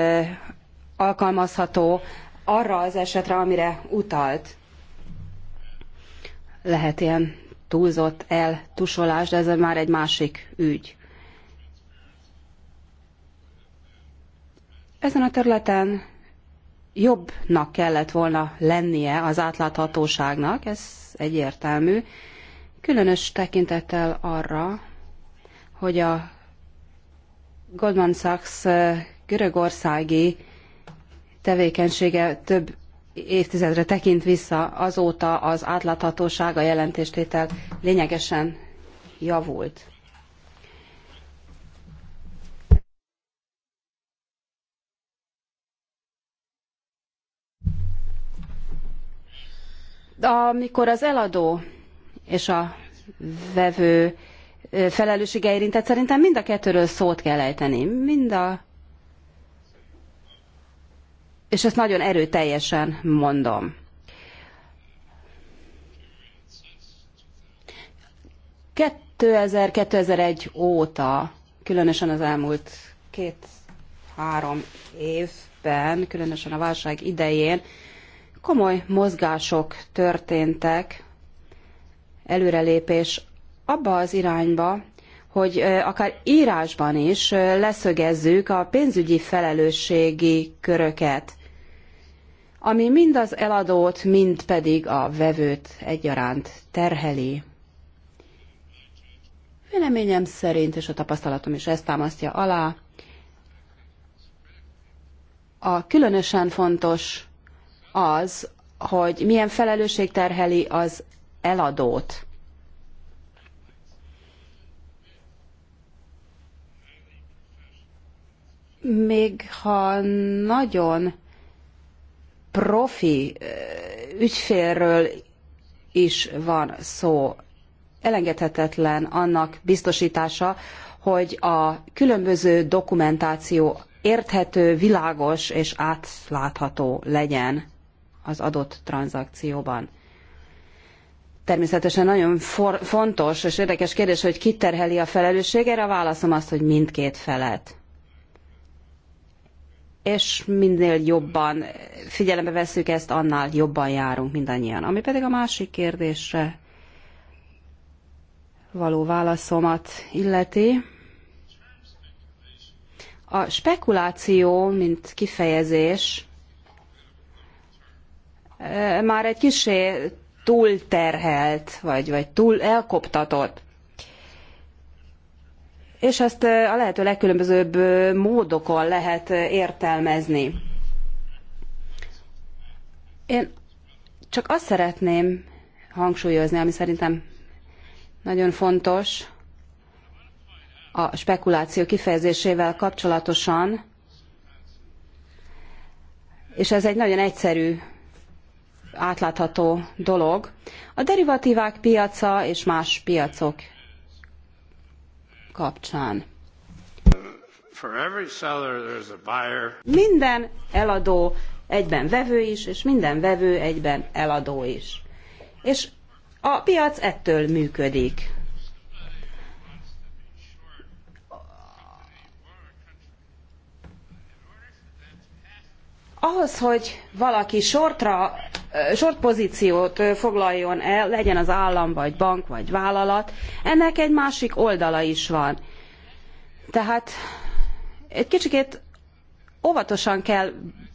alkalmazható arra az esetre, amire utalt. Lehet ilyen túlzott eltusolás, de ez már egy másik ügy. Ezen a területen jobbnak kellett volna lennie az átláthatóságnak, ez egyértelmű, különös tekintettel arra, hogy a Goldman Sachs eh, görögországi tevékenysége több évtizedre tekint vissza, azóta az átláthatóság, a jelentéstétel lényegesen javult. Amikor az eladó és a vevő felelőssége érintett, szerintem mind a kettőről szót kell ejteni. Mind a és ezt nagyon erőteljesen mondom. 2000-2001 óta, különösen az elmúlt két-három évben, különösen a válság idején, komoly mozgások történtek, előrelépés abba az irányba, hogy akár írásban is leszögezzük a pénzügyi felelősségi köröket ami mind az eladót, mind pedig a vevőt egyaránt terheli. Véleményem szerint, és a tapasztalatom is ezt támasztja alá, a különösen fontos az, hogy milyen felelősség terheli az eladót. Még ha nagyon profi ügyfélről is van szó. Elengedhetetlen annak biztosítása, hogy a különböző dokumentáció érthető, világos és átlátható legyen az adott tranzakcióban. Természetesen nagyon for, fontos és érdekes kérdés, hogy kiterheli a felelősség. Erre a válaszom az, hogy mindkét felet és minél jobban figyelembe veszük ezt, annál jobban járunk mindannyian. Ami pedig a másik kérdésre való válaszomat illeti. A spekuláció, mint kifejezés, eh, már egy kisé túlterhelt, vagy, vagy túl elkoptatott és ezt a lehető legkülönbözőbb módokon lehet értelmezni. Én csak azt szeretném hangsúlyozni, ami szerintem nagyon fontos a spekuláció kifejezésével kapcsolatosan, és ez egy nagyon egyszerű, átlátható dolog. A derivatívák piaca és más piacok kapcsán. Minden eladó egyben vevő is, és minden vevő egyben eladó is. És a piac ettől működik. Ahhoz, hogy valaki sortra, short pozíciót foglaljon el, legyen az állam, vagy bank, vagy vállalat, ennek egy másik oldala is van. Tehát egy kicsikét óvatosan kell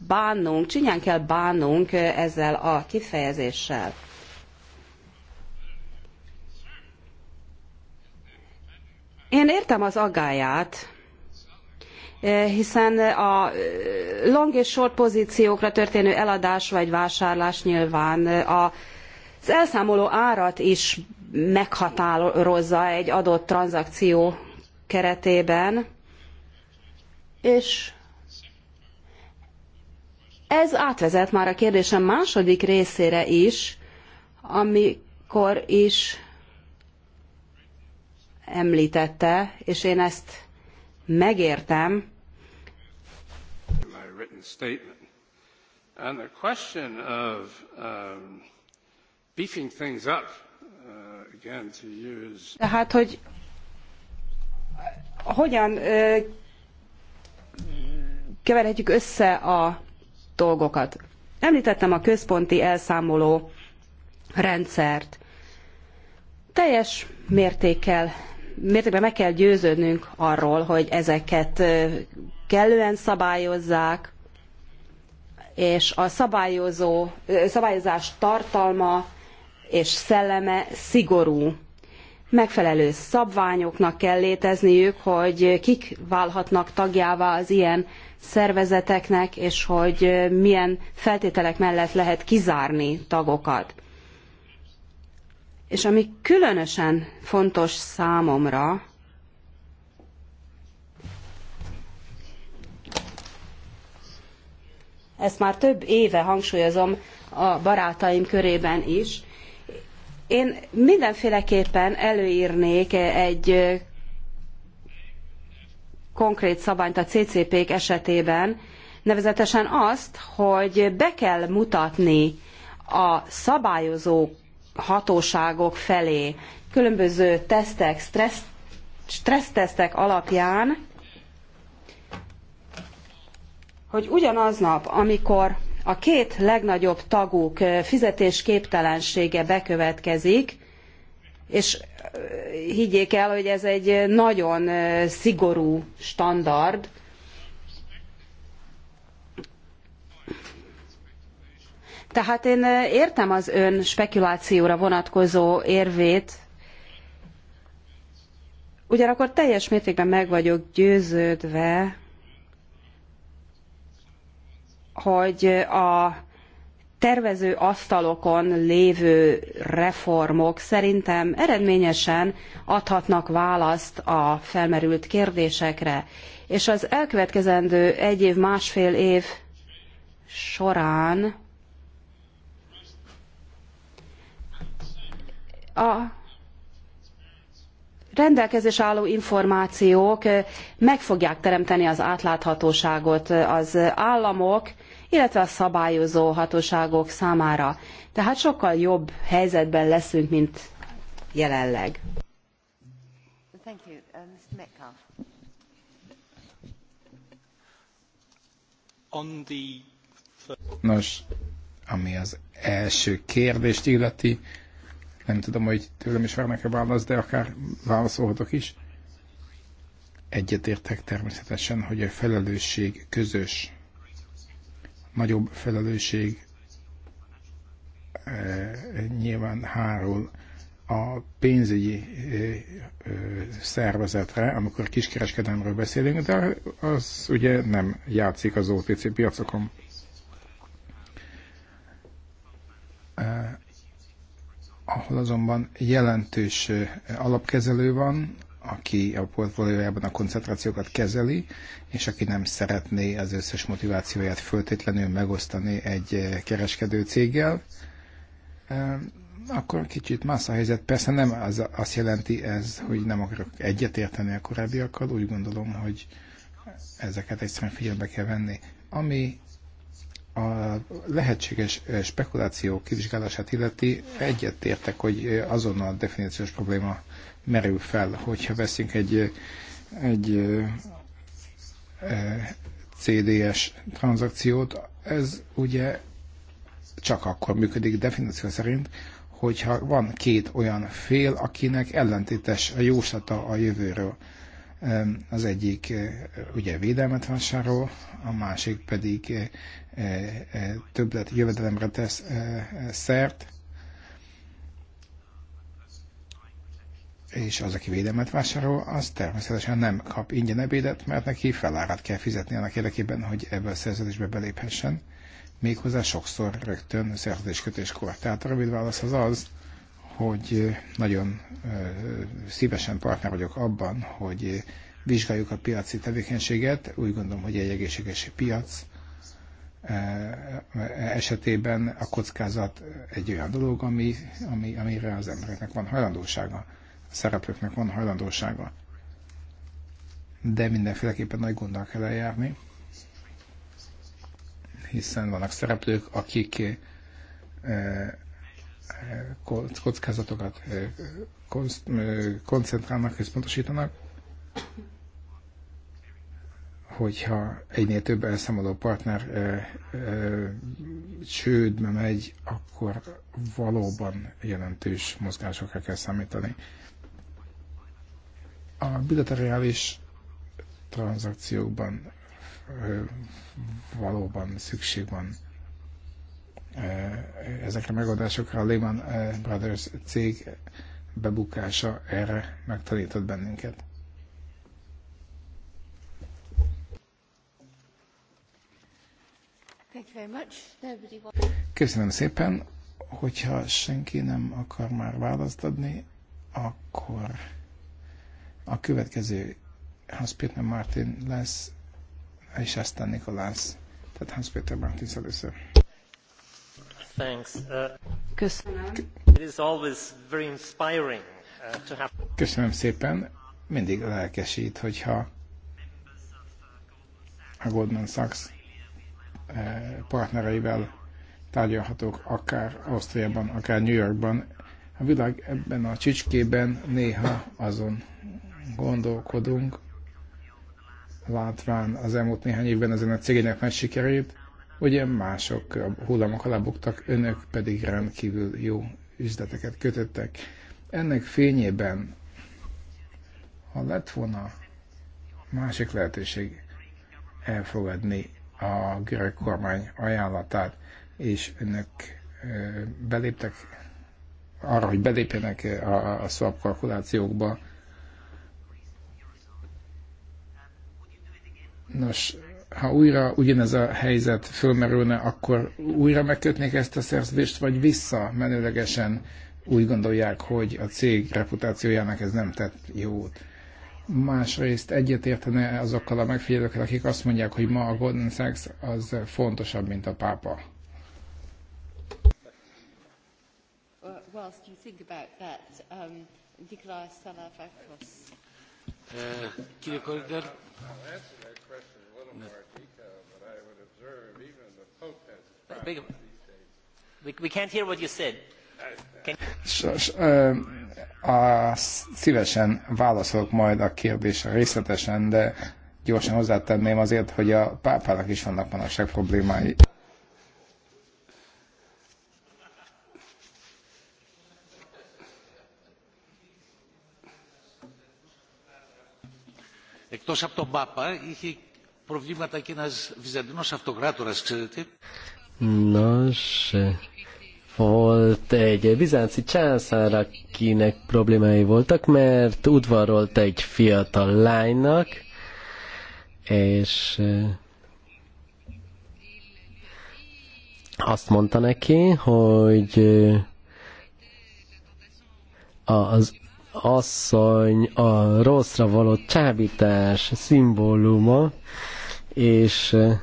bánnunk, csinyán kell bánnunk ezzel a kifejezéssel. Én értem az agáját, Eh, hiszen eh, a eh, long és short pozíciókra történő eladás vagy vásárlás nyilván az elszámoló árat is meghatározza egy adott tranzakció keretében, és ez átvezet már a kérdésem második részére is, amikor is említette, és én ezt megértem, statement. On the question of um, beefing things up, uh, again to use. Tehát, hogy hogyan uh, keverhetjük össze a dolgokat. Említettem a központi elszámoló rendszert. Teljes mértékkel, mértékben meg kell győződnünk arról, hogy ezeket kellően szabályozzák, és a szabályozó, szabályozás tartalma és szelleme szigorú. Megfelelő szabványoknak kell létezniük, hogy kik válhatnak tagjává az ilyen szervezeteknek, és hogy milyen feltételek mellett lehet kizárni tagokat. És ami különösen fontos számomra, ezt már több éve hangsúlyozom a barátaim körében is. Én mindenféleképpen előírnék egy konkrét szabályt a CCP-k esetében, nevezetesen azt, hogy be kell mutatni a szabályozó hatóságok felé különböző tesztek, stressz, stressztesztek alapján, hogy ugyanaznap, amikor a két legnagyobb taguk fizetésképtelensége bekövetkezik, és higgyék el, hogy ez egy nagyon szigorú standard, Tehát én értem az ön spekulációra vonatkozó érvét, ugyanakkor teljes mértékben meg vagyok győződve, hogy a tervező asztalokon lévő reformok szerintem eredményesen adhatnak választ a felmerült kérdésekre. És az elkövetkezendő egy év, másfél év során a rendelkezés álló információk meg fogják teremteni az átláthatóságot az államok, illetve a szabályozó hatóságok számára. Tehát sokkal jobb helyzetben leszünk, mint jelenleg. Uh, Nos, ami az első kérdést illeti, nem tudom, hogy tőlem is várnak-e választ, de akár válaszolhatok is. Egyetértek természetesen, hogy a felelősség közös. Nagyobb felelősség e, nyilván hárul a pénzügyi e, e, szervezetre, amikor kiskereskedelmről beszélünk, de az ugye nem játszik az OTC piacokon. ahol azonban jelentős alapkezelő van, aki a portfóliójában a koncentrációkat kezeli, és aki nem szeretné az összes motivációját föltétlenül megosztani egy kereskedő céggel, akkor kicsit más a helyzet. Persze nem az, azt jelenti ez, hogy nem akarok egyetérteni a korábbiakkal, úgy gondolom, hogy ezeket egyszerűen figyelbe kell venni. Ami a lehetséges eh, spekuláció kivizsgálását illeti egyetértek, hogy eh, azonnal a definíciós probléma merül fel, hogyha veszünk egy, eh, egy CDS tranzakciót, ez ugye csak akkor működik definíció szerint, hogyha van két olyan fél, akinek ellentétes a jóslata a jövőről. Az egyik ugye védelmet vásárol, a másik pedig E, e, többlet jövedelemre tesz e, szert, és az, aki védelmet vásárol, az természetesen nem kap ingyen ebédet, mert neki felárat kell fizetni annak érdekében, hogy ebbe a szerződésbe beléphessen, méghozzá sokszor rögtön szerződéskötéskor. Tehát a rövid válasz az az, hogy nagyon szívesen partner vagyok abban, hogy vizsgáljuk a piaci tevékenységet. Úgy gondolom, hogy egy egészséges piac Eh, esetében a kockázat egy olyan dolog, ami, ami, amire az embereknek van hajlandósága, a szereplőknek van hajlandósága. De mindenféleképpen nagy gonddal kell eljárni, hiszen vannak szereplők, akik eh, eh, kockázatokat koncentrálnak, és pontosítanak hogyha egynél több elszámoló partner ö, ö, csődbe megy, akkor valóban jelentős mozgásokra kell számítani. A bilaterális tranzakciókban ö, valóban szükség van ezekre a megoldásokra. A Lehman Brothers cég bebukása erre megtanított bennünket. Köszönöm szépen. Hogyha senki nem akar már választ adni, akkor a következő Hans Peter Martin lesz, és aztán Nikolász. Tehát Hans Peter Martin először. Thanks. Uh, Köszönöm. It is always very inspiring uh, to have... Köszönöm szépen. Mindig lelkesít, hogyha a Goldman Sachs E, partnereivel tárgyalhatok akár Ausztriában, akár New Yorkban. A világ ebben a csicskében néha azon gondolkodunk, látván az elmúlt néhány évben ezen a cégének nagy sikerét, ugye mások a hullámok alá buktak, önök pedig rendkívül jó üzleteket kötöttek. Ennek fényében, ha lett volna másik lehetőség elfogadni a görög kormány ajánlatát, és önök beléptek arra, hogy belépjenek a, a swap kalkulációkba. Nos, ha újra ugyanez a helyzet fölmerülne, akkor újra megkötnék ezt a szerződést, vagy vissza menőlegesen úgy gondolják, hogy a cég reputációjának ez nem tett jót másrészt egyetértene azokkal a megfigyelőkkel, akik azt mondják, hogy ma a Golden Sachs az fontosabb, mint a pápa. Um, uh, we can't hear what you said a, szívesen válaszolok majd a kérdésre részletesen, de gyorsan hozzátenném azért, hogy a pápának is vannak manapság problémái. Εκτός από τον Πάπα, είχε προβλήματα και ένας Βυζαντινός αυτοκράτορας, ξέρετε. Nos, volt egy bizánci császár, akinek problémái voltak, mert udvarolt egy fiatal lánynak, és eh, azt mondta neki, hogy eh, az asszony a rosszra való csábítás szimbóluma, és eh,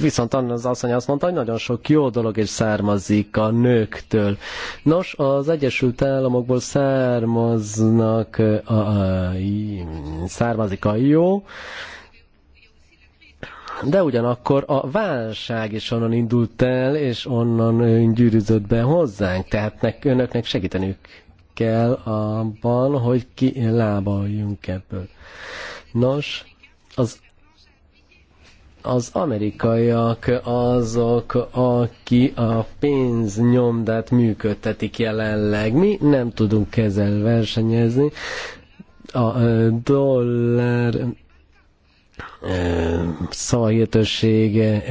viszont az asszony azt mondta, hogy nagyon sok jó dolog is származik a nőktől. Nos, az Egyesült Államokból származnak a, a, származik a jó, de ugyanakkor a válság is onnan indult el, és onnan gyűrűzött be hozzánk, tehát nek, önöknek segíteniük kell abban, hogy kilábaljunk ebből. Nos, az az amerikaiak azok, aki a pénznyomdát működtetik jelenleg. Mi nem tudunk ezzel versenyezni. A dollár szavahihetősége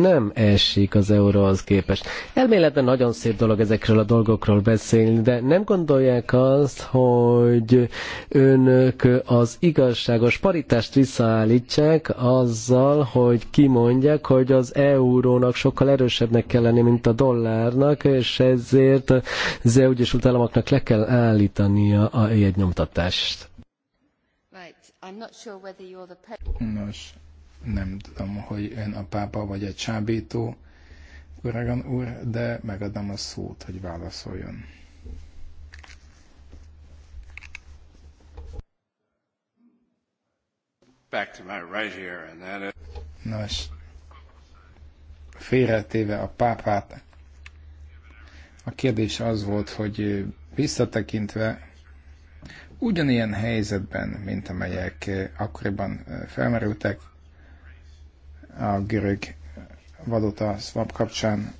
nem esik az euróhoz képest. Elméletben nagyon szép dolog ezekről a dolgokról beszélni, de nem gondolják azt, hogy önök az igazságos paritást visszaállítsák azzal, hogy kimondják, hogy az eurónak sokkal erősebbnek kell lenni, mint a dollárnak, és ezért az EU-gyesült államoknak le kell állítania a jegynyomtatást. Nos, nem tudom, hogy ön a pápa vagy a csábító, Uragan úr, de megadom a szót, hogy válaszoljon. Back to my right here, and that is... Nos, félretéve a pápát, a kérdés az volt, hogy visszatekintve ugyanilyen helyzetben, mint amelyek eh, akkoriban eh, felmerültek a görög vadota swap kapcsán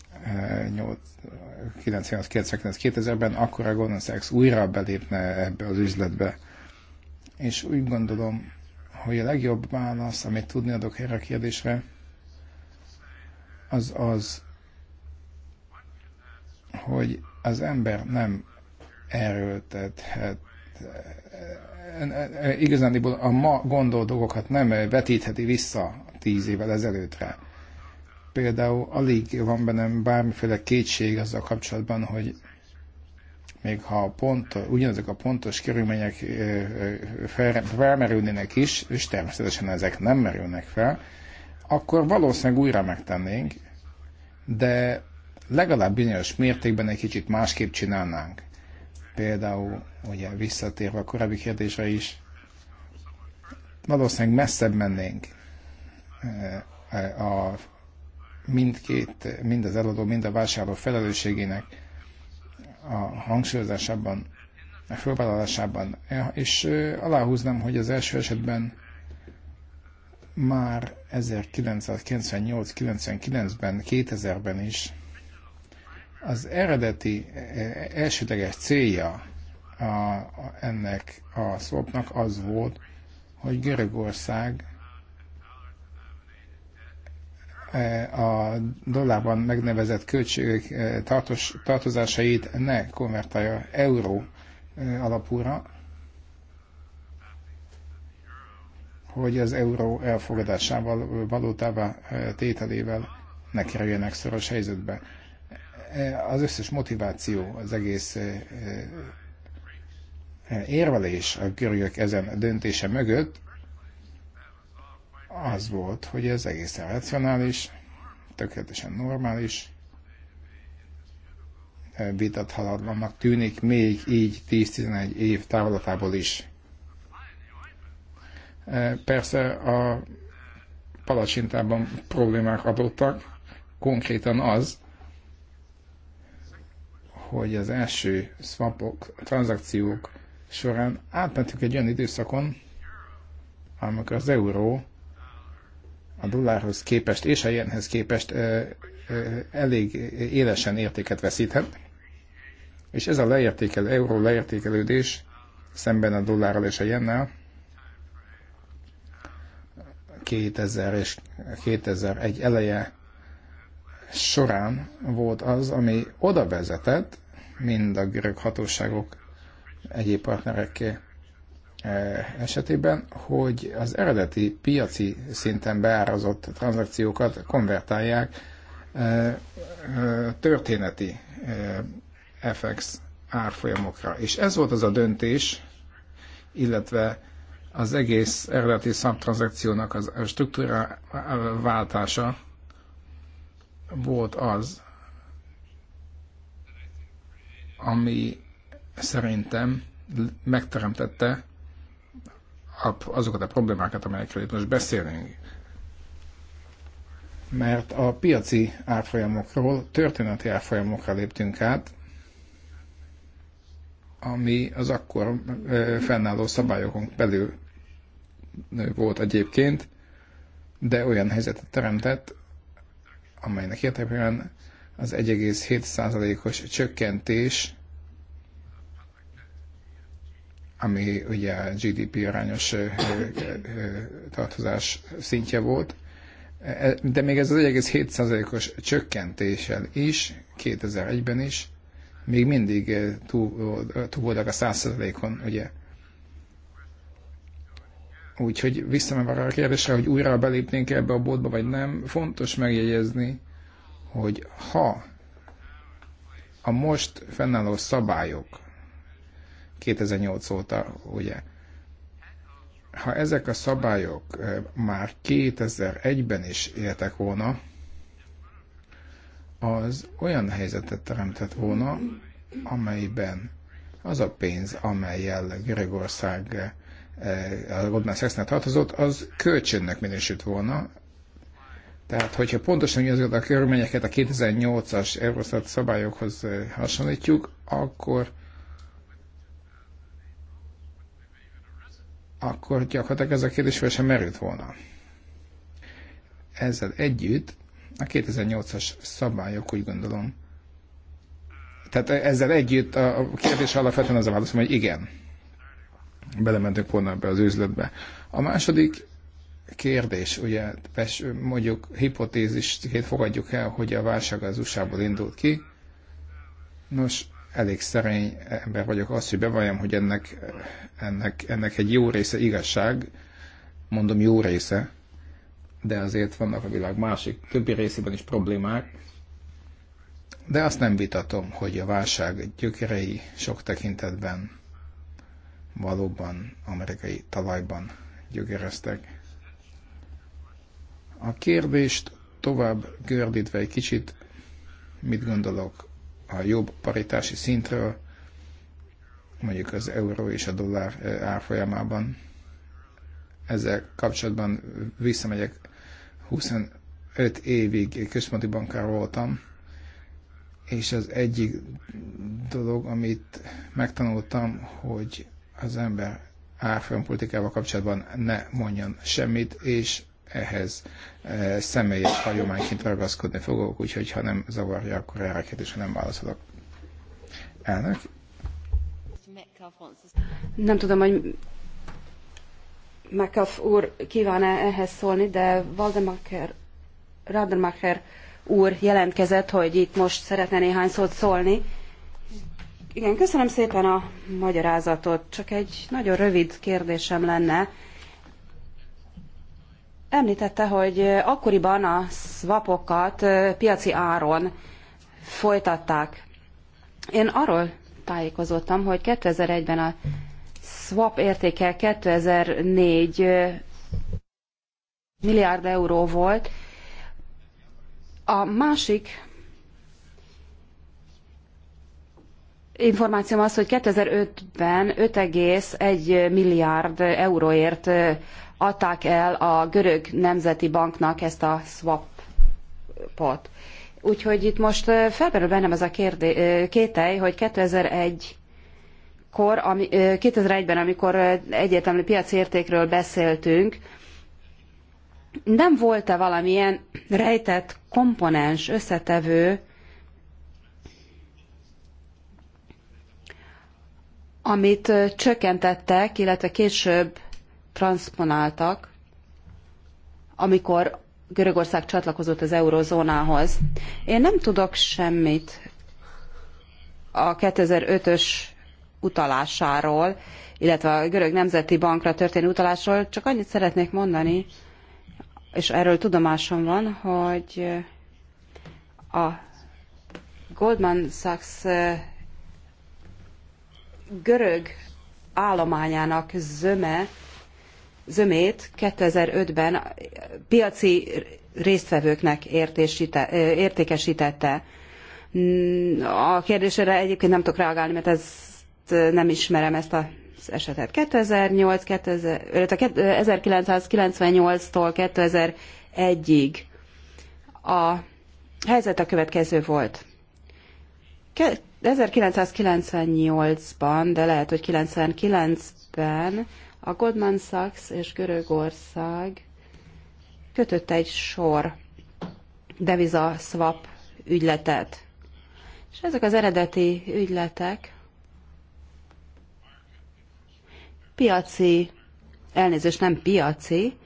98-99-2000-ben, eh, akkor a Goldman Sachs újra belépne ebbe az üzletbe. És úgy gondolom, hogy a legjobb válasz, amit tudni adok erre a kérdésre, az az, hogy az ember nem erőltethet igazán a ma gondolt dolgokat nem vetítheti vissza tíz évvel ezelőttre. Például alig van bennem bármiféle kétség azzal kapcsolatban, hogy még ha pont, ugyanazok a pontos körülmények felmerülnének is, és természetesen ezek nem merülnek fel, akkor valószínűleg újra megtennénk, de legalább bizonyos mértékben egy kicsit másképp csinálnánk például, ugye visszatérve a korábbi kérdésre is, valószínűleg messzebb mennénk eh, a mindkét, mind az eladó, mind a vásárló felelősségének a hangsúlyozásában, a fölvállalásában. És aláhúznám, hogy az első esetben már 1998-99-ben, 2000-ben is az eredeti e, e, elsődleges célja a, a, ennek a szlopnak az volt, hogy Görögország e, a dollárban megnevezett költségek tartos, tartozásait ne konvertálja euró alapúra, hogy az euró elfogadásával, valótává tételével ne kerüljenek szoros helyzetbe az összes motiváció, az egész eh, eh, érvelés a görögök ezen döntése mögött az volt, hogy ez egészen racionális, tökéletesen normális, eh, vitathatatlannak tűnik, még így 10-11 év távlatából is. Persze a palacsintában problémák adottak, konkrétan az, hogy az első swapok, tranzakciók során átmentünk egy olyan időszakon, amikor az euró a dollárhoz képest és a jenhez képest ö, ö, elég élesen értéket veszíthet, és ez a leértékel, euró leértékelődés szemben a dollárral és a jennel 2000 és 2001 eleje során volt az, ami oda vezetett, mind a görög hatóságok egyéb partnereké e, esetében, hogy az eredeti piaci szinten beárazott tranzakciókat konvertálják e, e, történeti FX árfolyamokra. És ez volt az a döntés, illetve az egész eredeti szabtranszakciónak a struktúra váltása, volt az, ami szerintem megteremtette azokat a problémákat, amelyekről itt most beszélünk. Mert a piaci árfolyamokról, történeti árfolyamokra léptünk át, ami az akkor fennálló szabályokon belül volt egyébként, de olyan helyzetet teremtett, amelynek értelmében az 1,7%-os csökkentés, ami ugye a GDP arányos tartozás szintje volt, e, de még ez az 1,7%-os csökkentéssel is, 2001-ben is, még mindig túl, túl voltak a 100%-on, ugye Úgyhogy visszamegy arra a kérdésre, hogy újra belépnénk ebbe a boltba, vagy nem. Fontos megjegyezni, hogy ha a most fennálló szabályok 2008 óta, ugye, ha ezek a szabályok már 2001-ben is éltek volna, az olyan helyzetet teremtett volna, amelyben az a pénz, amelyel Görögország Eh, a Goldman Sachsnál tartozott, az kölcsönnek minősült volna. Tehát, hogyha pontosan ugyanazokat a körülményeket a 2008-as Eurostat szabályokhoz eh, hasonlítjuk, akkor akkor gyakorlatilag ez a kérdés fel sem merült volna. Ezzel együtt a 2008-as szabályok úgy gondolom, tehát e-, ezzel együtt a kérdés alapvetően az a válaszom, hogy igen belementek volna be az üzletbe. A második kérdés, ugye mondjuk hipotézisként fogadjuk el, hogy a válság az usa indult ki. Nos, elég szerény ember vagyok az, hogy bevalljam, hogy ennek, ennek, ennek egy jó része igazság, mondom jó része, de azért vannak a világ másik, többi részében is problémák, de azt nem vitatom, hogy a válság gyökerei sok tekintetben valóban amerikai talajban gyögereztek. A kérdést tovább gördítve egy kicsit, mit gondolok a jobb paritási szintről, mondjuk az euró és a dollár eh, árfolyamában. Ezzel kapcsolatban visszamegyek 25 évig központi bankár voltam, és az egyik dolog, amit megtanultam, hogy az ember árfolyampolitikával kapcsolatban ne mondjon semmit, és ehhez e, személyes hagyományként ragaszkodni fogok, úgyhogy ha nem zavarja, akkor erre a kérdésre nem válaszolok. Elnök? Nem tudom, hogy Mekaf úr kíván-e ehhez szólni, de Waldemacher, Radermacher úr jelentkezett, hogy itt most szeretne néhány szót szólni. Igen, köszönöm szépen a magyarázatot. Csak egy nagyon rövid kérdésem lenne. Említette, hogy akkoriban a swapokat piaci áron folytatták. Én arról tájékozottam, hogy 2001-ben a swap értéke 2004 milliárd euró volt. A másik információm az, hogy 2005-ben 5,1 milliárd euróért adták el a görög nemzeti banknak ezt a swapot. Úgyhogy itt most felmerül bennem ez a kérdé, kételj, hogy 2001 kor, ami, 2001-ben, amikor egyértelmű piacértékről beszéltünk, nem volt-e valamilyen rejtett komponens, összetevő, amit csökkentettek, illetve később transponáltak, amikor Görögország csatlakozott az eurozónához. Én nem tudok semmit a 2005-ös utalásáról, illetve a Görög Nemzeti Bankra történő utalásról, csak annyit szeretnék mondani, és erről tudomásom van, hogy a Goldman Sachs görög állományának zöme, zömét 2005-ben piaci résztvevőknek értékesítette. Mm, a kérdésre egyébként nem tudok reagálni, mert ezt nem ismerem ezt a az esetet. 2008, 1998-tól 2001-ig a helyzet a következő volt. 1998-ban, de lehet, hogy 99-ben a Goldman Sachs és Görögország kötött egy sor deviza swap ügyletet. És ezek az eredeti ügyletek piaci, elnézést nem piaci,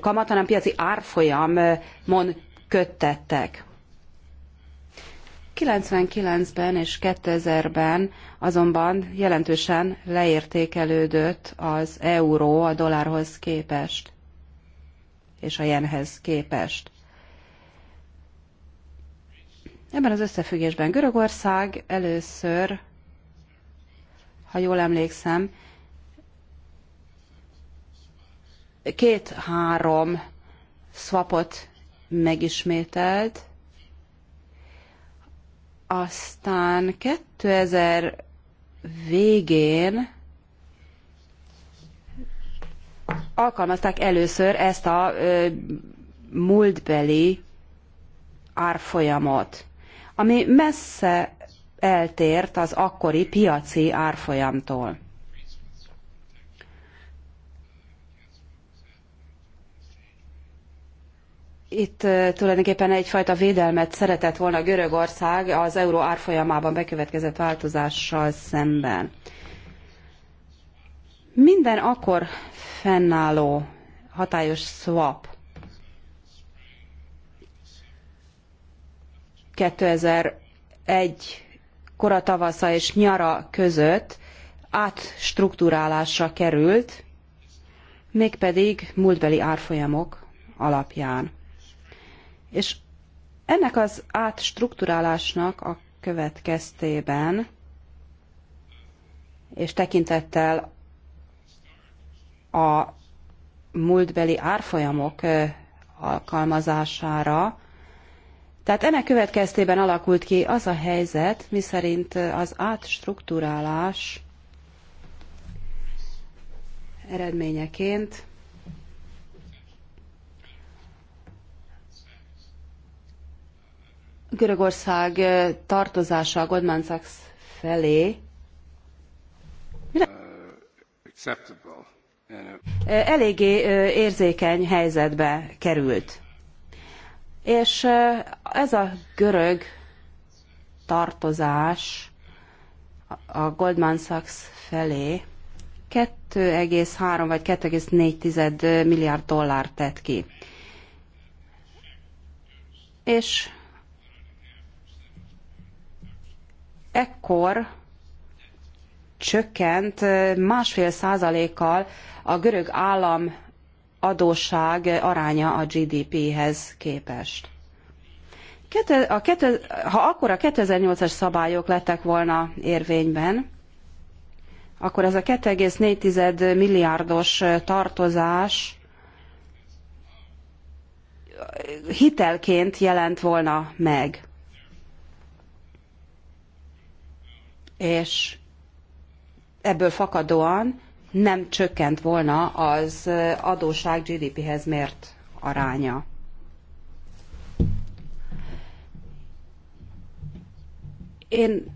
kamat, hanem piaci árfolyamon köttettek. 99-ben és 2000-ben azonban jelentősen leértékelődött az euró a dollárhoz képest, és a jenhez képest. Ebben az összefüggésben Görögország először, ha jól emlékszem, két-három swapot megismételt, aztán 2000 végén alkalmazták először ezt a ö, múltbeli árfolyamot, ami messze eltért az akkori piaci árfolyamtól. itt tulajdonképpen egyfajta védelmet szeretett volna Görögország az euró árfolyamában bekövetkezett változással szemben. Minden akkor fennálló hatályos swap 2001 kora tavasza és nyara között átstruktúrálásra került, mégpedig múltbeli árfolyamok alapján. És ennek az átstruktúrálásnak a következtében, és tekintettel a múltbeli árfolyamok alkalmazására, tehát ennek következtében alakult ki az a helyzet, miszerint az átstruktúrálás eredményeként Görögország eh, tartozása a Goldman Sachs felé eh, eléggé eh, érzékeny helyzetbe került. És ez a görög tartozás a Goldman Sachs felé 2,3 vagy 2,4 milliárd dollár tett ki. És ekkor csökkent másfél százalékkal a görög állam adósság aránya a GDP-hez képest. A ha akkor a 2008-as szabályok lettek volna érvényben, akkor ez a 2,4 milliárdos tartozás hitelként jelent volna meg. és ebből fakadóan nem csökkent volna az adóság GDP-hez mért aránya. Én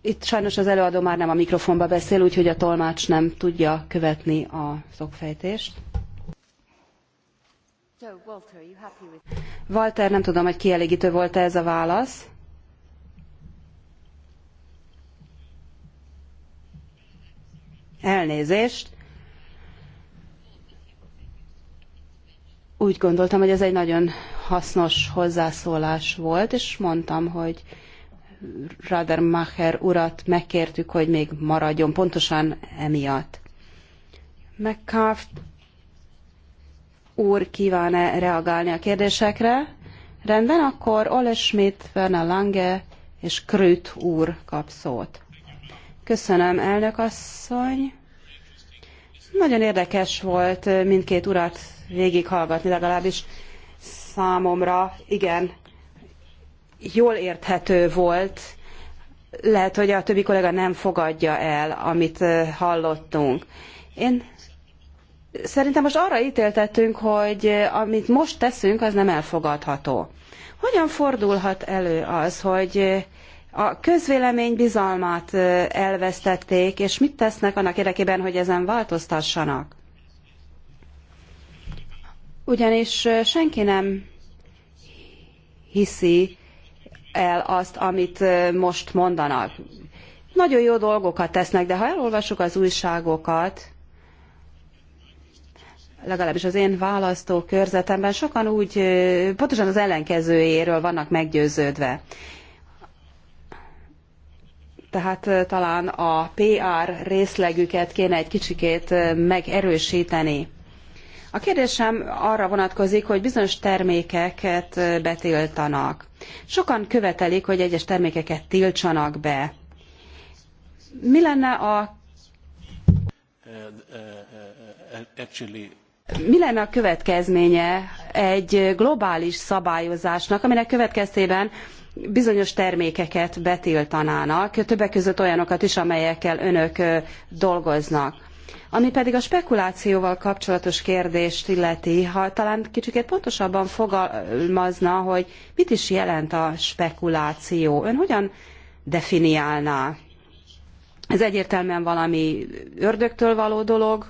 itt sajnos az előadó már nem a mikrofonba beszél, úgyhogy a tolmács nem tudja követni a szokfejtést. Walter, nem tudom, hogy kielégítő volt -e ez a válasz. Elnézést. Úgy gondoltam, hogy ez egy nagyon hasznos hozzászólás volt, és mondtam, hogy Radermacher urat megkértük, hogy még maradjon, pontosan emiatt. McCarft úr kíván-e reagálni a kérdésekre? Rendben, akkor Ole Schmidt, Werner Lange és Krüt úr kap szót. Köszönöm, elnök asszony. Nagyon érdekes volt eh, mindkét urat végighallgatni, legalábbis számomra igen jól érthető volt. Lehet, hogy a többi kollega nem fogadja el, amit eh, hallottunk. Én szerintem most arra ítéltettünk, hogy eh, amit most teszünk, az nem elfogadható. Hogyan fordulhat elő az, hogy a közvélemény bizalmát elvesztették, és mit tesznek annak érdekében, hogy ezen változtassanak? Ugyanis senki nem hiszi el azt, amit most mondanak. Nagyon jó dolgokat tesznek, de ha elolvassuk az újságokat, legalábbis az én választókörzetemben sokan úgy pontosan az ellenkezőjéről vannak meggyőződve. Tehát talán a PR részlegüket kéne egy kicsikét megerősíteni. A kérdésem arra vonatkozik, hogy bizonyos termékeket betiltanak. Sokan követelik, hogy egyes termékeket tiltsanak be. Mi lenne a uh, uh, uh, mi lenne a következménye egy globális szabályozásnak, aminek következtében bizonyos termékeket betiltanának, többek között olyanokat is, amelyekkel önök dolgoznak. Ami pedig a spekulációval kapcsolatos kérdést illeti, ha talán kicsit pontosabban fogalmazna, hogy mit is jelent a spekuláció. Ön hogyan definiálná? Ez egyértelműen valami ördögtől való dolog?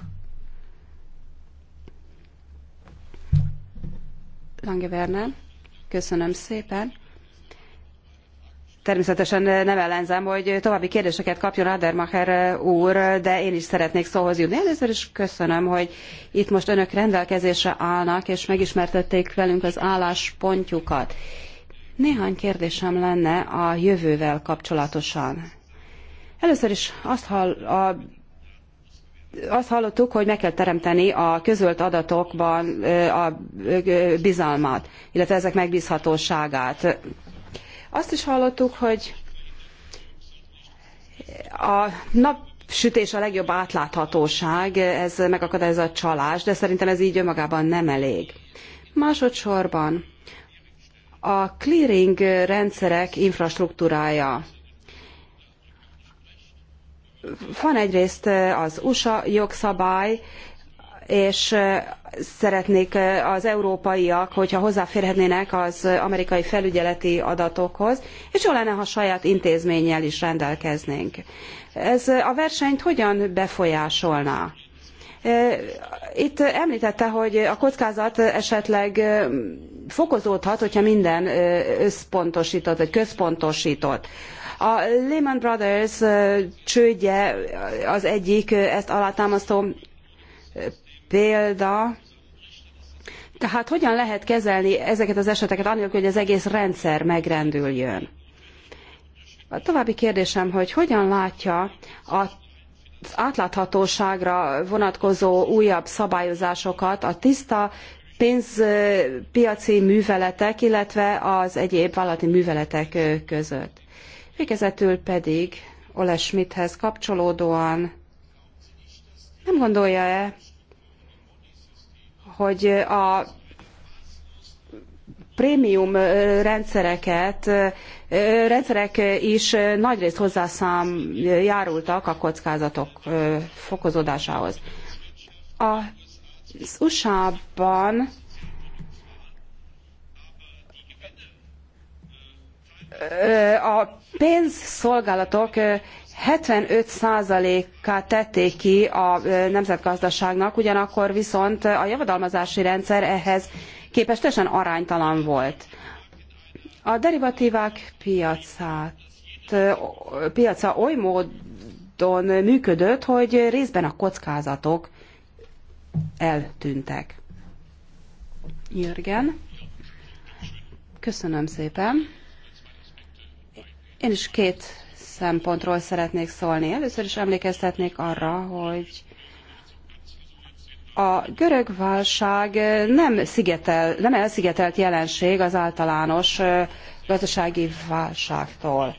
Lange Werner, köszönöm szépen. Természetesen eh, nem ellenzem, hogy további kérdéseket kapjon Adermacher eh, úr, de én is szeretnék szóhoz jutni. Először is köszönöm, hogy itt most önök rendelkezésre állnak, és megismertették velünk az álláspontjukat. Néhány kérdésem lenne a jövővel kapcsolatosan. Először is azt, hall, a, azt hallottuk, hogy meg kell teremteni a közölt adatokban eh, a bizalmat, illetve ezek megbízhatóságát. Azt is hallottuk, hogy a napsütés a legjobb átláthatóság, ez megakadályozza a csalást, de szerintem ez így önmagában nem elég. Másodszorban a clearing rendszerek infrastruktúrája. Van egyrészt az USA jogszabály, és szeretnék az európaiak, hogyha hozzáférhetnének az amerikai felügyeleti adatokhoz, és jó lenne, ha saját intézménnyel is rendelkeznénk. Ez a versenyt hogyan befolyásolná? Itt említette, hogy a kockázat esetleg fokozódhat, hogyha minden összpontosított, vagy központosított. A Lehman Brothers csődje az egyik ezt alátámasztó példa. Tehát hogyan lehet kezelni ezeket az eseteket anélkül, hogy az egész rendszer megrendüljön? A további kérdésem, hogy hogyan látja az átláthatóságra vonatkozó újabb szabályozásokat a tiszta pénzpiaci műveletek, illetve az egyéb vállalati műveletek között. Végezetül pedig Ole Schmidthez kapcsolódóan nem gondolja-e, hogy a prémium rendszereket, rendszerek is nagyrészt hozzászám járultak a kockázatok fokozódásához. Az USA-ban a pénzszolgálatok 75%-át tették ki a nemzetgazdaságnak, ugyanakkor viszont a javadalmazási rendszer ehhez képest teljesen aránytalan volt. A derivatívák piacát, piaca oly módon működött, hogy részben a kockázatok eltűntek. Jürgen, köszönöm szépen. Én is két szempontról szeretnék szólni. Először is emlékeztetnék arra, hogy a görög válság nem, szigetel, nem elszigetelt jelenség az általános gazdasági válságtól.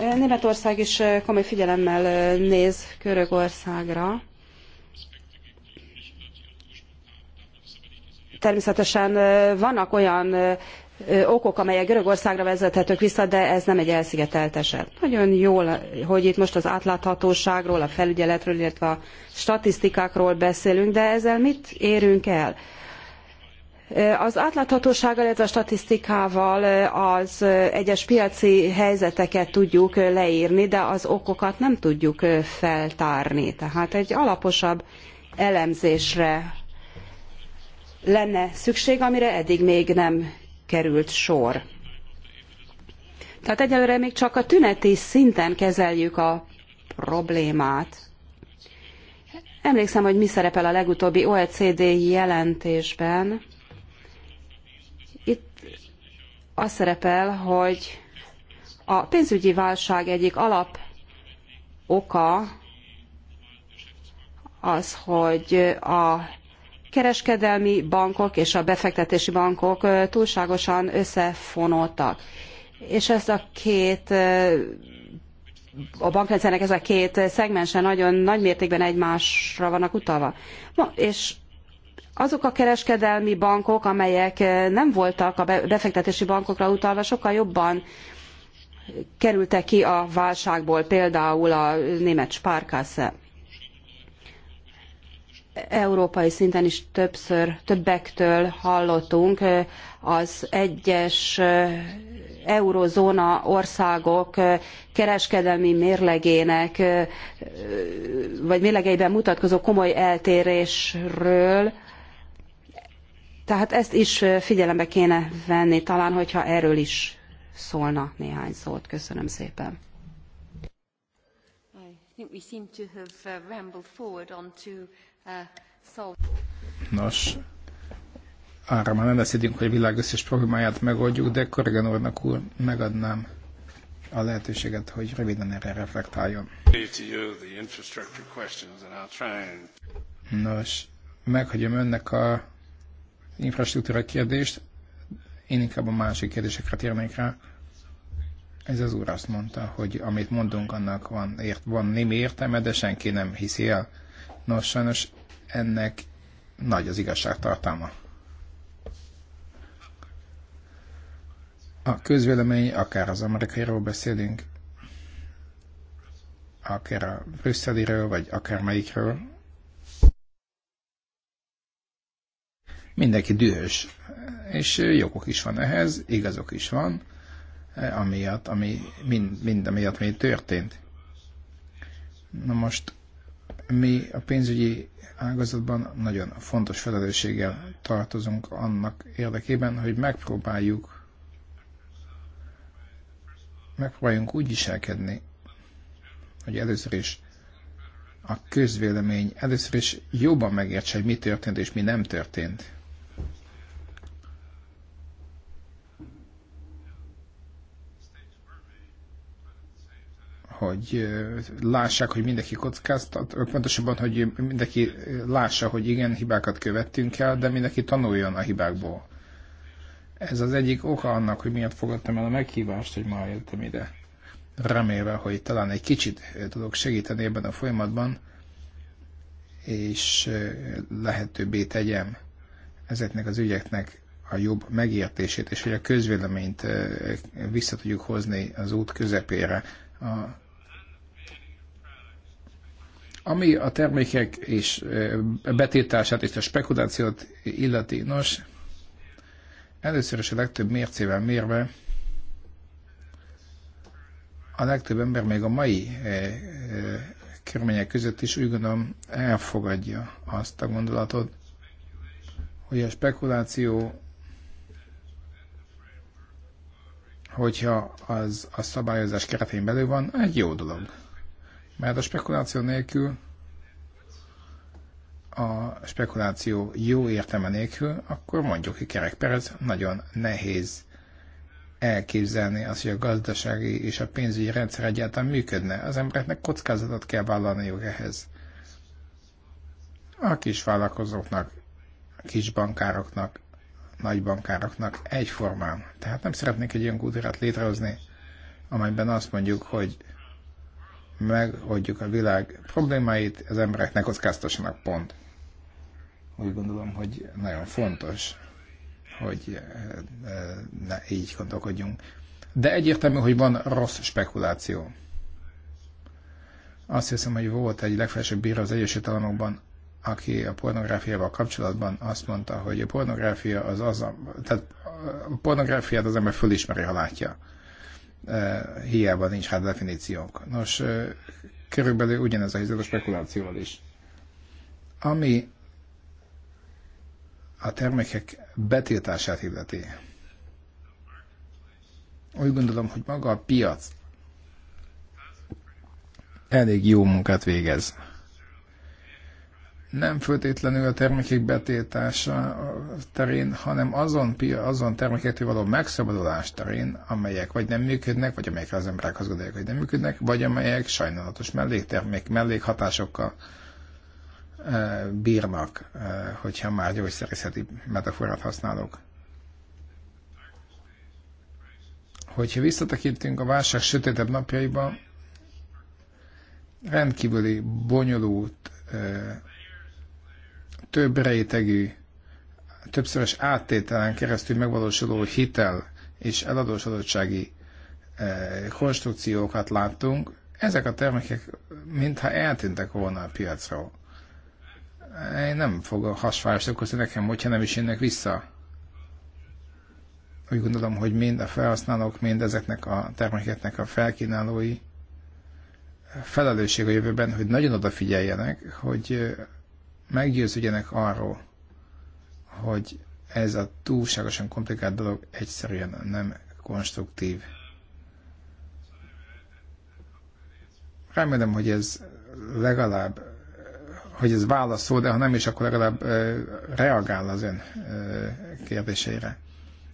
Németország is komoly figyelemmel néz Görögországra. Természetesen vannak olyan okok, amelyek Görögországra vezethetők vissza, de ez nem egy elszigetelt eset. Nagyon jól, hogy itt most az átláthatóságról, a felügyeletről, illetve a statisztikákról beszélünk, de ezzel mit érünk el? Az átláthatósággal, illetve a statisztikával az egyes piaci helyzeteket tudjuk leírni, de az okokat nem tudjuk feltárni. Tehát egy alaposabb elemzésre lenne szükség, amire eddig még nem került sor. Tehát egyelőre még csak a tüneti szinten kezeljük a problémát. Emlékszem, hogy mi szerepel a legutóbbi OECD jelentésben. Itt az szerepel, hogy a pénzügyi válság egyik alap oka az, hogy a kereskedelmi bankok és a befektetési bankok túlságosan összefonódtak. És ez a két a bankrendszernek ez a két szegmense nagyon nagy mértékben egymásra vannak utalva. Ma, és azok a kereskedelmi bankok, amelyek nem voltak a befektetési bankokra utalva, sokkal jobban kerültek ki a válságból, például a német Sparkasse európai szinten is többször többektől hallottunk, az egyes eurozóna országok kereskedelmi mérlegének, vagy mérlegeiben mutatkozó komoly eltérésről. Tehát ezt is figyelembe kéne venni, talán, hogyha erről is szólna néhány szót. Köszönöm szépen. I think we seem to have uh, rambled forward Nos, arra már nem beszélünk, hogy a világ összes problémáját megoldjuk, de Korrigan úrnak úr megadnám a lehetőséget, hogy röviden erre reflektáljon. Nos, meghagyom önnek a infrastruktúra kérdést, én inkább a másik kérdésekre térnék rá. Ez az úr azt mondta, hogy amit mondunk, annak van, ért, van némi értelme, de senki nem hiszi el. Nos, sajnos ennek nagy az igazságtartalma. A közvélemény, akár az amerikairól beszélünk, akár a brüsszeliről, vagy akár melyikről, mindenki dühös, és jogok is van ehhez, igazok is van, amiatt, ami, mind, mind amiatt, mi történt. Na most mi a pénzügyi ágazatban nagyon fontos felelősséggel tartozunk annak érdekében, hogy megpróbáljuk megpróbáljunk úgy viselkedni, hogy először is a közvélemény először is jobban megértse, hogy mi történt és mi nem történt. hogy lássák, hogy mindenki kockáztat, pontosabban, hogy mindenki lássa, hogy igen, hibákat követtünk el, de mindenki tanuljon a hibákból. Ez az egyik oka annak, hogy miért fogadtam el a meghívást, hogy ma jöttem ide. Remélve, hogy talán egy kicsit tudok segíteni ebben a folyamatban, és lehetőbbé tegyem ezeknek az ügyeknek a jobb megértését, és hogy a közvéleményt vissza tudjuk hozni az út közepére a ami a termékek és betiltását és a spekulációt illeti, nos, először is a legtöbb mércével mérve, a legtöbb ember még a mai e, e, között is úgy gondolom elfogadja azt a gondolatot, hogy a spekuláció, hogyha az a szabályozás keretén belül van, egy jó dolog. Mert a spekuláció nélkül, a spekuláció jó értelme nélkül, akkor mondjuk ki kerekperec, nagyon nehéz elképzelni azt, hogy a gazdasági és a pénzügyi rendszer egyáltalán működne. Az embereknek kockázatot kell vállalniuk ehhez. A kis vállalkozóknak, a kis bankároknak, a nagy bankároknak egyformán. Tehát nem szeretnék egy olyan kultúrát létrehozni, amelyben azt mondjuk, hogy megoldjuk a világ problémáit, az emberek ne kockáztassanak pont. Úgy gondolom, hogy nagyon fontos, hogy eh, eh, ne így gondolkodjunk. De egyértelmű, hogy van rossz spekuláció. Azt hiszem, hogy volt egy legfelsőbb bíró az Egyesült Államokban, aki a pornográfiával kapcsolatban azt mondta, hogy a pornográfia az az, a, tehát a pornográfiát az ember fölismeri, ha látja. Eh, hiába nincs hát definíciónk. Nos, eh, körülbelül ugyanez a helyzet a spekulációval is. Ami a termékek betiltását illeti. Úgy gondolom, hogy maga a piac elég jó munkát végez nem föltétlenül a termékek betiltása terén, hanem azon, azon termékektől való megszabadulás terén, amelyek vagy nem működnek, vagy amelyekre az emberek azt gondolják, hogy nem működnek, vagy amelyek sajnálatos melléktermék, mellékhatásokkal e, bírnak, e, hogyha már gyógyszerészeti metaforát használok. Hogyha visszatekintünk a válság sötétebb napjaiba, rendkívüli bonyolult e, több rejtegű, többszörös áttételen keresztül megvalósuló hitel és eladósodottsági eh, konstrukciókat láttunk, ezek a termékek mintha eltűntek volna a piacról. Én nem fog a hasfájást okozni nekem, hogyha nem is jönnek vissza. Úgy gondolom, hogy mind a felhasználók, mind ezeknek a termékeknek a felkínálói felelősség a jövőben, hogy nagyon odafigyeljenek, hogy eh, meggyőződjenek arról, hogy ez a túlságosan komplikált dolog egyszerűen nem konstruktív. Remélem, hogy ez legalább, hogy ez válaszol, de ha nem is, akkor legalább reagál az ön kérdéseire.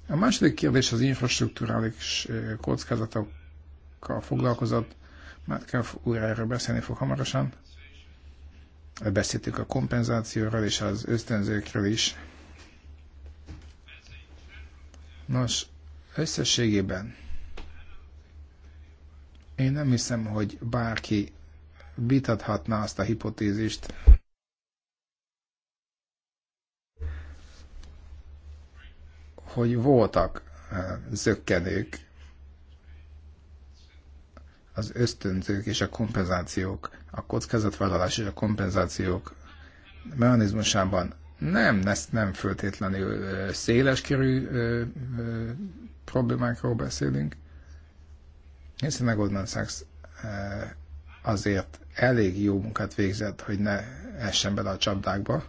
A második kérdés az infrastruktúrális kockázatokkal foglalkozott, mert kell újra erről beszélni fog hamarosan. Beszéltük a kompenzációról és az ösztönzőkről is. Nos, összességében én nem hiszem, hogy bárki vitathatna azt a hipotézist, hogy voltak eh, zökkenők az ösztönzők és a kompenzációk, a kockázatvállalás és a kompenzációk mechanizmusában nem, ezt nem föltétlenül széles körű problémákról beszélünk, hiszen a Goldman Sachs azért elég jó munkát végzett, hogy ne essen bele a csapdákba,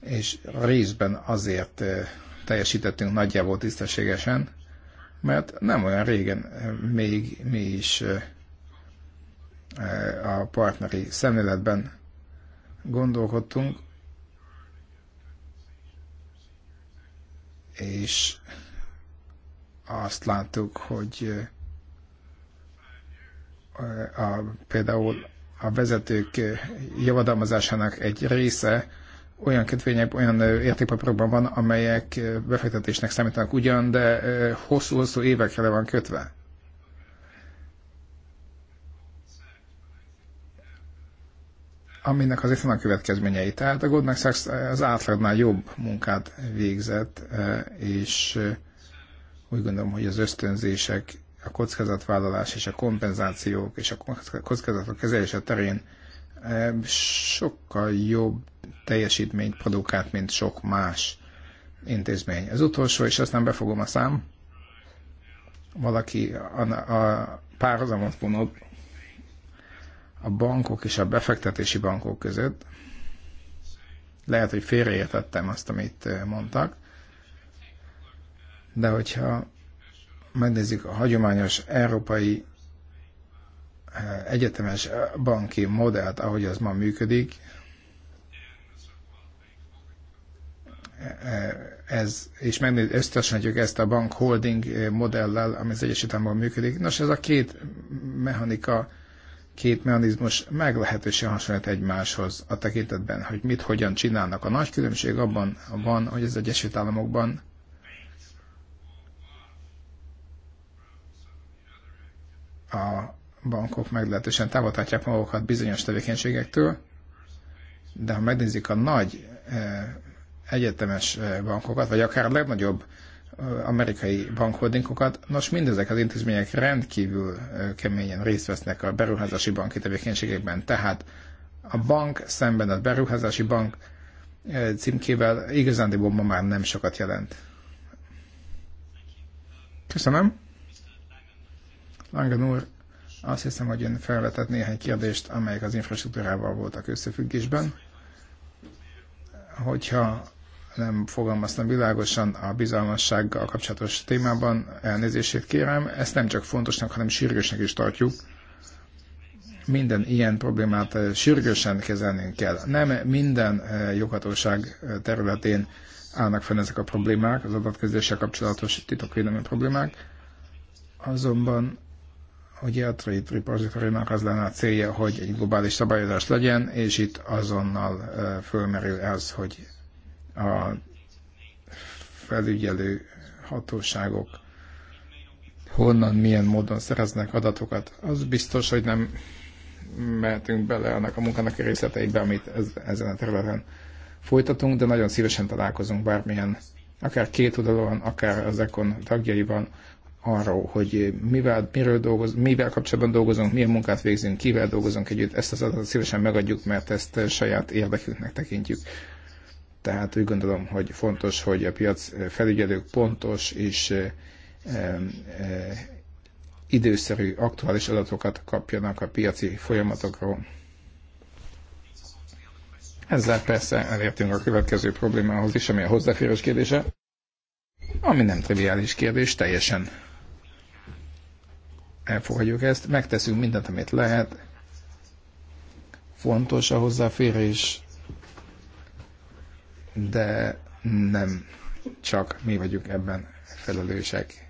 és részben azért teljesítettünk nagyjából tisztességesen, mert nem olyan régen eh, még mi is eh, eh, a partneri szemléletben gondolkodtunk, és azt láttuk, hogy a, például a vezetők javadalmazásának egy része olyan kötvények, olyan értékpapírokban van, amelyek befektetésnek számítanak ugyan, de hosszú-hosszú évekre le van kötve. aminek azért a következményei. Tehát a Goldman Sachs az átlagnál jobb munkát végzett, és úgy gondolom, hogy az ösztönzések, a kockázatvállalás és a kompenzációk és a kockázatok kezelése terén sokkal jobb teljesítményt produkált, mint sok más intézmény. Az utolsó, és aztán befogom a szám, valaki a, a párhuzamot vonott a bankok és a befektetési bankok között. Lehet, hogy félreértettem azt, amit eh, mondtak, de hogyha megnézzük a hagyományos európai egyetemes banki modellt, ahogy az ma működik, ez, és összehasonlítjuk ezt a bank holding modellel, ami az Egyesült Államokban működik. Nos, ez a két mechanika, két mechanizmus meglehetősen hasonlít egymáshoz a tekintetben, hogy mit, hogyan csinálnak. A nagy különbség abban van, hogy az Egyesült Államokban a bankok meglehetősen távolhatják magukat bizonyos tevékenységektől, de ha megnézik a nagy eh, egyetemes eh, bankokat, vagy akár a legnagyobb eh, amerikai bankholdingokat, nos mindezek az intézmények rendkívül keményen részt vesznek a beruházási banki tevékenységekben. Tehát a bank szemben a beruházási bank címkével igazándiból bomba már nem sokat jelent. Köszönöm. Langen úr, azt hiszem, hogy ön felvetett néhány kérdést, amelyek az infrastruktúrával voltak összefüggésben. Hogyha nem fogalmaztam világosan a bizalmassággal kapcsolatos témában, elnézését kérem, ezt nem csak fontosnak, hanem sürgősnek is tartjuk. Minden ilyen problémát eh, sürgősen kezelnünk kell. Nem minden eh, joghatóság eh, területén állnak fenn ezek a problémák, az adatközléssel kapcsolatos titokvédelmi problémák, azonban hogy a Trade repository az lenne a célja, hogy egy globális szabályozás legyen, és itt azonnal fölmerül az, hogy a felügyelő hatóságok honnan, milyen módon szereznek adatokat. Az biztos, hogy nem mehetünk bele annak a munkának a részleteibe, amit ez, ezen a területen folytatunk, de nagyon szívesen találkozunk bármilyen, akár két oldalon, akár az ECON tagjaiban, arról, hogy mivel, miről dolgoz, mivel kapcsolatban dolgozunk, milyen munkát végzünk, kivel dolgozunk együtt, ezt az adatot szívesen megadjuk, mert ezt saját érdekünknek tekintjük. Tehát úgy gondolom, hogy fontos, hogy a piac felügyelők pontos és e, e, időszerű, aktuális adatokat kapjanak a piaci folyamatokról. Ezzel persze elértünk a következő problémához is, ami a hozzáférés kérdése, ami nem triviális kérdés, teljesen elfogadjuk ezt, megteszünk mindent, amit lehet. Fontos a hozzáférés, de nem csak mi vagyunk ebben felelősek.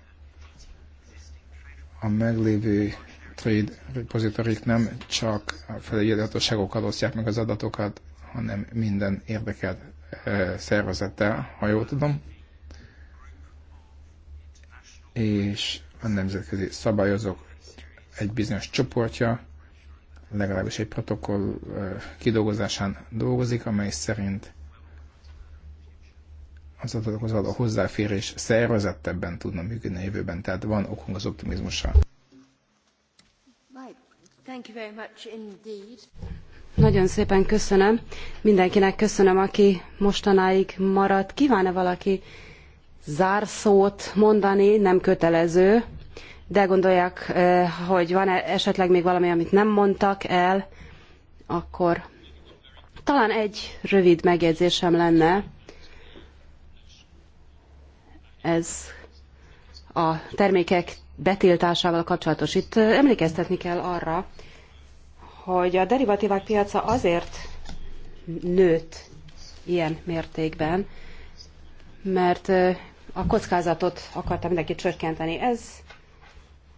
A meglévő trade repozitorik nem csak a felügyelőhatóságokkal osztják meg az adatokat, hanem minden érdekelt szervezettel, ha jól tudom. És a nemzetközi szabályozók egy bizonyos csoportja legalábbis egy protokoll kidolgozásán dolgozik, amely szerint az adatokhoz való hozzáférés szervezettebben tudna működni a jövőben, tehát van okunk az optimizmusra. Nagyon szépen köszönöm. Mindenkinek köszönöm, aki mostanáig maradt. Kíván-e valaki zárszót mondani? Nem kötelező de gondolják, hogy van -e esetleg még valami, amit nem mondtak el, akkor talán egy rövid megjegyzésem lenne. Ez a termékek betiltásával kapcsolatos. Itt emlékeztetni kell arra, hogy a derivatívák piaca azért nőtt ilyen mértékben, mert a kockázatot akarta mindenki csökkenteni. Ez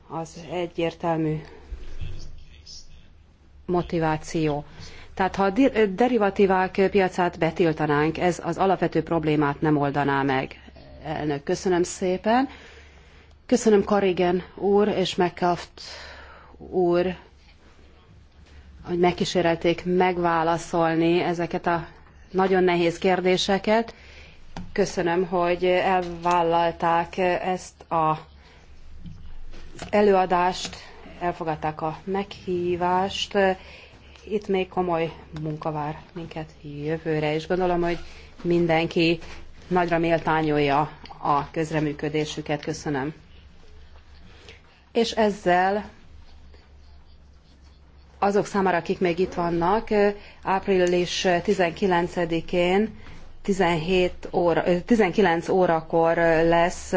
az egyértelmű motiváció. Tehát ha a derivatívák piacát betiltanánk, ez az alapvető problémát nem oldaná meg. Elnök, köszönöm szépen. Köszönöm Karigen úr és McCaft úr, hogy megkísérelték megválaszolni ezeket a nagyon nehéz kérdéseket. Köszönöm, hogy elvállalták ezt a előadást, elfogadták a meghívást. Itt még komoly munka vár minket jövőre, és gondolom, hogy mindenki nagyra méltányolja a közreműködésüket. Köszönöm. És ezzel azok számára, akik még itt vannak, április 19-én 17 óra, 19 órakor lesz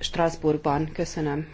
Strasbourgban. Köszönöm.